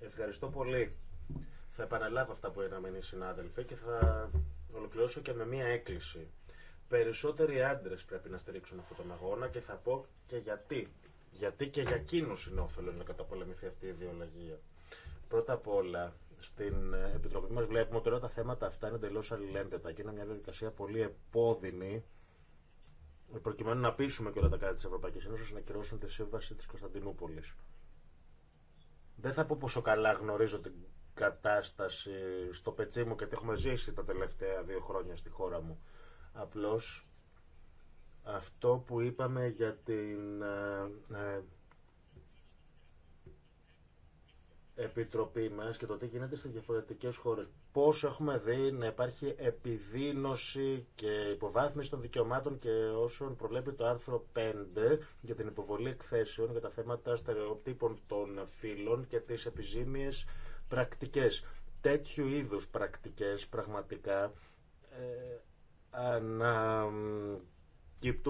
Ευχαριστώ πολύ. Θα επαναλάβω αυτά που έναμε οι συνάδελφοι και θα ολοκληρώσω και με μία έκκληση. Περισσότεροι άντρε πρέπει να στηρίξουν αυτόν τον αγώνα και θα πω και γιατί γιατί και για εκείνου είναι όφελο να καταπολεμηθεί αυτή η ιδεολογία. Πρώτα απ' όλα, στην ε, Επιτροπή μα βλέπουμε ότι όλα τα θέματα αυτά είναι εντελώ αλληλένδετα και είναι μια διαδικασία πολύ επώδυνη προκειμένου να πείσουμε και όλα τα κράτη τη Ευρωπαϊκή Ένωση να κυρώσουν τη σύμβαση τη Κωνσταντινούπολη. Δεν θα πω πόσο καλά γνωρίζω την κατάσταση στο πετσί μου και τι έχουμε ζήσει τα τελευταία δύο χρόνια στη χώρα μου. Απλώ αυτό που είπαμε για την ε, ε, Επιτροπή μας και το τι γίνεται στις διαφορετικές χώρες. Πώς έχουμε δει να υπάρχει επιδείνωση και υποβάθμιση των δικαιωμάτων και όσων προβλέπει το άρθρο 5 για την υποβολή εκθέσεων για τα θέματα στερεοτύπων των φύλων και τις επιζήμιες πρακτικές. Τέτοιου είδους πρακτικές πραγματικά ε, ανα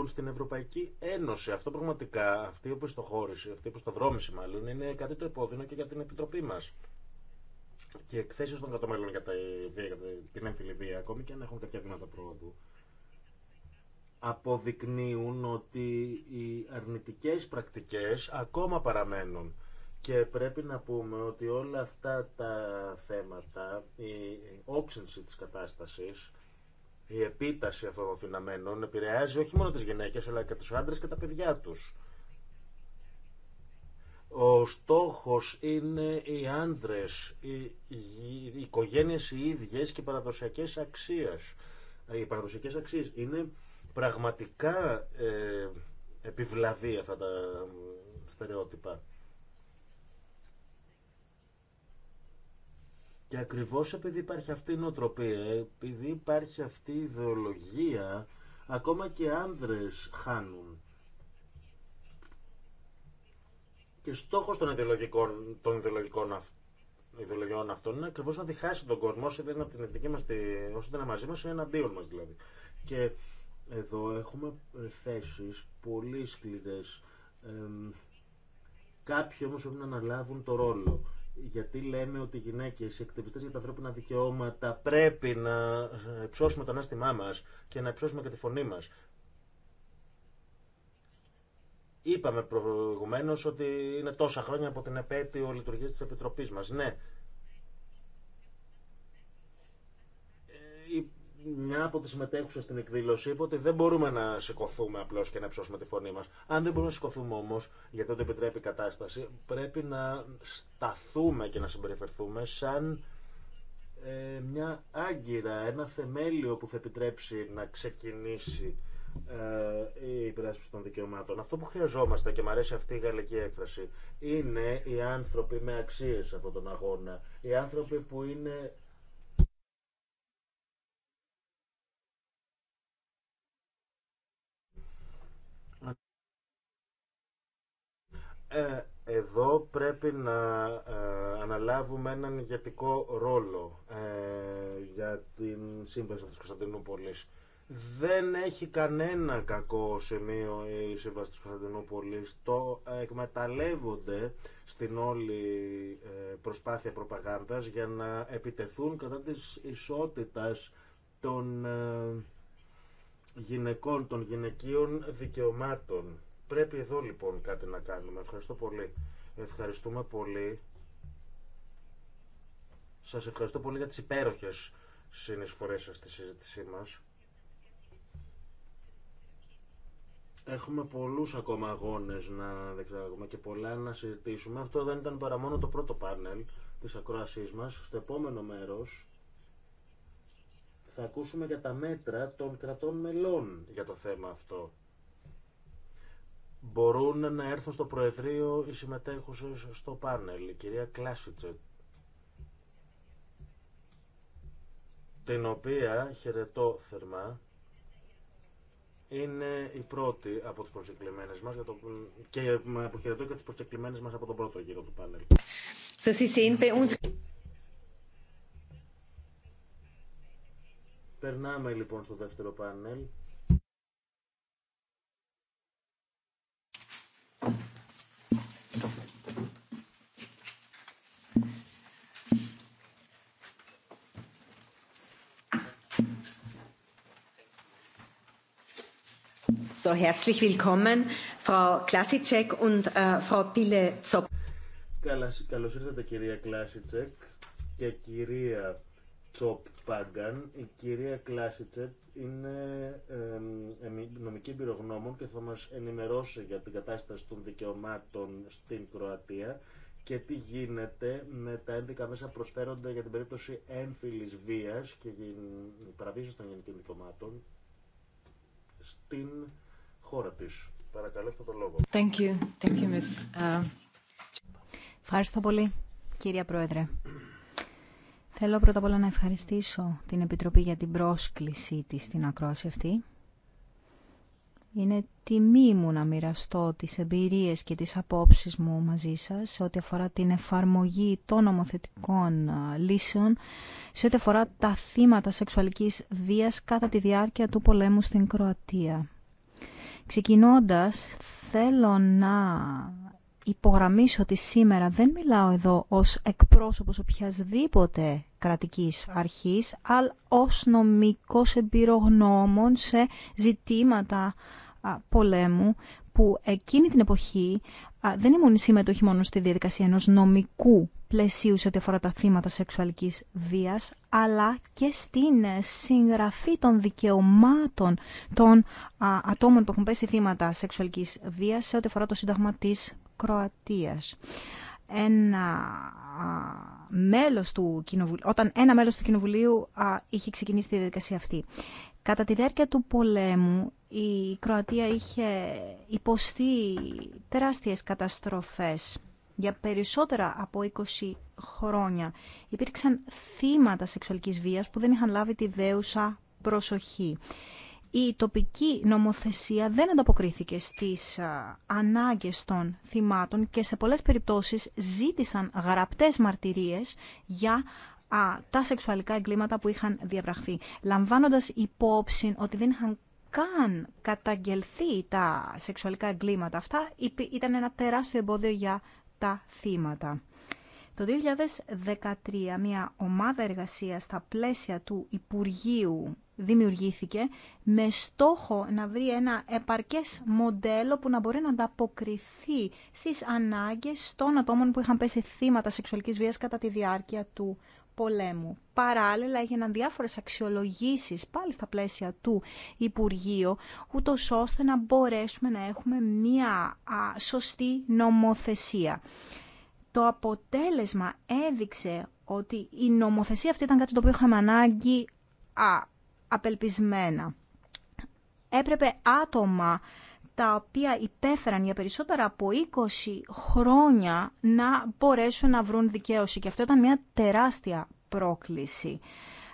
στην Ευρωπαϊκή Ένωση. Αυτό πραγματικά, αυτή η οπισθοχώρηση, αυτή η οπισθοδρόμηση μάλλον, είναι κάτι το επώδυνο και για την Επιτροπή μα. Και εκθέσει των κατομέλων για, για την έμφυλη βία, ακόμη και αν έχουν κάποια βήματα πρόοδου, αποδεικνύουν ότι οι αρνητικές πρακτικές ακόμα παραμένουν. Και πρέπει να πούμε ότι όλα αυτά τα θέματα, η όξυνση της κατάστασης, η επίταση αυτών των δυναμένων επηρεάζει όχι μόνο τις γυναίκες αλλά και τους άντρες και τα παιδιά τους. Ο στόχος είναι οι άνδρες, οι οικογένειες οι ίδιες και οι παραδοσιακές αξίες. Οι παραδοσιακές αξίες είναι πραγματικά ε, επιβλαβή αυτά τα στερεότυπα. Και ακριβώς επειδή υπάρχει αυτή η νοοτροπία, επειδή υπάρχει αυτή η ιδεολογία, ακόμα και άνδρες χάνουν. Και στόχος των ιδεολογικών, των ιδεολογικών αυτών ιδεολογιών αυτών είναι ακριβώ να διχάσει τον κόσμο. Όσοι δεν είναι, από την μας, όσοι είναι μαζί μα, είναι εναντίον μα δηλαδή. Και εδώ έχουμε ε, θέσει πολύ σκληρέ. Ε, κάποιοι όμω πρέπει να αναλάβουν το ρόλο γιατί λέμε ότι οι γυναίκε, οι εκτεβιστέ για τα ανθρώπινα δικαιώματα πρέπει να υψώσουμε ε, το ανάστημά μα και να υψώσουμε και τη φωνή μα. Είπαμε προηγουμένω ότι είναι τόσα χρόνια από την επέτειο λειτουργία τη Επιτροπή μα. Ναι, μια από τι συμμετέχουσε στην εκδήλωση είπε ότι δεν μπορούμε να σηκωθούμε απλώ και να ψώσουμε τη φωνή μα. Αν δεν μπορούμε να σηκωθούμε όμω, γιατί δεν το επιτρέπει η κατάσταση, πρέπει να σταθούμε και να συμπεριφερθούμε σαν ε, μια άγκυρα, ένα θεμέλιο που θα επιτρέψει να ξεκινήσει ε, η υπεράσπιση των δικαιωμάτων. Αυτό που χρειαζόμαστε και μου αρέσει αυτή η γαλλική έκφραση είναι οι άνθρωποι με αξίε σε αυτόν τον αγώνα. Οι άνθρωποι που είναι Ε, εδώ πρέπει να ε, αναλάβουμε έναν ηγετικό ρόλο ε, για την σύμβαση της Κωνσταντινούπολης. Δεν έχει κανένα κακό σημείο η σύμβαση της Κωνσταντινούπολης. Το εκμεταλλεύονται στην όλη προσπάθεια προπαγάνδας για να επιτεθούν κατά της ισότητας των γυναικών, των γυναικείων δικαιωμάτων Πρέπει εδώ λοιπόν κάτι να κάνουμε. Ευχαριστώ πολύ. Ευχαριστούμε πολύ. Σας ευχαριστώ πολύ για τις υπέροχες συνεισφορές σας στη συζήτησή μας. Έχουμε πολλούς ακόμα αγώνες να διεξάγουμε και πολλά να συζητήσουμε. Αυτό δεν ήταν παρά μόνο το πρώτο πάνελ της ακρόασής μας. Στο επόμενο μέρος θα ακούσουμε για τα μέτρα των κρατών μελών για το θέμα αυτό μπορούν να έρθουν στο Προεδρείο οι συμμετέχουσες στο πάνελ. Η κυρία Κλάσιτσε, την οποία χαιρετώ θερμά, είναι η πρώτη από τις προσκεκλημένες μας για και με αποχαιρετώ και τις προσκεκλημένες μας από τον πρώτο γύρο του πάνελ. Περνάμε λοιπόν στο δεύτερο πάνελ. So, äh, Καλώς, ήρθατε κυρία Κλάσιτσεκ και κυρία Τσοπ Πάγκαν. Η κυρία Κλάσιτσεκ είναι νομική πυρογνώμων και θα μας ενημερώσει για την κατάσταση των δικαιωμάτων στην Κροατία και τι γίνεται με τα 11 μέσα προσφέρονται για την περίπτωση έμφυλης βίας και παραβίαση των γενικών δικαιωμάτων στην χώρα Παρακαλώ, το λόγο. Ε, Ευχαριστώ πολύ, κυρία Πρόεδρε. Θέλω πρώτα απ' όλα να ευχαριστήσω την Επιτροπή για την πρόσκλησή της στην ακρόαση αυτή. Είναι τιμή μου να μοιραστώ τις εμπειρίες και τις απόψεις μου μαζί σας σε ό,τι αφορά την εφαρμογή των νομοθετικών ε, λύσεων, σε ό,τι αφορά τα θύματα σεξουαλικής βίας κατά τη διάρκεια του πολέμου στην Κροατία. Ξεκινώντας, θέλω να υπογραμμίσω ότι σήμερα δεν μιλάω εδώ ως εκπρόσωπος οποιασδήποτε κρατικής αρχής, αλλά ως νομικός εμπειρογνώμων σε ζητήματα πολέμου που εκείνη την εποχή δεν ήμουν συμμετοχή μόνο στη διαδικασία ενός νομικού πλαισίου σε ό,τι αφορά τα θύματα σεξουαλικής βίας, αλλά και στην συγγραφή των δικαιωμάτων των ατόμων που έχουν πέσει θύματα σεξουαλικής βίας σε ό,τι αφορά το Σύνταγμα της Κροατίας. Ένα μέλος του κοινοβουλίου, όταν ένα μέλος του Κοινοβουλίου είχε ξεκινήσει τη διαδικασία αυτή. Κατά τη διάρκεια του πολέμου η Κροατία είχε υποστεί τεράστιες καταστροφές για περισσότερα από 20 χρόνια. Υπήρξαν θύματα σεξουαλικής βίας που δεν είχαν λάβει τη δέουσα προσοχή. Η τοπική νομοθεσία δεν ανταποκρίθηκε στις ανάγκες των θυμάτων και σε πολλές περιπτώσεις ζήτησαν γραπτές μαρτυρίες για τα σεξουαλικά εγκλήματα που είχαν διαβραχθεί. Λαμβάνοντας υπόψη ότι δεν είχαν καν καταγγελθεί τα σεξουαλικά εγκλήματα αυτά, ήταν ένα τεράστιο εμπόδιο για θύματα. Το 2013 μια ομάδα εργασίας στα πλαίσια του Υπουργείου δημιουργήθηκε με στόχο να βρει ένα επαρκές μοντέλο που να μπορεί να ανταποκριθεί στις ανάγκες των ατόμων που είχαν πέσει θύματα σεξουαλικής βίας κατά τη διάρκεια του πολέμου. Παράλληλα έγιναν διάφορες αξιολογήσεις πάλι στα πλαίσια του Υπουργείου, ούτω ώστε να μπορέσουμε να έχουμε μία σωστή νομοθεσία. Το αποτέλεσμα έδειξε ότι η νομοθεσία αυτή ήταν κάτι το οποίο είχαμε ανάγκη α, απελπισμένα. Έπρεπε άτομα τα οποία υπέφεραν για περισσότερα από 20 χρόνια να μπορέσουν να βρουν δικαίωση. Και αυτό ήταν μια τεράστια πρόκληση.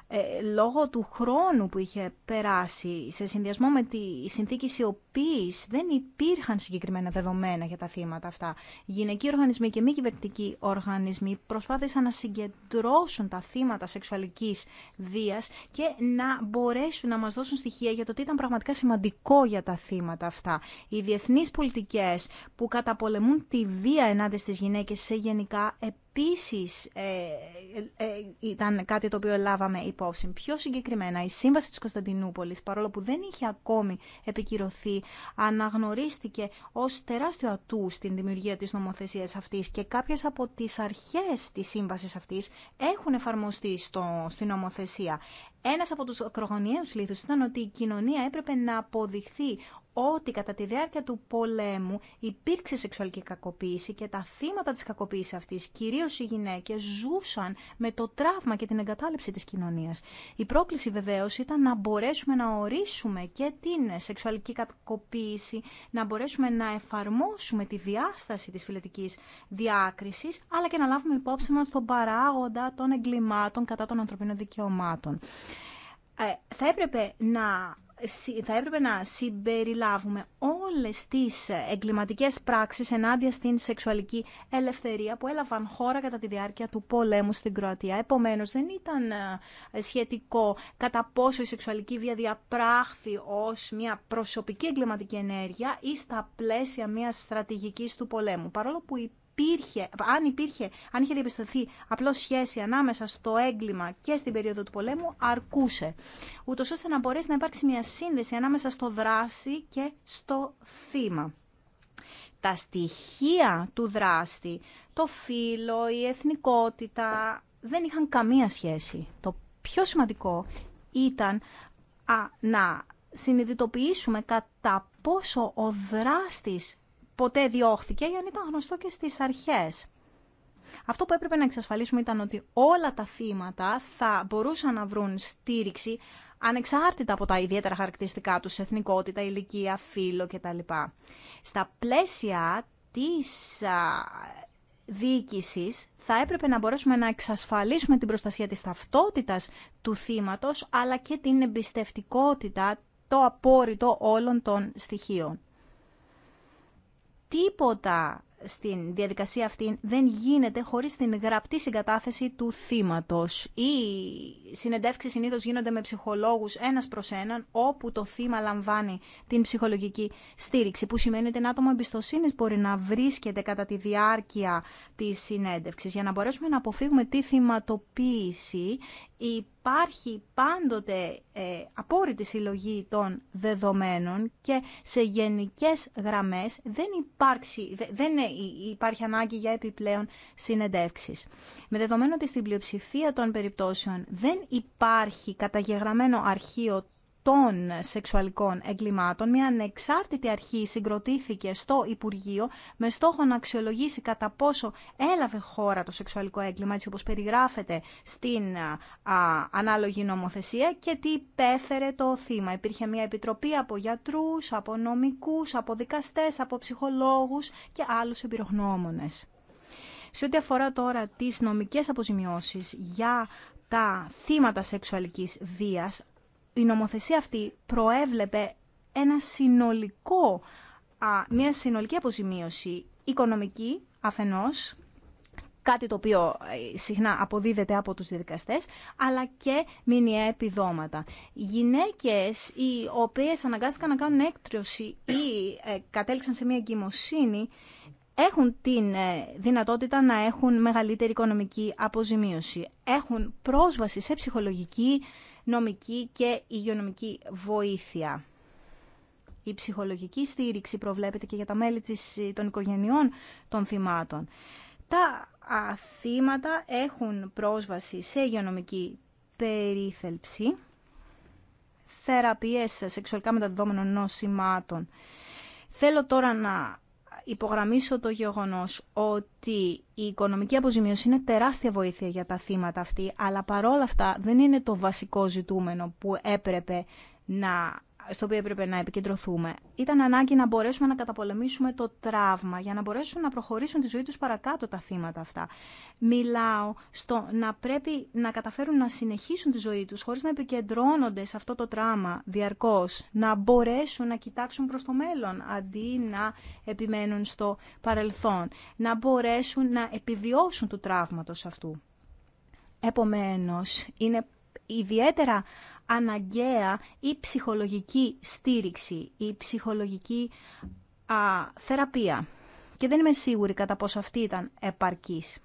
Ε, λόγω του χρόνου που είχε περάσει σε συνδυασμό με τη συνθήκη ποινικοποίηση δεν υπήρχαν συγκεκριμένα δεδομένα για τα θύματα αυτά. Γυναικοί οργανισμοί και μη κυβερνητικοί οργανισμοί προσπάθησαν να συγκεντρώσουν τα θύματα σεξουαλικής βίας και να μπορέσουν να μας δώσουν στοιχεία για το τι ήταν πραγματικά σημαντικό για τα θύματα αυτά. Οι διεθνείς πολιτικές που καταπολεμούν τη βία ενάντια στις γυναίκες σε γενικά επίσης ε, ε, ε ήταν κάτι το οποίο λάβαμε υπόψη. Πιο συγκεκριμένα, η Σύμβαση της Κωνσταντινούπολης, παρόλο που δεν είχε ακόμη επικυρωθεί, αναγνωρίστηκε ως τεράστιο ατού στην δημιουργία της νομοθεσίας αυτής και κάποιες από τις αρχές της σύμβασης αυτής έχουν εφαρμοστεί στο, στην νομοθεσία. Ένας από τους ακρογωνιαίους λήθους ήταν ότι η κοινωνία έπρεπε να αποδειχθεί ότι κατά τη διάρκεια του πολέμου υπήρξε σεξουαλική κακοποίηση και τα θύματα της κακοποίησης αυτής, κυρίως οι γυναίκες, ζούσαν με το τραύμα και την εγκατάλειψη της κοινωνίας. Η πρόκληση βεβαίως ήταν να μπορέσουμε να ορίσουμε και την σεξουαλική κακοποίηση, να μπορέσουμε να εφαρμόσουμε τη διάσταση της φιλετικής διάκρισης, αλλά και να λάβουμε υπόψη μας τον παράγοντα των εγκλημάτων κατά των ανθρωπίνων δικαιωμάτων. Ε, θα έπρεπε να θα έπρεπε να συμπεριλάβουμε όλες τις εγκληματικές πράξεις ενάντια στην σεξουαλική ελευθερία που έλαβαν χώρα κατά τη διάρκεια του πολέμου στην Κροατία. Επομένως δεν ήταν ε, σχετικό κατά πόσο η σεξουαλική βία διαπράχθη ως μια προσωπική εγκληματική ενέργεια ή στα πλαίσια μιας στρατηγικής του πολέμου. Παρόλο που υπήρχε, αν υπήρχε, αν είχε διαπιστωθεί απλώς σχέση ανάμεσα στο έγκλημα και στην περίοδο του πολέμου, αρκούσε. Ούτως ώστε να μπορέσει να υπάρξει μια σύνδεση ανάμεσα στο δράση και στο θύμα. Τα στοιχεία του δράστη, το φύλλο, η εθνικότητα, δεν είχαν καμία σχέση. Το πιο σημαντικό ήταν α, να συνειδητοποιήσουμε κατά πόσο ο δράστης ποτέ διώχθηκε, γιατί ήταν γνωστό και στις αρχές. Αυτό που έπρεπε να εξασφαλίσουμε ήταν ότι όλα τα θύματα θα μπορούσαν να βρουν στήριξη ανεξάρτητα από τα ιδιαίτερα χαρακτηριστικά τους, εθνικότητα, ηλικία, φύλλο κτλ. Στα πλαίσια της διοίκησης θα έπρεπε να μπορέσουμε να εξασφαλίσουμε την προστασία της ταυτότητας του θύματος αλλά και την εμπιστευτικότητα, το απόρριτο όλων των στοιχείων τίποτα στην διαδικασία αυτή δεν γίνεται χωρίς την γραπτή συγκατάθεση του θύματος. Οι συνεντεύξεις συνήθως γίνονται με ψυχολόγους ένας προς έναν, όπου το θύμα λαμβάνει την ψυχολογική στήριξη, που σημαίνει ότι ένα άτομο εμπιστοσύνη μπορεί να βρίσκεται κατά τη διάρκεια της συνέντευξης. Για να μπορέσουμε να αποφύγουμε τη θυματοποίηση, υπάρχει πάντοτε ε, απόρριτη συλλογή των δεδομένων και σε γενικές γραμμές δεν, δεν ε, υπάρχει ανάγκη για επιπλέον συνεντεύξεις. Με δεδομένο ότι στην πλειοψηφία των περιπτώσεων δεν υπάρχει καταγεγραμμένο αρχείο των σεξουαλικών εγκλημάτων, μια ανεξάρτητη αρχή συγκροτήθηκε στο Υπουργείο με στόχο να αξιολογήσει κατά πόσο έλαβε χώρα το σεξουαλικό έγκλημα, έτσι όπως περιγράφεται στην ανάλογη νομοθεσία και τι πέφερε το θύμα. Υπήρχε μια επιτροπή από γιατρούς, από νομικούς, από δικαστές, από ψυχολόγους και άλλους εμπειρογνώμονες. Σε ό,τι αφορά τώρα τις νομικές αποζημιώσεις για τα θύματα σεξουαλικής βίας, η νομοθεσία αυτή προέβλεπε ένα συνολικό, μια συνολική αποζημίωση οικονομική αφενός, κάτι το οποίο ε, συχνά αποδίδεται από τους διαδικαστές, αλλά και μηνιαία επιδόματα. Γυναίκες οι οποίες αναγκάστηκαν να κάνουν έκτρωση ή ε, κατέληξαν σε μια εγκυμοσύνη, έχουν την ε, δυνατότητα να έχουν μεγαλύτερη οικονομική αποζημίωση. Έχουν πρόσβαση σε ψυχολογική νομική και υγειονομική βοήθεια. Η ψυχολογική στήριξη προβλέπεται και για τα μέλη της, ε, των οικογενειών των θυμάτων. Τα θύματα έχουν πρόσβαση σε υγειονομική περίθελψη, θεραπείες σεξουαλικά μεταδόμενων νοσημάτων. Θέλω τώρα να υπογραμμίσω το γεγονός ότι η οικονομική αποζημίωση είναι τεράστια βοήθεια για τα θύματα αυτή, αλλά παρόλα αυτά δεν είναι το βασικό ζητούμενο που έπρεπε να στο οποίο έπρεπε να επικεντρωθούμε. Ήταν ανάγκη να μπορέσουμε να καταπολεμήσουμε το τραύμα για να μπορέσουν να προχωρήσουν τη ζωή τους παρακάτω τα θύματα αυτά. Μιλάω στο να πρέπει να καταφέρουν να συνεχίσουν τη ζωή τους χωρίς να επικεντρώνονται σε αυτό το τραύμα διαρκώς, να μπορέσουν να κοιτάξουν προς το μέλλον αντί να επιμένουν στο παρελθόν, να μπορέσουν να επιβιώσουν του τραύματος αυτού. Επομένως, είναι ιδιαίτερα αναγκαία η ψυχολογική στήριξη, η ψυχολογική α, θεραπεία. Και δεν είμαι σίγουρη κατά πόσο αυτή ήταν επαρκής.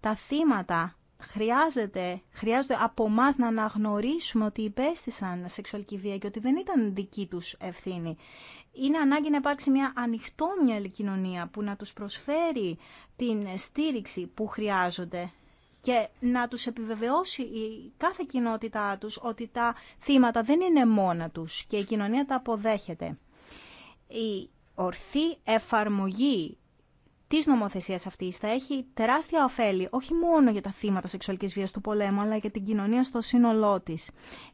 Τα θύματα χρειάζεται, χρειάζεται από εμά να αναγνωρίσουμε ότι υπέστησαν σεξουαλική βία και ότι δεν ήταν δική τους ευθύνη. Είναι ανάγκη να υπάρξει μια ανοιχτόμυαλη κοινωνία που να τους προσφέρει την στήριξη που χρειάζονται και να τους επιβεβαιώσει η κάθε κοινότητά τους ότι τα θύματα δεν είναι μόνα τους και η κοινωνία τα αποδέχεται. Η ορθή εφαρμογή Τη νομοθεσία αυτή θα έχει τεράστια ωφέλη όχι μόνο για τα θύματα σεξουαλική βία του πολέμου αλλά και για την κοινωνία στο σύνολό τη.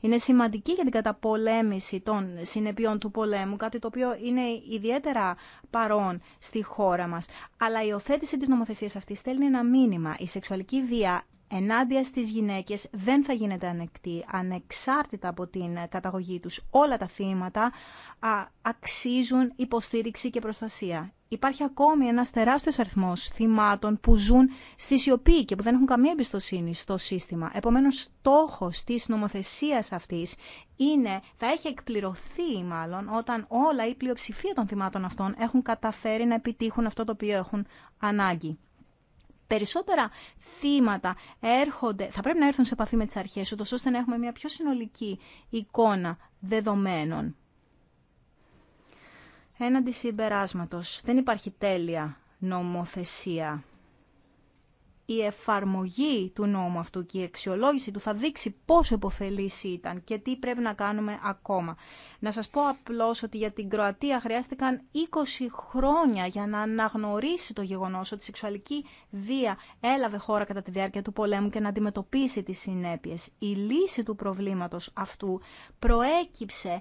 Είναι σημαντική για την καταπολέμηση των συνεπειών του πολέμου, κάτι το οποίο είναι ιδιαίτερα παρόν στη χώρα μα. Αλλά η οθέτηση τη νομοθεσία αυτή στέλνει ένα μήνυμα. Η σεξουαλική βία ενάντια στις γυναίκες δεν θα γίνεται ανεκτή, ανεξάρτητα από την καταγωγή τους. Όλα τα θύματα αξίζουν υποστήριξη και προστασία υπάρχει ακόμη ένας τεράστιο αριθμός θυμάτων που ζουν στη σιωπή και που δεν έχουν καμία εμπιστοσύνη στο σύστημα. Επομένως, στόχος της νομοθεσία αυτής είναι, θα έχει εκπληρωθεί μάλλον, όταν όλα η πλειοψηφία των θυμάτων αυτών έχουν καταφέρει να επιτύχουν αυτό το οποίο έχουν ανάγκη. Περισσότερα θύματα έρχονται, θα πρέπει να έρθουν σε επαφή με τις αρχές, ώστε να έχουμε μια πιο συνολική εικόνα δεδομένων έναντι συμπεράσματος. Δεν υπάρχει τέλεια νομοθεσία. Η εφαρμογή του νόμου αυτού και η αξιολόγηση του θα δείξει πόσο επωφελής ήταν και τι πρέπει να κάνουμε ακόμα. Να σας πω απλώς ότι για την Κροατία χρειάστηκαν 20 χρόνια για να αναγνωρίσει το γεγονός ότι η σεξουαλική βία έλαβε χώρα κατά τη διάρκεια του πολέμου και να αντιμετωπίσει τις συνέπειες. Η λύση του προβλήματος αυτού προέκυψε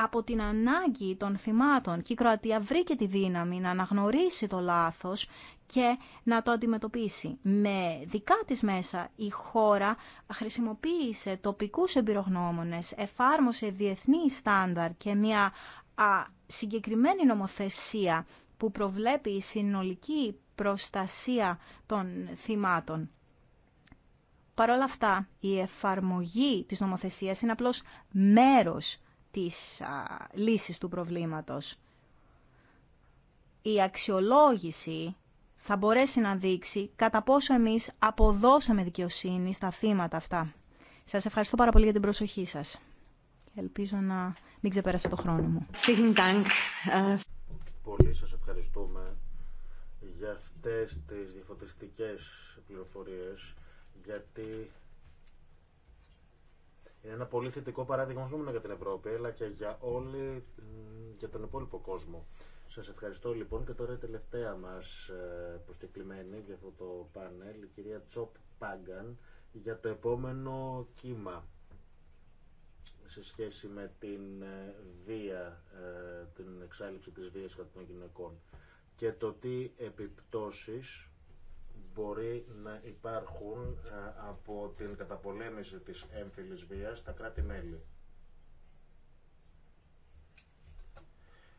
από την ανάγκη των θυμάτων και η Κροατία βρήκε τη δύναμη να αναγνωρίσει το λάθος και να το αντιμετωπίσει. Με δικά της μέσα η χώρα χρησιμοποίησε τοπικούς εμπειρογνώμονες, εφάρμοσε διεθνή στάνταρ και μια συγκεκριμένη νομοθεσία που προβλέπει η συνολική προστασία των θυμάτων. Παρ' όλα αυτά, η εφαρμογή της νομοθεσίας είναι απλώς μέρος της λύσης του προβλήματος. Η αξιολόγηση θα μπορέσει να δείξει κατά πόσο εμείς αποδώσαμε δικαιοσύνη στα θύματα αυτά. Σας ευχαριστώ πάρα πολύ για την προσοχή σας. Ελπίζω να μην ξεπέρασα το χρόνο μου. Πολύ σας ευχαριστούμε για αυτές τις διαφωτιστικές πληροφορίες, γιατί είναι ένα πολύ θετικό παράδειγμα όχι μόνο για την Ευρώπη, αλλά και για, όλη, για τον υπόλοιπο κόσμο. Σας ευχαριστώ λοιπόν και τώρα η τελευταία μας ε, προσκεκλημένη για αυτό το πάνελ, η κυρία Τσόπ Πάγκαν, για το επόμενο κύμα σε σχέση με την ε, βία, ε, την εξάλληψη της βίας κατά των γυναικών και το τι επιπτώσεις μπορεί να υπάρχουν ε, από την καταπολέμηση της έμφυλης βίας στα κράτη-μέλη.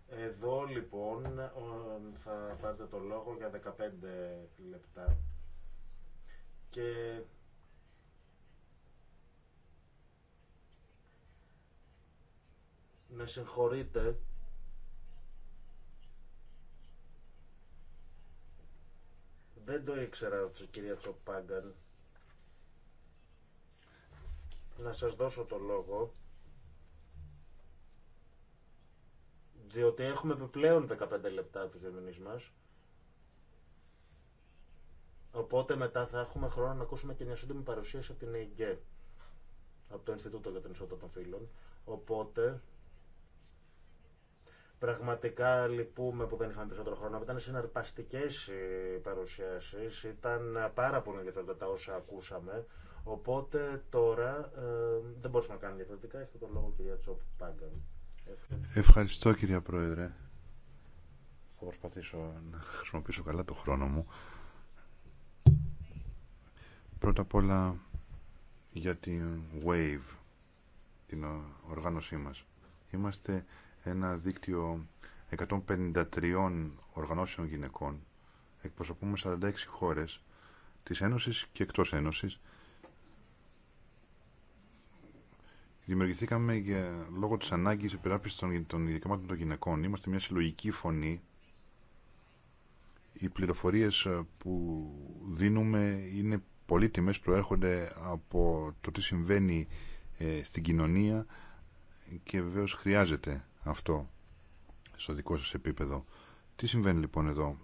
Εδώ λοιπόν θα πάρετε το λόγο για 15 λεπτά και να συγχωρείτε Δεν το ήξερα, κυρία Τσοπάγκαν. Να σας δώσω το λόγο, διότι έχουμε επιπλέον 15 λεπτά τους διερμηνείς μας. Οπότε μετά θα έχουμε χρόνο να ακούσουμε και μια σύντομη παρουσίαση από την ΕΙΚΕ, από το Ινστιτούτο για την Ισότητα των Φύλων. Οπότε Πραγματικά λυπούμε που δεν είχαμε περισσότερο χρόνο. Ήταν συναρπαστικέ οι παρουσιάσει. Ήταν πάρα πολύ ενδιαφέροντα τα όσα ακούσαμε. Οπότε τώρα ε, δεν μπορούσαμε να κάνουμε διαφορετικά. Έχετε τον λόγο, κυρία Τσόπ Πάγκαν. Ευχαριστώ, κυρία Πρόεδρε. Θα προσπαθήσω να χρησιμοποιήσω καλά το χρόνο μου. Πρώτα απ' όλα για την WAVE, την οργάνωσή μας. Είμαστε ένα δίκτυο 153 οργανώσεων γυναικών. Εκπροσωπούμε 46 χώρες της Ένωσης και εκτός Ένωσης. Δημιουργηθήκαμε για, λόγω της ανάγκης υπεράσπισης των, των δικαιωμάτων των γυναικών. Είμαστε μια συλλογική φωνή. Οι πληροφορίες ε, που δίνουμε είναι πολύτιμες, προέρχονται από το τι συμβαίνει ε, στην κοινωνία και βεβαίως χρειάζεται αυτό στο δικό σας επίπεδο. Τι συμβαίνει λοιπόν εδώ.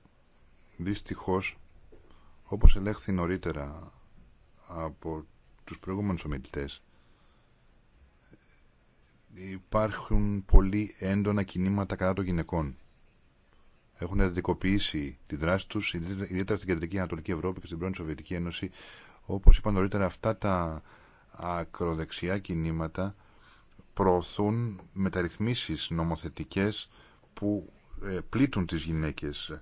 Δυστυχώς, όπως ελέγχθη νωρίτερα από τους προηγούμενους ομιλητές, υπάρχουν πολύ έντονα κινήματα κατά των γυναικών. Έχουν αντικοποιήσει τη δράση τους, ιδιαίτερα στην Κεντρική Ανατολική Ευρώπη και στην πρώην Σοβιετική Ένωση. Όπως είπα νωρίτερα, αυτά τα ακροδεξιά κινήματα προωθούν μεταρρυθμίσεις νομοθετικές που ε, πλήττουν τις γυναίκες,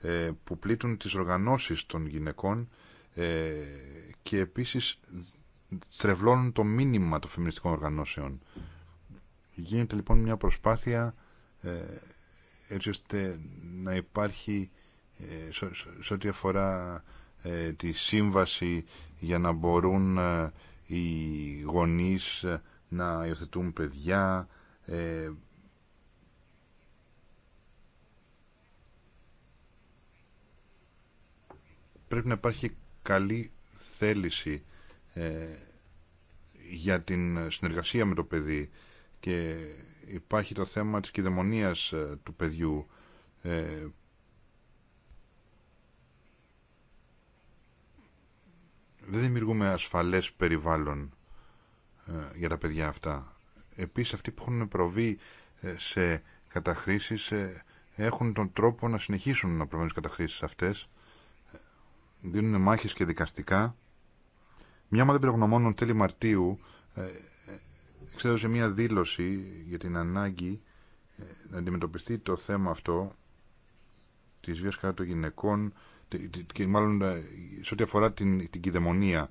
ε, που πλήττουν τις οργανώσεις των γυναικών ε, και επίσης στρεβλώνουν το μήνυμα των φεμινιστικών οργανώσεων. Γίνεται λοιπόν μια προσπάθεια έτσι ώστε να υπάρχει σε ό,τι αφορά τη σύμβαση για να μπορούν οι γονείς να υιοθετούν παιδιά, ε, πρέπει να υπάρχει καλή θέληση ε, για την συνεργασία με το παιδί και υπάρχει το θέμα της κυδαιμονίας ε, του παιδιού ε, δεν δημιουργούμε ασφαλές περιβάλλον ε, για τα παιδιά αυτά. Επίσης αυτοί που έχουν προβεί ε, σε καταχρήσεις ε, έχουν τον τρόπο να συνεχίσουν να προβαίνουν στις καταχρήσεις αυτές. Δίνουν μάχες και δικαστικά. Μια ομάδα πυρογνωμόνων τέλη Μαρτίου εξέδωσε μια δήλωση για την ανάγκη να αντιμετωπιστεί το θέμα αυτό της βίας κατά των γυναικών και μάλλον σε ό,τι αφορά την, την κυδαιμονία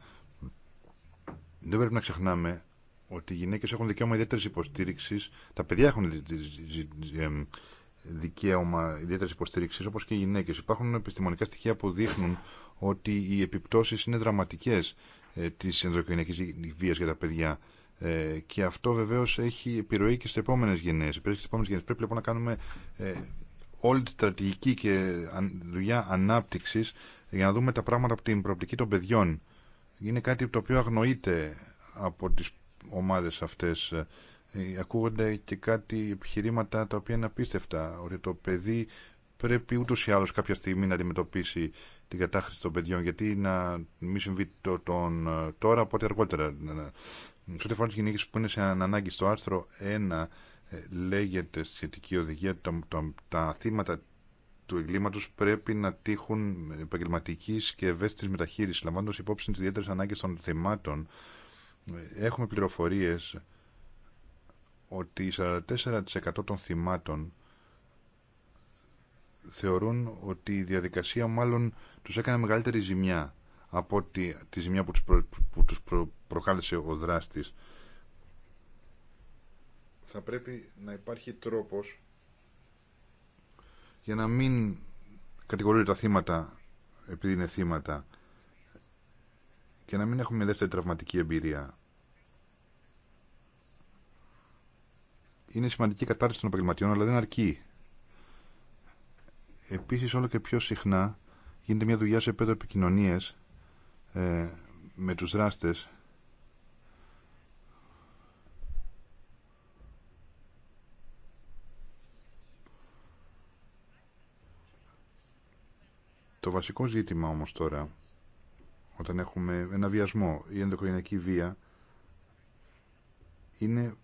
δεν πρέπει να ξεχνάμε ότι οι γυναίκε έχουν δικαίωμα ιδιαίτερη υποστήριξης, τα παιδιά έχουν δικαίωμα ιδιαίτερη υποστήριξη, όπω και οι γυναίκε. Υπάρχουν επιστημονικά στοιχεία που δείχνουν ότι οι επιπτώσει είναι δραματικέ ε, τη ενδοκινιακή βία για τα παιδιά. Ε, και αυτό βεβαίω έχει επιρροή και στι επόμενε γενναίε. Πρέπει λοιπόν να κάνουμε ε, όλη τη στρατηγική και δουλειά ανάπτυξη για να δούμε τα πράγματα από την προοπτική των παιδιών είναι κάτι το οποίο αγνοείται από τις ομάδες αυτές. Ε, ακούγονται και κάτι επιχειρήματα τα οποία είναι απίστευτα, ότι το παιδί πρέπει ούτως ή άλλως κάποια στιγμή να αντιμετωπίσει την κατάχρηση των παιδιών, γιατί να μην συμβεί το, τον, ε, τώρα, ό,τι αργότερα. Σε ό,τι αφορά που είναι σε ανάγκη στο άρθρο 1, ε, λέγεται στη σχετική οδηγία τα, τα, τα θύματα του εγκλήματο πρέπει να τύχουν επαγγελματική και ευαίσθητη μεταχείρισης, Λαμβάνοντα υπόψη τις ιδιαίτερε ανάγκες των θυμάτων. Έχουμε πληροφορίες ότι 44% των θυμάτων θεωρούν ότι η διαδικασία μάλλον τους έκανε μεγαλύτερη ζημιά από τη, τη ζημιά που τους, που τους προκάλεσε ο δράστης. Θα πρέπει να υπάρχει τρόπος για να μην κατηγορούνται τα θύματα επειδή είναι θύματα και να μην έχουμε μια δεύτερη τραυματική εμπειρία. Είναι σημαντική η κατάρτιση των επαγγελματιών, αλλά δεν αρκεί. Επίσης, όλο και πιο συχνά γίνεται μια δουλειά σε επίπεδο επικοινωνίες ε, με τους δράστες Το βασικό ζήτημα όμως τώρα, όταν έχουμε ένα βιασμό ή ενδοκρινική βία, είναι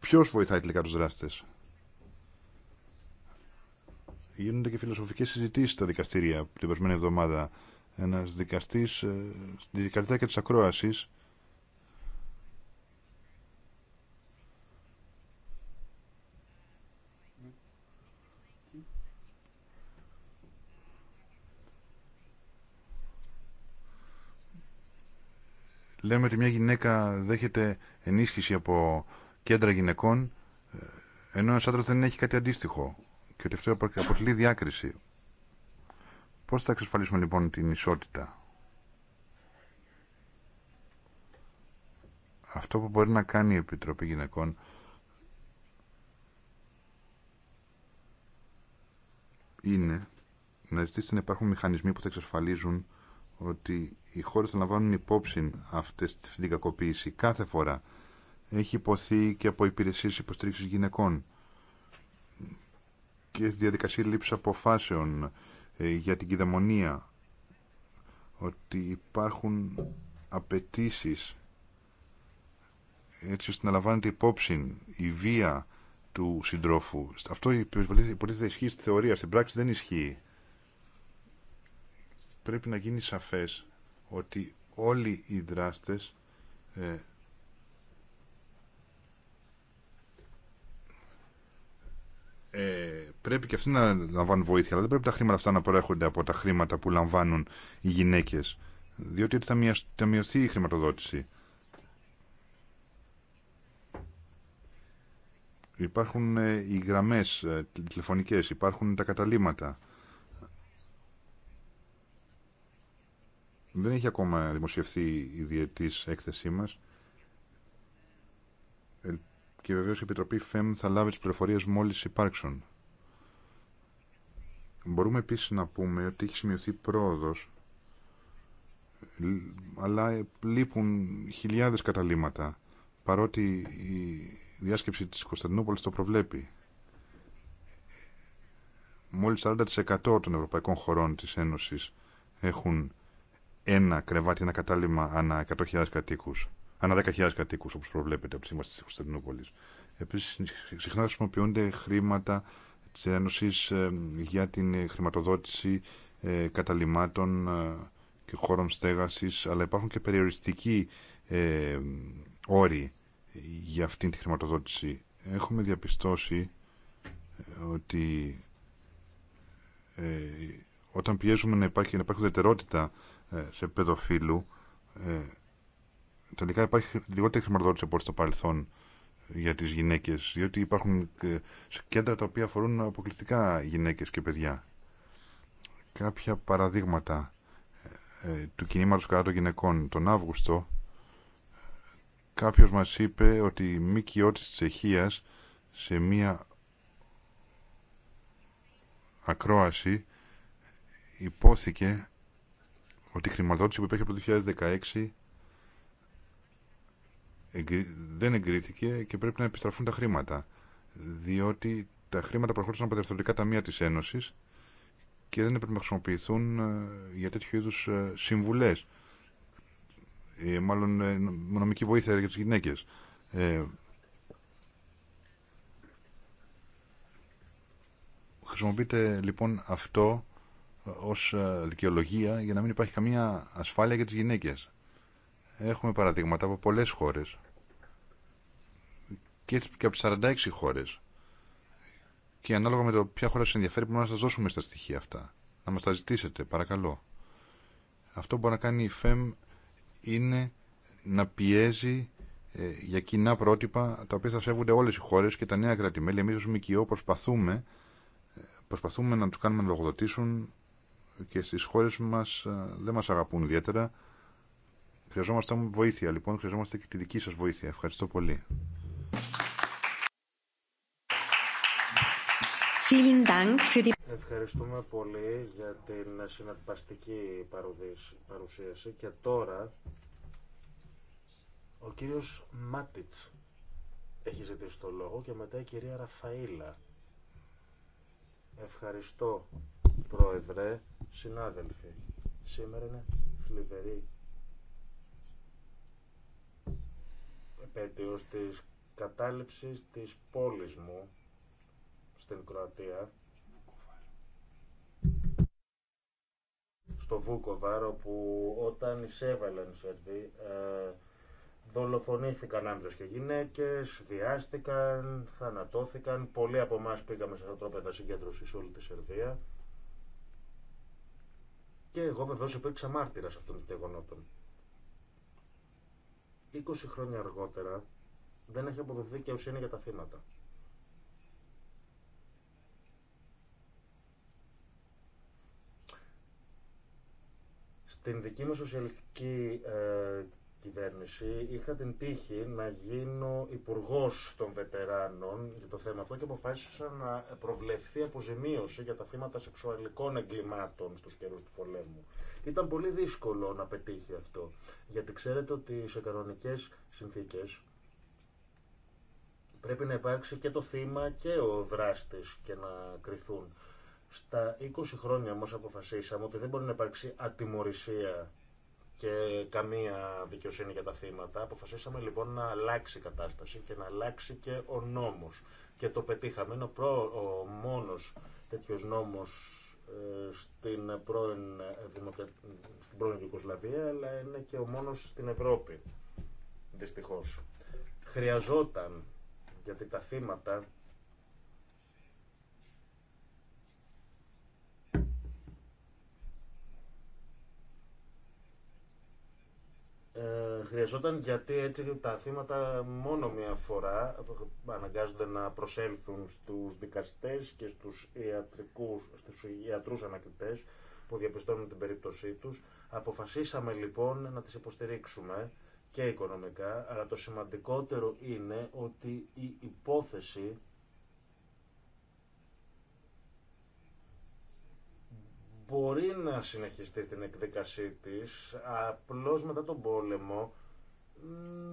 ποιος βοηθάει τελικά τους δράστες. Γίνονται και φιλοσοφικές συζητήσεις στα δικαστήρια την περσμένη εβδομάδα. Ένας δικαστής, ε, στη δικαρτία και της ακρόασης, λέμε ότι μια γυναίκα δέχεται ενίσχυση από κέντρα γυναικών, ενώ ένα άντρα δεν έχει κάτι αντίστοιχο και ότι αυτό αποτελεί διάκριση. Πώς θα εξασφαλίσουμε λοιπόν την ισότητα. Αυτό που μπορεί να κάνει η Επιτροπή Γυναικών είναι να ζητήσει να υπάρχουν μηχανισμοί που θα εξασφαλίζουν ότι οι χώρες θα λαμβάνουν υπόψη αυτές την κακοποίηση κάθε φορά. Έχει υποθεί και από υπηρεσίες υποστήριξης γυναικών και στη διαδικασία λήψης αποφάσεων ε, για την κυδαιμονία ότι υπάρχουν απαιτήσει έτσι ώστε να λαμβάνεται υπόψη η βία του συντρόφου. Αυτό υποτίθεται ισχύει στη θεωρία, στην πράξη δεν ισχύει πρέπει να γίνει σαφές ότι όλοι οι δράστες ε, ε πρέπει και αυτοί να λαμβάνουν βοήθεια, αλλά δεν πρέπει τα χρήματα αυτά να προέρχονται από τα χρήματα που λαμβάνουν οι γυναίκες, διότι έτσι θα, μειωθεί η χρηματοδότηση. Υπάρχουν ε, οι γραμμές ε, τηλεφωνικές, υπάρχουν τα καταλήμματα. Δεν έχει ακόμα δημοσιευθεί η διετής έκθεσή μας ε, και βεβαίως η Επιτροπή ΦΕΜ θα λάβει τις πληροφορίες μόλις υπάρξουν. Μπορούμε επίσης να πούμε ότι έχει σημειωθεί πρόοδος αλλά λείπουν χιλιάδες καταλήμματα παρότι η διάσκεψη της Κωνσταντινούπολης το προβλέπει. Μόλις 40% των ευρωπαϊκών χωρών της Ένωσης έχουν ένα κρεβάτι, ένα κατάλημα ανά 100.000 κατοίκου, ανά 10.000 κατοίκου, όπω προβλέπεται από τη Σύμβαση τη Κωνσταντινούπολη. Επίση, συχνά χρησιμοποιούνται χρήματα τη Ένωση ε, για την ε, χρηματοδότηση ε, καταλημάτων και χώρων στέγασης, αλλά υπάρχουν και περιοριστικοί όροι για αυτή τη χρηματοδότηση. Έχουμε διαπιστώσει ότι όταν πιέζουμε να υπάρχει να υπάρχει ουδετερότητα ε, σε επίπεδο φύλου. Ε, τελικά υπάρχει λιγότερη χρηματοδότηση από ό,τι στο παρελθόν για τις γυναίκες, διότι υπάρχουν κέντρα τα οποία αφορούν αποκλειστικά γυναίκες και παιδιά. Κάποια παραδείγματα ε, ε, του κινήματος κατά των γυναικών. Τον Αύγουστο κάποιος μας είπε ότι η ΜΚΟ της Τσεχίας σε μία ακρόαση υπόθηκε ότι η χρηματοδότηση που υπήρχε από το 2016 δεν εγκρίθηκε και πρέπει να επιστραφούν τα χρήματα. Διότι τα χρήματα προχώρησαν από τα μία ταμεία της Ένωσης και δεν έπρεπε να χρησιμοποιηθούν ε, για τέτοιου είδου ε, συμβουλές. Ε, μάλλον ε, νομική βοήθεια για τις γυναίκες. Ε, χρησιμοποιείται λοιπόν αυτό Ω ε, δικαιολογία για να μην υπάρχει καμία ασφάλεια για τι γυναίκε. Έχουμε παραδείγματα από πολλέ χώρε. και από τι 46 χώρε. και ανάλογα με το ποια χώρα σα ενδιαφέρει μπορούμε να σα δώσουμε στα στοιχεία αυτά. Να μα τα ζητήσετε, παρακαλώ. Αυτό που μπορεί να κάνει η ΦΕΜ είναι να πιέζει ε, για κοινά πρότυπα τα οποία θα σέβονται όλε οι χώρε και τα νέα κράτη-μέλη. Εμεί ω ΜΚΟ προσπαθούμε, ε, προσπαθούμε να του κάνουμε να λογοδοτήσουν και στις χώρες μας ε, δεν μας αγαπούν ιδιαίτερα. Χρειαζόμαστε βοήθεια, λοιπόν, χρειαζόμαστε και τη δική σας βοήθεια. Ευχαριστώ πολύ. Ευχαριστούμε πολύ για την συναρπαστική παρουσίαση και τώρα ο κύριος Μάτιτς έχει ζητήσει το λόγο και μετά η κυρία Ραφαήλα. Ευχαριστώ, Πρόεδρε. Συνάδελφοι, σήμερα είναι θλιβερή επέτειος της κατάληψης της πόλης μου στην Κροατία στο Βούκοβάρο που όταν εισέβαλαν οι Σερβοί ε, δολοφονήθηκαν άνδρες και γυναίκες, βιάστηκαν, θανατώθηκαν. Πολλοί από εμά πήγαμε σε τρόπο συγκέντρωση σε όλη τη Σερβία. Και εγώ βεβαίω υπήρξα μάρτυρα αυτών των γεγονότων. 20 χρόνια αργότερα δεν έχει αποδοθεί δικαιοσύνη για τα θύματα. Στην δική μου σοσιαλιστική ε, κυβέρνηση είχα την τύχη να γίνω υπουργό των βετεράνων για το θέμα αυτό και αποφάσισα να προβλεφθεί αποζημίωση για τα θύματα σεξουαλικών εγκλημάτων στους καιρούς του πολέμου. Ήταν πολύ δύσκολο να πετύχει αυτό, γιατί ξέρετε ότι σε κανονικές συνθήκες πρέπει να υπάρξει και το θύμα και ο δράστης και να κρυθούν. Στα 20 χρόνια όμως αποφασίσαμε ότι δεν μπορεί να υπάρξει ατιμορρησία και καμία δικαιοσύνη για τα θύματα. Αποφασίσαμε λοιπόν να αλλάξει η κατάσταση και να αλλάξει και ο νόμος. Και το πετύχαμε. Είναι ο, προ, ο μόνος τέτοιος νόμος ε, στην πρώην, ε, δημοκρα... στην πρώην Ιουκοσλαβία, αλλά είναι και ο μόνος στην Ευρώπη, δυστυχώς. Χρειαζόταν, γιατί τα θύματα Ε, χρειαζόταν γιατί έτσι τα θύματα μόνο μία φορά αναγκάζονται να προσέλθουν στους δικαστές και στους ιατρικούς, στους ιατρούς ανακριτές που διαπιστώνουν την περίπτωσή τους. Αποφασίσαμε λοιπόν να τις υποστηρίξουμε και οικονομικά, αλλά το σημαντικότερο είναι ότι η υπόθεση μπορεί να συνεχιστεί στην εκδίκασή της, απλώς μετά τον πόλεμο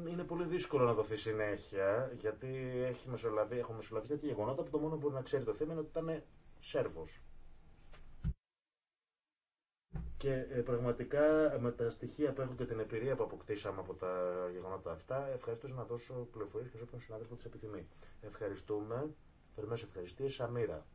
είναι πολύ δύσκολο να δοθεί συνέχεια, γιατί έχει μεσολαβεί, έχω μεσολαβεί τέτοια γεγονότα που το μόνο που μπορεί να ξέρει το θέμα είναι ότι ήταν Σέρβος. Και ε, πραγματικά με τα στοιχεία που έχω και την εμπειρία που αποκτήσαμε από τα γεγονότα αυτά, ευχαριστώ να δώσω πληροφορίε και σε όποιον συνάδελφο τη επιθυμεί. Ευχαριστούμε. Θερμέ ευχαριστίε. Σαμίρα.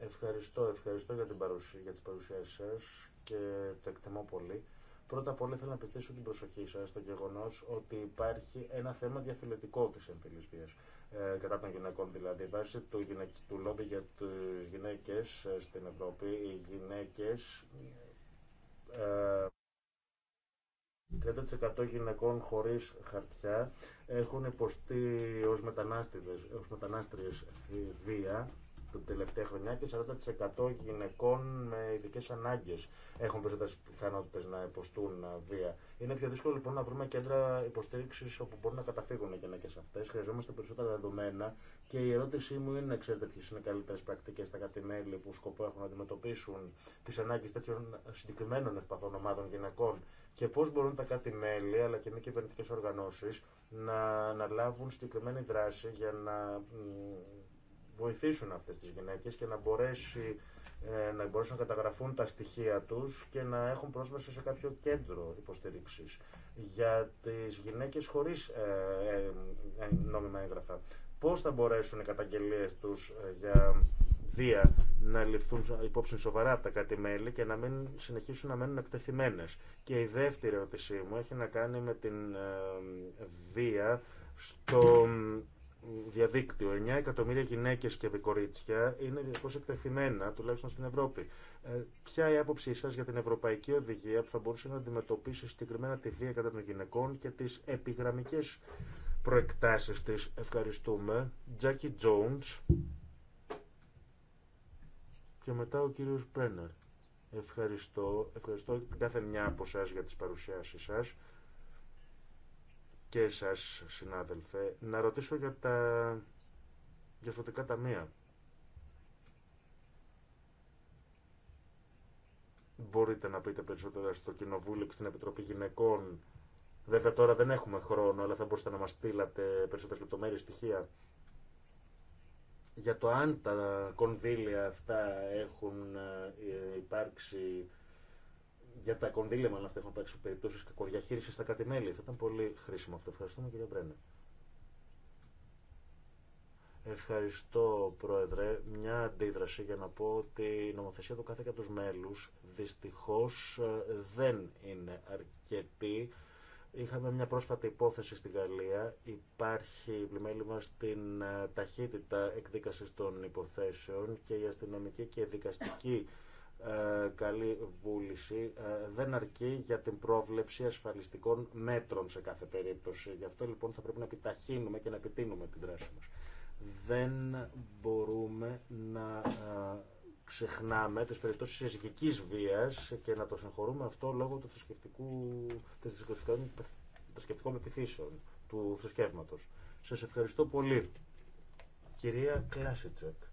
Ευχαριστώ, ευχαριστώ για, την παρουσία, για τις παρουσίες σας και το εκτιμώ πολύ. Πρώτα απ' όλα θέλω να πιστήσω την προσοχή σα στο γεγονός ότι υπάρχει ένα θέμα διαφυλετικό της εμφυλής ε, κατά των γυναικών δηλαδή. Βάσει του, του λόμπι για τις γυναίκες ε, στην Ευρώπη, οι γυναίκες... 30% ε, γυναικών χωρί χαρτιά έχουν υποστεί ω μετανάστριε βία την τελευταία χρονιά και 40% γυναικών με ειδικέ ανάγκε έχουν περισσότερε πιθανότητε να υποστούν ε, βία. Είναι πιο δύσκολο λοιπόν να βρούμε κέντρα υποστήριξη όπου μπορούν να καταφύγουν οι γυναίκε αυτέ. Χρειαζόμαστε περισσότερα δεδομένα και η ερώτησή μου είναι, ξέρετε, ποιε είναι οι καλύτερε πρακτικέ στα κάτι που σκοπό έχουν να αντιμετωπίσουν τι ανάγκε τέτοιων συγκεκριμένων ευπαθών ομάδων γυναικών και πώ μπορούν τα κατημέλη αλλά και μη κυβερνητικέ οργανώσει να, να λάβουν συγκεκριμένη δράση για να βοηθήσουν αυτές τις γυναίκες και να, μπορέσει, ε, να μπορέσουν να καταγραφούν τα στοιχεία τους και να έχουν πρόσβαση σε κάποιο κέντρο υποστηρίξης για τις γυναίκες χωρίς ε, ε, νόμιμα έγγραφα. Πώς θα μπορέσουν οι καταγγελίες τους για βία να ληφθούν υπόψη σοβαρά από τα κάτι μελη και να μην συνεχίσουν να μένουν εκτεθειμένες. Και η δεύτερη ερώτησή μου έχει να κάνει με την βία στο διαδίκτυο. 9 εκατομμύρια γυναίκες και κορίτσια είναι διαρκώς εκτεθειμένα, τουλάχιστον στην Ευρώπη. Ε, ποια η άποψή σας για την ευρωπαϊκή οδηγία που θα μπορούσε να αντιμετωπίσει συγκεκριμένα τη βία κατά των γυναικών και τις επιγραμμικές προεκτάσεις της. Ευχαριστούμε. Jackie Jones και μετά ο κύριος Μπρένερ. Ευχαριστώ. Ευχαριστώ κάθε μια από εσά για τις παρουσιάσεις σας και εσάς συνάδελφε να ρωτήσω για τα διαφορετικά ταμεία. Μπορείτε να πείτε περισσότερα στο Κοινοβούλιο και στην Επιτροπή Γυναικών. Βέβαια τώρα δεν έχουμε χρόνο, αλλά θα μπορούσατε να μας στείλατε περισσότερες λεπτομέρειες στοιχεία για το αν τα κονδύλια αυτά έχουν ε, υπάρξει για τα κονδύλια μάλλον αυτά έχουν υπάρξει περιπτώσει κακοδιαχείριση στα κράτη-μέλη. Θα ήταν πολύ χρήσιμο αυτό. Ευχαριστούμε, κυρία Μπρένε. Ευχαριστώ, Πρόεδρε. Μια αντίδραση για να πω ότι η νομοθεσία του κάθε τους μέλους δυστυχώς ε, δεν είναι αρκετή. Είχαμε μια πρόσφατη υπόθεση στην Γαλλία. Υπάρχει πλημέλημα στην ε, ταχύτητα εκδίκασης των υποθέσεων και η αστυνομική και δικαστική ε, καλή βούληση ε, δεν αρκεί για την πρόβλεψη ασφαλιστικών μέτρων σε κάθε περίπτωση. Γι' αυτό λοιπόν θα πρέπει να επιταχύνουμε και να επιτείνουμε την δράση μας. Δεν μπορούμε να ε, ξεχνάμε τις περιπτώσεις εζυγικής βίας και να το συγχωρούμε αυτό λόγω του θρησκευτικού, των θρησκευτικών επιθύσεων του θρησκεύματο. Σας ευχαριστώ πολύ. Κυρία Κλάσιτσεκ.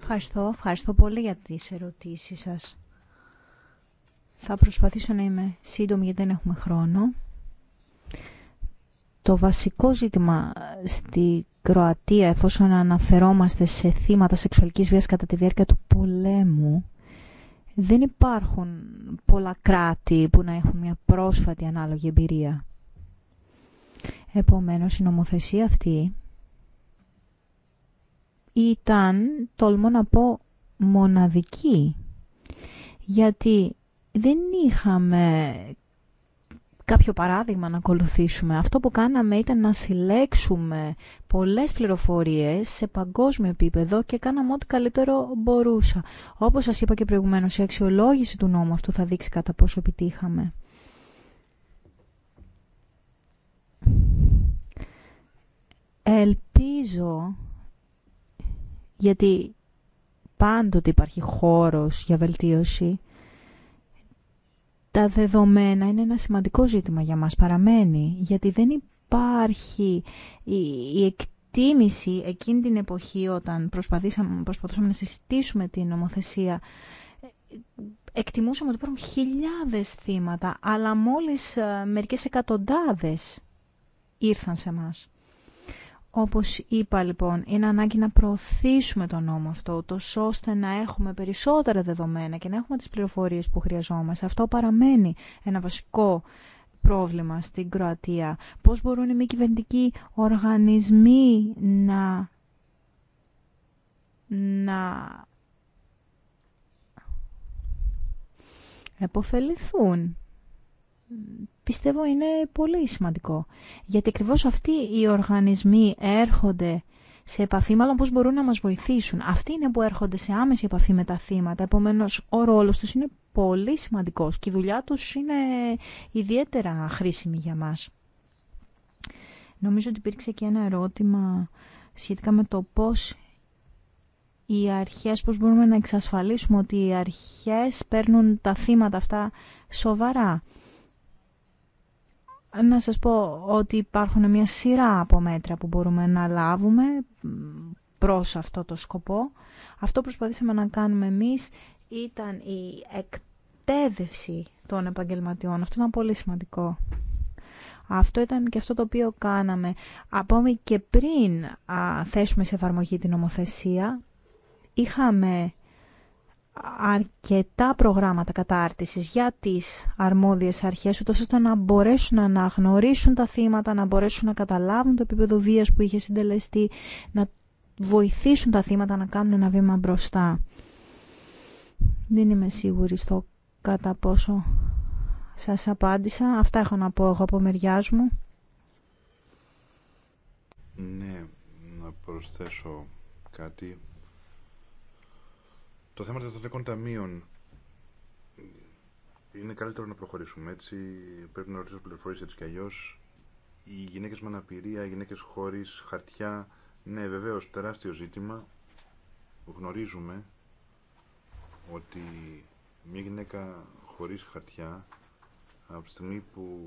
Ευχαριστώ, ευχαριστώ πολύ για τις ερωτήσεις σας. Θα προσπαθήσω να είμαι σύντομη γιατί δεν έχουμε χρόνο. Το βασικό ζήτημα στη Κροατία, εφόσον αναφερόμαστε σε θύματα σεξουαλικής βίας κατά τη διάρκεια του πολέμου, δεν υπάρχουν πολλά κράτη που να έχουν μια πρόσφατη ανάλογη εμπειρία. Επομένως, η νομοθεσία αυτή ήταν, τολμώ να πω, μοναδική. Γιατί δεν είχαμε κάποιο παράδειγμα να ακολουθήσουμε. Αυτό που κάναμε ήταν να συλλέξουμε πολλές πληροφορίες σε παγκόσμιο επίπεδο και κάναμε ό,τι καλύτερο μπορούσα. Όπως σας είπα και προηγουμένως, η αξιολόγηση του νόμου αυτού θα δείξει κατά πόσο επιτύχαμε. Ελπίζω γιατί πάντοτε υπάρχει χώρος για βελτίωση. Τα δεδομένα είναι ένα σημαντικό ζήτημα για μας, παραμένει, γιατί δεν υπάρχει η εκτίμηση εκείνη την εποχή όταν προσπαθήσαμε, προσπαθούσαμε να συστήσουμε την νομοθεσία εκτιμούσαμε ότι υπάρχουν χιλιάδες θύματα, αλλά μόλις ε, μερικές εκατοντάδες ήρθαν σε μας. Όπως είπα λοιπόν, είναι ανάγκη να προωθήσουμε τον νόμο αυτό, το ώστε να έχουμε περισσότερα δεδομένα και να έχουμε τις πληροφορίες που χρειαζόμαστε. Αυτό παραμένει ένα βασικό πρόβλημα στην Κροατία. Πώς μπορούν οι μη κυβερνητικοί οργανισμοί να, να επωφεληθούν; πιστεύω είναι πολύ σημαντικό. Γιατί ακριβώ αυτοί οι οργανισμοί έρχονται σε επαφή, μάλλον πώς μπορούν να μας βοηθήσουν. Αυτοί είναι που έρχονται σε άμεση επαφή με τα θύματα, επομένως ο ρόλος τους είναι πολύ σημαντικός και η δουλειά τους είναι ιδιαίτερα χρήσιμη για μας. Νομίζω ότι υπήρξε και ένα ερώτημα σχετικά με το πώς οι αρχές, πώς μπορούμε να εξασφαλίσουμε ότι οι αρχές παίρνουν τα θύματα αυτά σοβαρά να σας πω ότι υπάρχουν μια σειρά από μέτρα που μπορούμε να λάβουμε προς αυτό το σκοπό. Αυτό που προσπαθήσαμε να κάνουμε εμείς ήταν η εκπαίδευση των επαγγελματιών. Αυτό ήταν πολύ σημαντικό. Αυτό ήταν και αυτό το οποίο κάναμε. Από και πριν α, θέσουμε σε εφαρμογή την νομοθεσία, είχαμε αρκετά προγράμματα κατάρτισης για τις αρμόδιες αρχές, ούτως ώστε να μπορέσουν να αναγνωρίσουν τα θύματα, να μπορέσουν να καταλάβουν το επίπεδο βίας που είχε συντελεστεί, να βοηθήσουν τα θύματα να κάνουν ένα βήμα μπροστά. Δεν είμαι σίγουρη στο κατά πόσο σας απάντησα. Αυτά έχω να πω εγώ από μεριά μου. Ναι, να προσθέσω κάτι το θέμα των εθνικών ταμείων είναι καλύτερο να προχωρήσουμε έτσι. Πρέπει να ορίσουμε πληροφορίε έτσι κι αλλιώ. Οι γυναίκε με αναπηρία, οι γυναίκε χωρί χαρτιά. Ναι, βεβαίω, τεράστιο ζήτημα. Γνωρίζουμε ότι μια γυναίκα χωρί χαρτιά από τη στιγμή που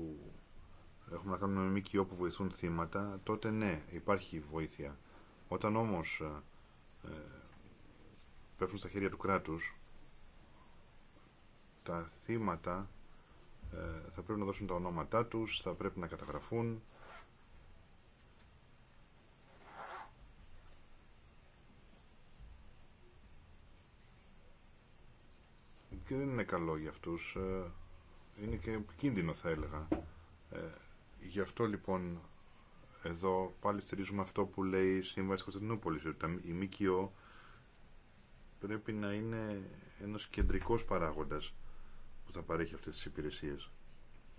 έχουμε να κάνουμε με ΜΚΟ που βοηθούν θύματα τότε ναι υπάρχει βοήθεια όταν όμως ε, πέφτουν στα χέρια του κράτους τα θύματα ε, θα πρέπει να δώσουν τα ονόματά τους, θα πρέπει να καταγραφούν. Και δεν είναι καλό για αυτούς. Ε, είναι και κίνδυνο θα έλεγα. Ε, γι' αυτό λοιπόν εδώ πάλι στηρίζουμε αυτό που λέει η Σύμβαση Κωνσταντινούπολης, ότι η ΜΚΟ πρέπει να είναι ένας κεντρικός παράγοντας που θα παρέχει αυτές τις υπηρεσίες.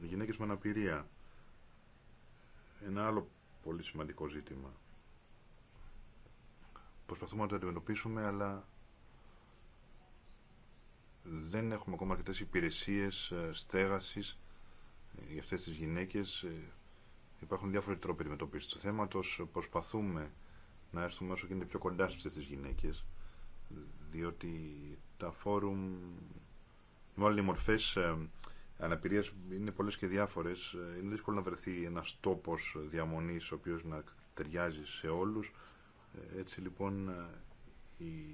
Οι γυναίκες με αναπηρία, ένα άλλο πολύ σημαντικό ζήτημα. Προσπαθούμε να το αντιμετωπίσουμε, αλλά δεν έχουμε ακόμα αρκετές υπηρεσίες ε, στέγασης ε, για αυτές τις γυναίκες. Ε, υπάρχουν διάφοροι τρόποι αντιμετωπίσης του θέματο. Προσπαθούμε να έρθουμε όσο γίνεται πιο κοντά στι γυναίκε διότι τα φόρουμ μάλλον οι μορφές αναπηρίας είναι πολλές και διάφορες είναι δύσκολο να βρεθεί ένας τόπος διαμονής ο οποίος να ταιριάζει σε όλους έτσι λοιπόν η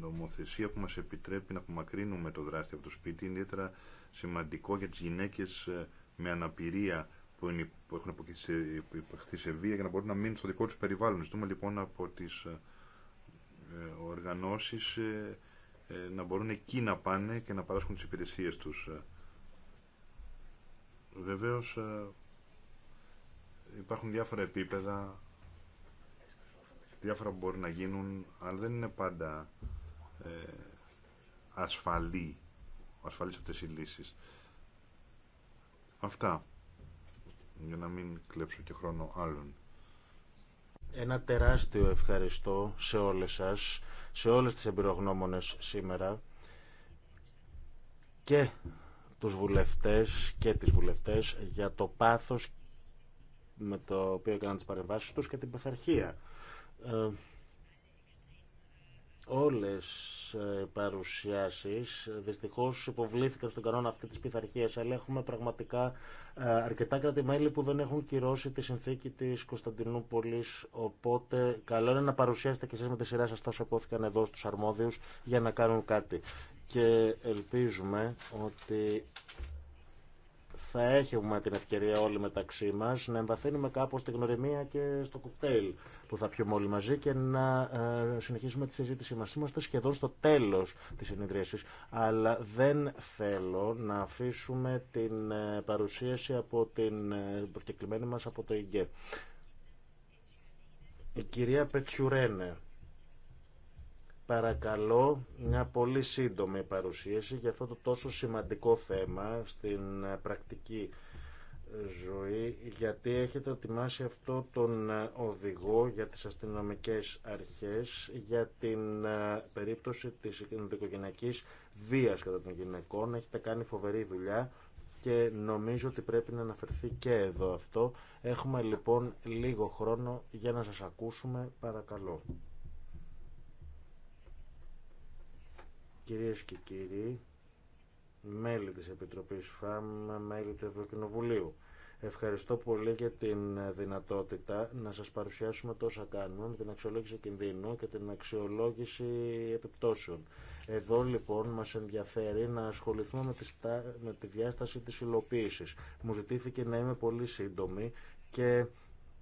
νομοθεσία που μας επιτρέπει να απομακρύνουμε το δράστη από το σπίτι είναι ιδιαίτερα σημαντικό για τις γυναίκες με αναπηρία που, είναι, που έχουν υποχθεί σε βία για να μπορούν να μείνουν στο δικό τους περιβάλλον. Ζητούμε λοιπόν από τις ε, οργανώσεις ε, ε, να μπορούν εκεί να πάνε και να παράσχουν τις υπηρεσίες τους. Βεβαίως υπάρχουν διάφορα επίπεδα, διάφορα που μπορούν να γίνουν, αλλά δεν είναι πάντα ασφαλή, ασφαλής αυτές οι λύσεις. Αυτά, για να μην κλέψω και χρόνο άλλων. Ένα τεράστιο ευχαριστώ σε όλες σας, σε όλες τις εμπειρογνώμονες σήμερα και τους βουλευτές και τις βουλευτές για το πάθος με το οποίο έκαναν τις παρεμβάσεις τους και την πειθαρχία. Ε, όλες ε, παρουσιάσεις δυστυχώς υποβλήθηκαν στον κανόνα αυτή της πειθαρχία, αλλά έχουμε πραγματικά ε, αρκετά που δεν έχουν κυρώσει τη συνθήκη της Κωνσταντινούπολης οπότε καλό είναι να παρουσιάσετε και εσείς με τη σειρά σας τα υπόθηκαν εδώ στους αρμόδιους για να κάνουν κάτι και ελπίζουμε ότι θα έχουμε την ευκαιρία όλοι μεταξύ μας να εμβαθύνουμε κάπως στην γνωριμία και στο κοκτέιλ που θα πιούμε όλοι μαζί και να ε, συνεχίσουμε τη συζήτησή μα. Είμαστε σχεδόν στο τέλος τη συνεδρίαση, αλλά δεν θέλω να αφήσουμε την ε, παρουσίαση από την ε, προκεκλημένη μας από το ΙΓΕ. Η κυρία Πετσιουρένε. Παρακαλώ μια πολύ σύντομη παρουσίαση για αυτό το τόσο σημαντικό θέμα στην ε, πρακτική ε, ζωή, γιατί έχετε ετοιμάσει αυτό τον ε, οδηγό για τις αστυνομικές αρχές για την περίπτωση της ενδοικογενειακής βίας κατά των γυναικών. Έχετε κάνει φοβερή δουλειά και νομίζω ότι πρέπει να αναφερθεί και εδώ αυτό. Έχουμε λοιπόν λίγο χρόνο για να σας ακούσουμε. Παρακαλώ. Κυρίες και κύριοι, μέλη της Επιτροπής ΦΑΜ, μέλη του Ευρωκοινοβουλίου, ευχαριστώ πολύ για την δυνατότητα να σας παρουσιάσουμε τόσα κάνουμε με την αξιολόγηση κινδύνου και την αξιολόγηση επιπτώσεων. Εδώ λοιπόν μας ενδιαφέρει να ασχοληθούμε με τη, με τη διάσταση της υλοποίησης. Μου ζητήθηκε να είμαι πολύ σύντομη και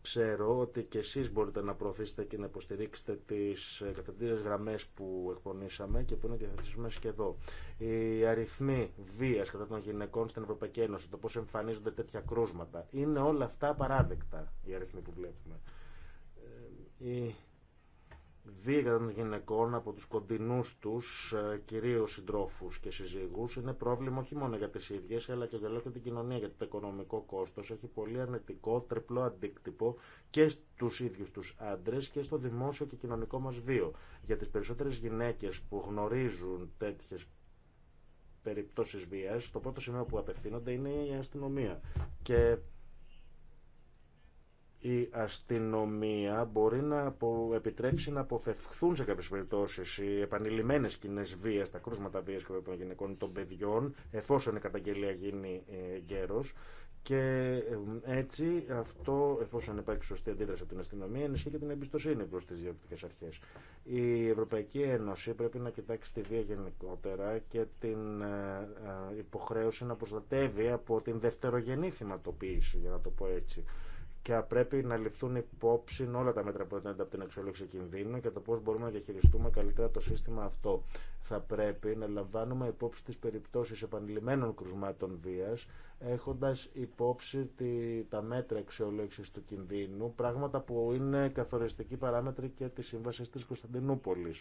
Ξέρω ότι και εσείς μπορείτε να προωθήσετε και να υποστηρίξετε τις ε, κατευθύνες γραμμές που εκπονήσαμε και που είναι διαθέσιμες και εδώ. Οι αριθμοί βίας κατά των γυναικών στην Ευρωπαϊκή Ένωση, το πώς εμφανίζονται τέτοια κρούσματα, είναι όλα αυτά παράδεκτα οι αριθμοί που βλέπουμε. Ε, η Βίγαν των γυναικών από τους κοντινούς τους, ε, κυρίως συντρόφους και συζύγους, είναι πρόβλημα όχι μόνο για τις ίδιες, αλλά και για και την κοινωνία, γιατί το οικονομικό κόστος έχει πολύ αρνητικό, τριπλό αντίκτυπο και στους ίδιους τους άντρες και στο δημόσιο και κοινωνικό μας βίο. Για τις περισσότερες γυναίκες που γνωρίζουν τέτοιες περιπτώσεις βίας, το πρώτο σημείο που απευθύνονται είναι η αστυνομία. Και η αστυνομία μπορεί να επιτρέψει να αποφευχθούν σε κάποιε περιπτώσει οι επανειλημμένε κοινέ βίε, τα κρούσματα βία και των γυναικών ή των παιδιών, εφόσον καταγγελία γίνει ε, γέρο. Και ε, έτσι αυτό, εφόσον υπάρχει σωστή αντίδραση από την αστυνομία, ενισχύει και την εμπιστοσύνη προ τι διοικητικέ αρχέ. Η Ευρωπαϊκή Ένωση πρέπει να κοιτάξει τη βία γενικότερα και την ε, υποχρέωση να προστατεύει από την δευτερογενή θυματοποίηση, για να το πω έτσι και πρέπει να ληφθούν υπόψη όλα τα μέτρα που έρχονται από την αξιολόγηση κινδύνου και το πώ μπορούμε να διαχειριστούμε καλύτερα το σύστημα αυτό. Θα πρέπει να λαμβάνουμε υπόψη τι περιπτώσει επανειλημμένων κρουσμάτων βία, έχοντα υπόψη τη, τα μέτρα αξιολόγηση του κινδύνου, πράγματα που είναι καθοριστικοί παράμετροι και τη σύμβαση τη Κωνσταντινούπολη.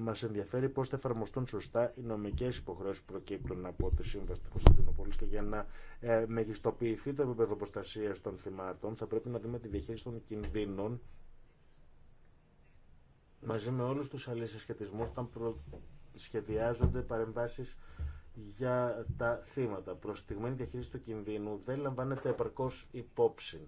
Μα ενδιαφέρει πώ θα εφαρμοστούν σωστά οι νομικέ υποχρεώσεις που προκύπτουν από τη Σύμβαση τη Κωνσταντινούπολη και για να ε, μεγιστοποιηθεί το επίπεδο προστασία των θυμάτων θα πρέπει να δούμε τη διαχείριση των κινδύνων μαζί με όλου του άλλους όταν σχεδιάζονται παρεμβάσει για τα θύματα. Προστιγμένη διαχείριση του κινδύνου δεν λαμβάνεται επαρκώ υπόψη.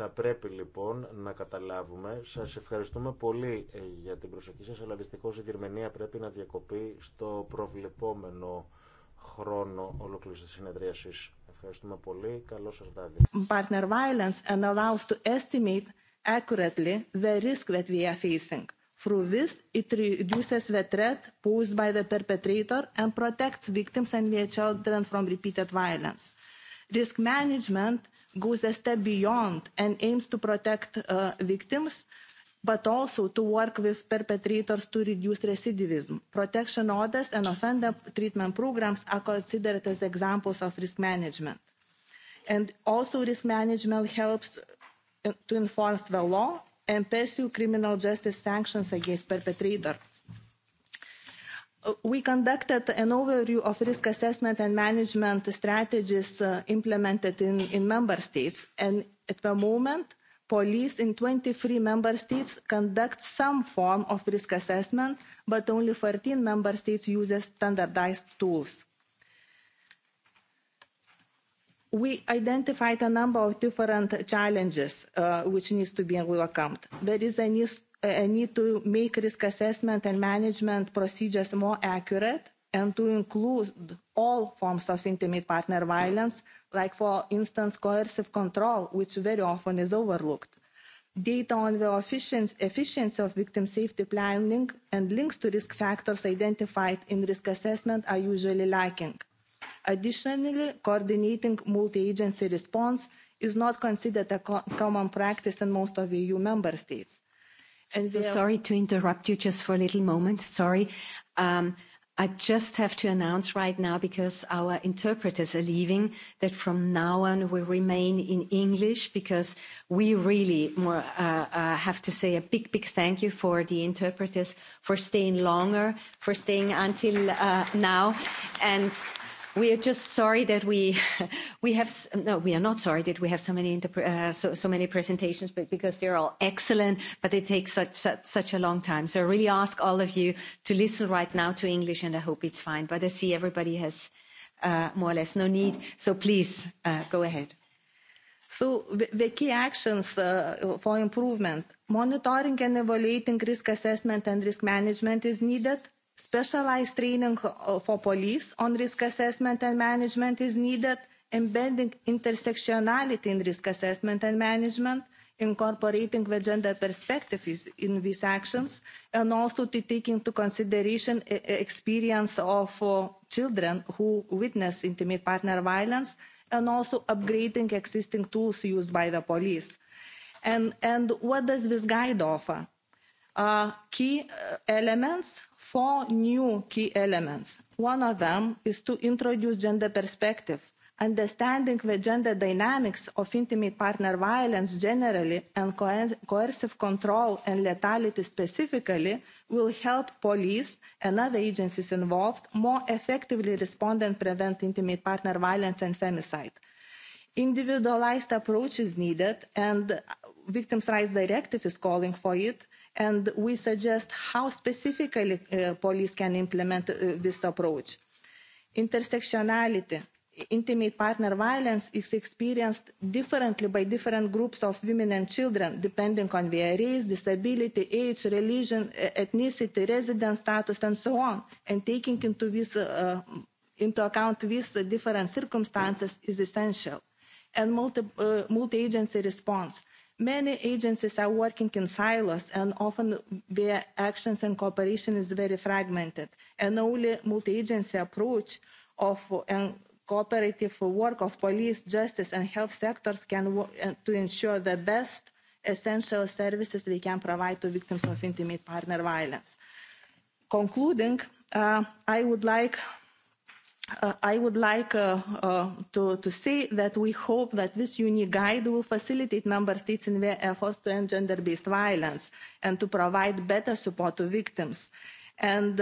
Θα πρέπει λοιπόν να καταλάβουμε. Σας ευχαριστούμε πολύ για την προσοχή σας, αλλά δυστυχώς η Γερμανία πρέπει να διακοπεί στο προβλεπόμενο χρόνο ολόκληρης της συνεδρίασης. Ευχαριστούμε πολύ. Καλό σας βράδυ. Partner violence and allows to estimate accurately the risk that we are facing. Through this, it reduces the threat posed by the perpetrator and protects victims and their children from repeated violence. Risk management goes a step beyond and aims to protect victims but also to work with perpetrators to reduce recidivism. Protection orders and offender treatment programs are considered as examples of risk management. And also risk management helps to enforce the law and pursue criminal justice sanctions against perpetrators We conducted an overview of risk assessment and management strategies implemented in member states, and at the moment, police in 23 member states conduct some form of risk assessment, but only 14 member states use standardized tools. We identified a number of different challenges which need to be overcome. There is a need need to make risk assessment and management procedures more accurate and to include all forms of intimate partner violence, like, for instance, coercive control, which very often is overlooked. Data on the efficiency of victim safety planning and links to risk factors identified in risk assessment are usually lacking. Additionally, coordinating multi-agency response is not considered a common practice in most of the EU member states And so sorry to interrupt you just for a little moment. Sorry. Um, I just have to announce right now, because our interpreters are leaving, that from now on we remain in English because we really have to say a big, big thank you for the interpreters for staying longer, for staying until now. And we are just sorry that we we have no we are not sorry that we have so many so, so many presentations but because they're all excellent but they take such, such such a long time so i really ask all of you to listen right now to english and i hope it's fine but i see everybody has uh, more or less no need so please uh, go ahead so the key actions uh, for improvement monitoring and evaluating risk assessment and risk management is needed Specialized training for police on risk assessment and management is needed, embedding intersectionality in risk assessment and management, incorporating the gender perspective in these actions, and also to take into consideration experience of children who witness intimate partner violence, and also upgrading existing tools used by the police. And what does this guide offer? key elements four new key elements. one of them is to introduce gender perspective understanding the gender dynamics of intimate partner violence generally and coercive control and lethality specifically will help police and other agencies involved more effectively respond and prevent intimate partner violence and femicide. individualised approach is needed and the victims' rights directive is calling for it and we suggest how specifically police can implement this approach. Intersectionality. Intimate partner violence is experienced differently by different groups of women and children, depending on their race, disability, age, religion, ethnicity, residence status, and so on. And taking into into account these different circumstances is essential. And multi-agency response Many agencies are working in silos and often their actions and cooperation is very fragmented. And only multi-agency approach of and cooperative work of police, justice and health sectors can work to ensure the best essential services we can provide to victims of intimate partner violence. Concluding, I would like I would like to say that we hope that this unique guide will facilitate member states in their efforts to end gender-based violence and to provide better support to victims. And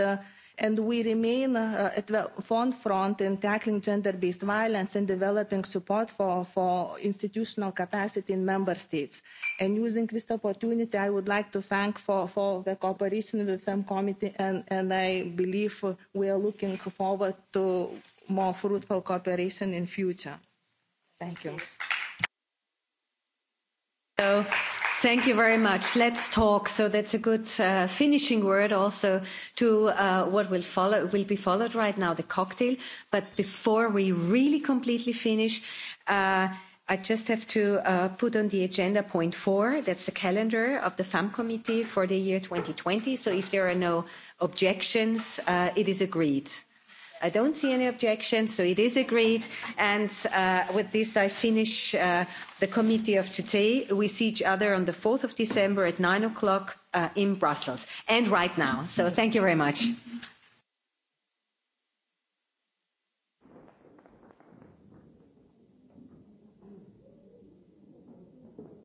and we remain at the forefront in tackling gender based violence and developing support for for institutional capacity in member states. and using this opportunity i would like to thank for for the cooperation with the committee and and i believe we are looking forward to more fruitful cooperation in future. thank you. Thank you very much. Let's talk. So that's a good finishing word also to what will follow will be followed right now, the cocktail. But before we really completely finish, I just have to put on the agenda point four. That's the calendar of the FAM committee for the year 2020. So if there are no objections, it is agreed. I don't see any objections, so it is agreed. And with this, I finish the committee of today. We see each other on the 4th of December at 9 o'clock in Brussels and right now. So thank you very much.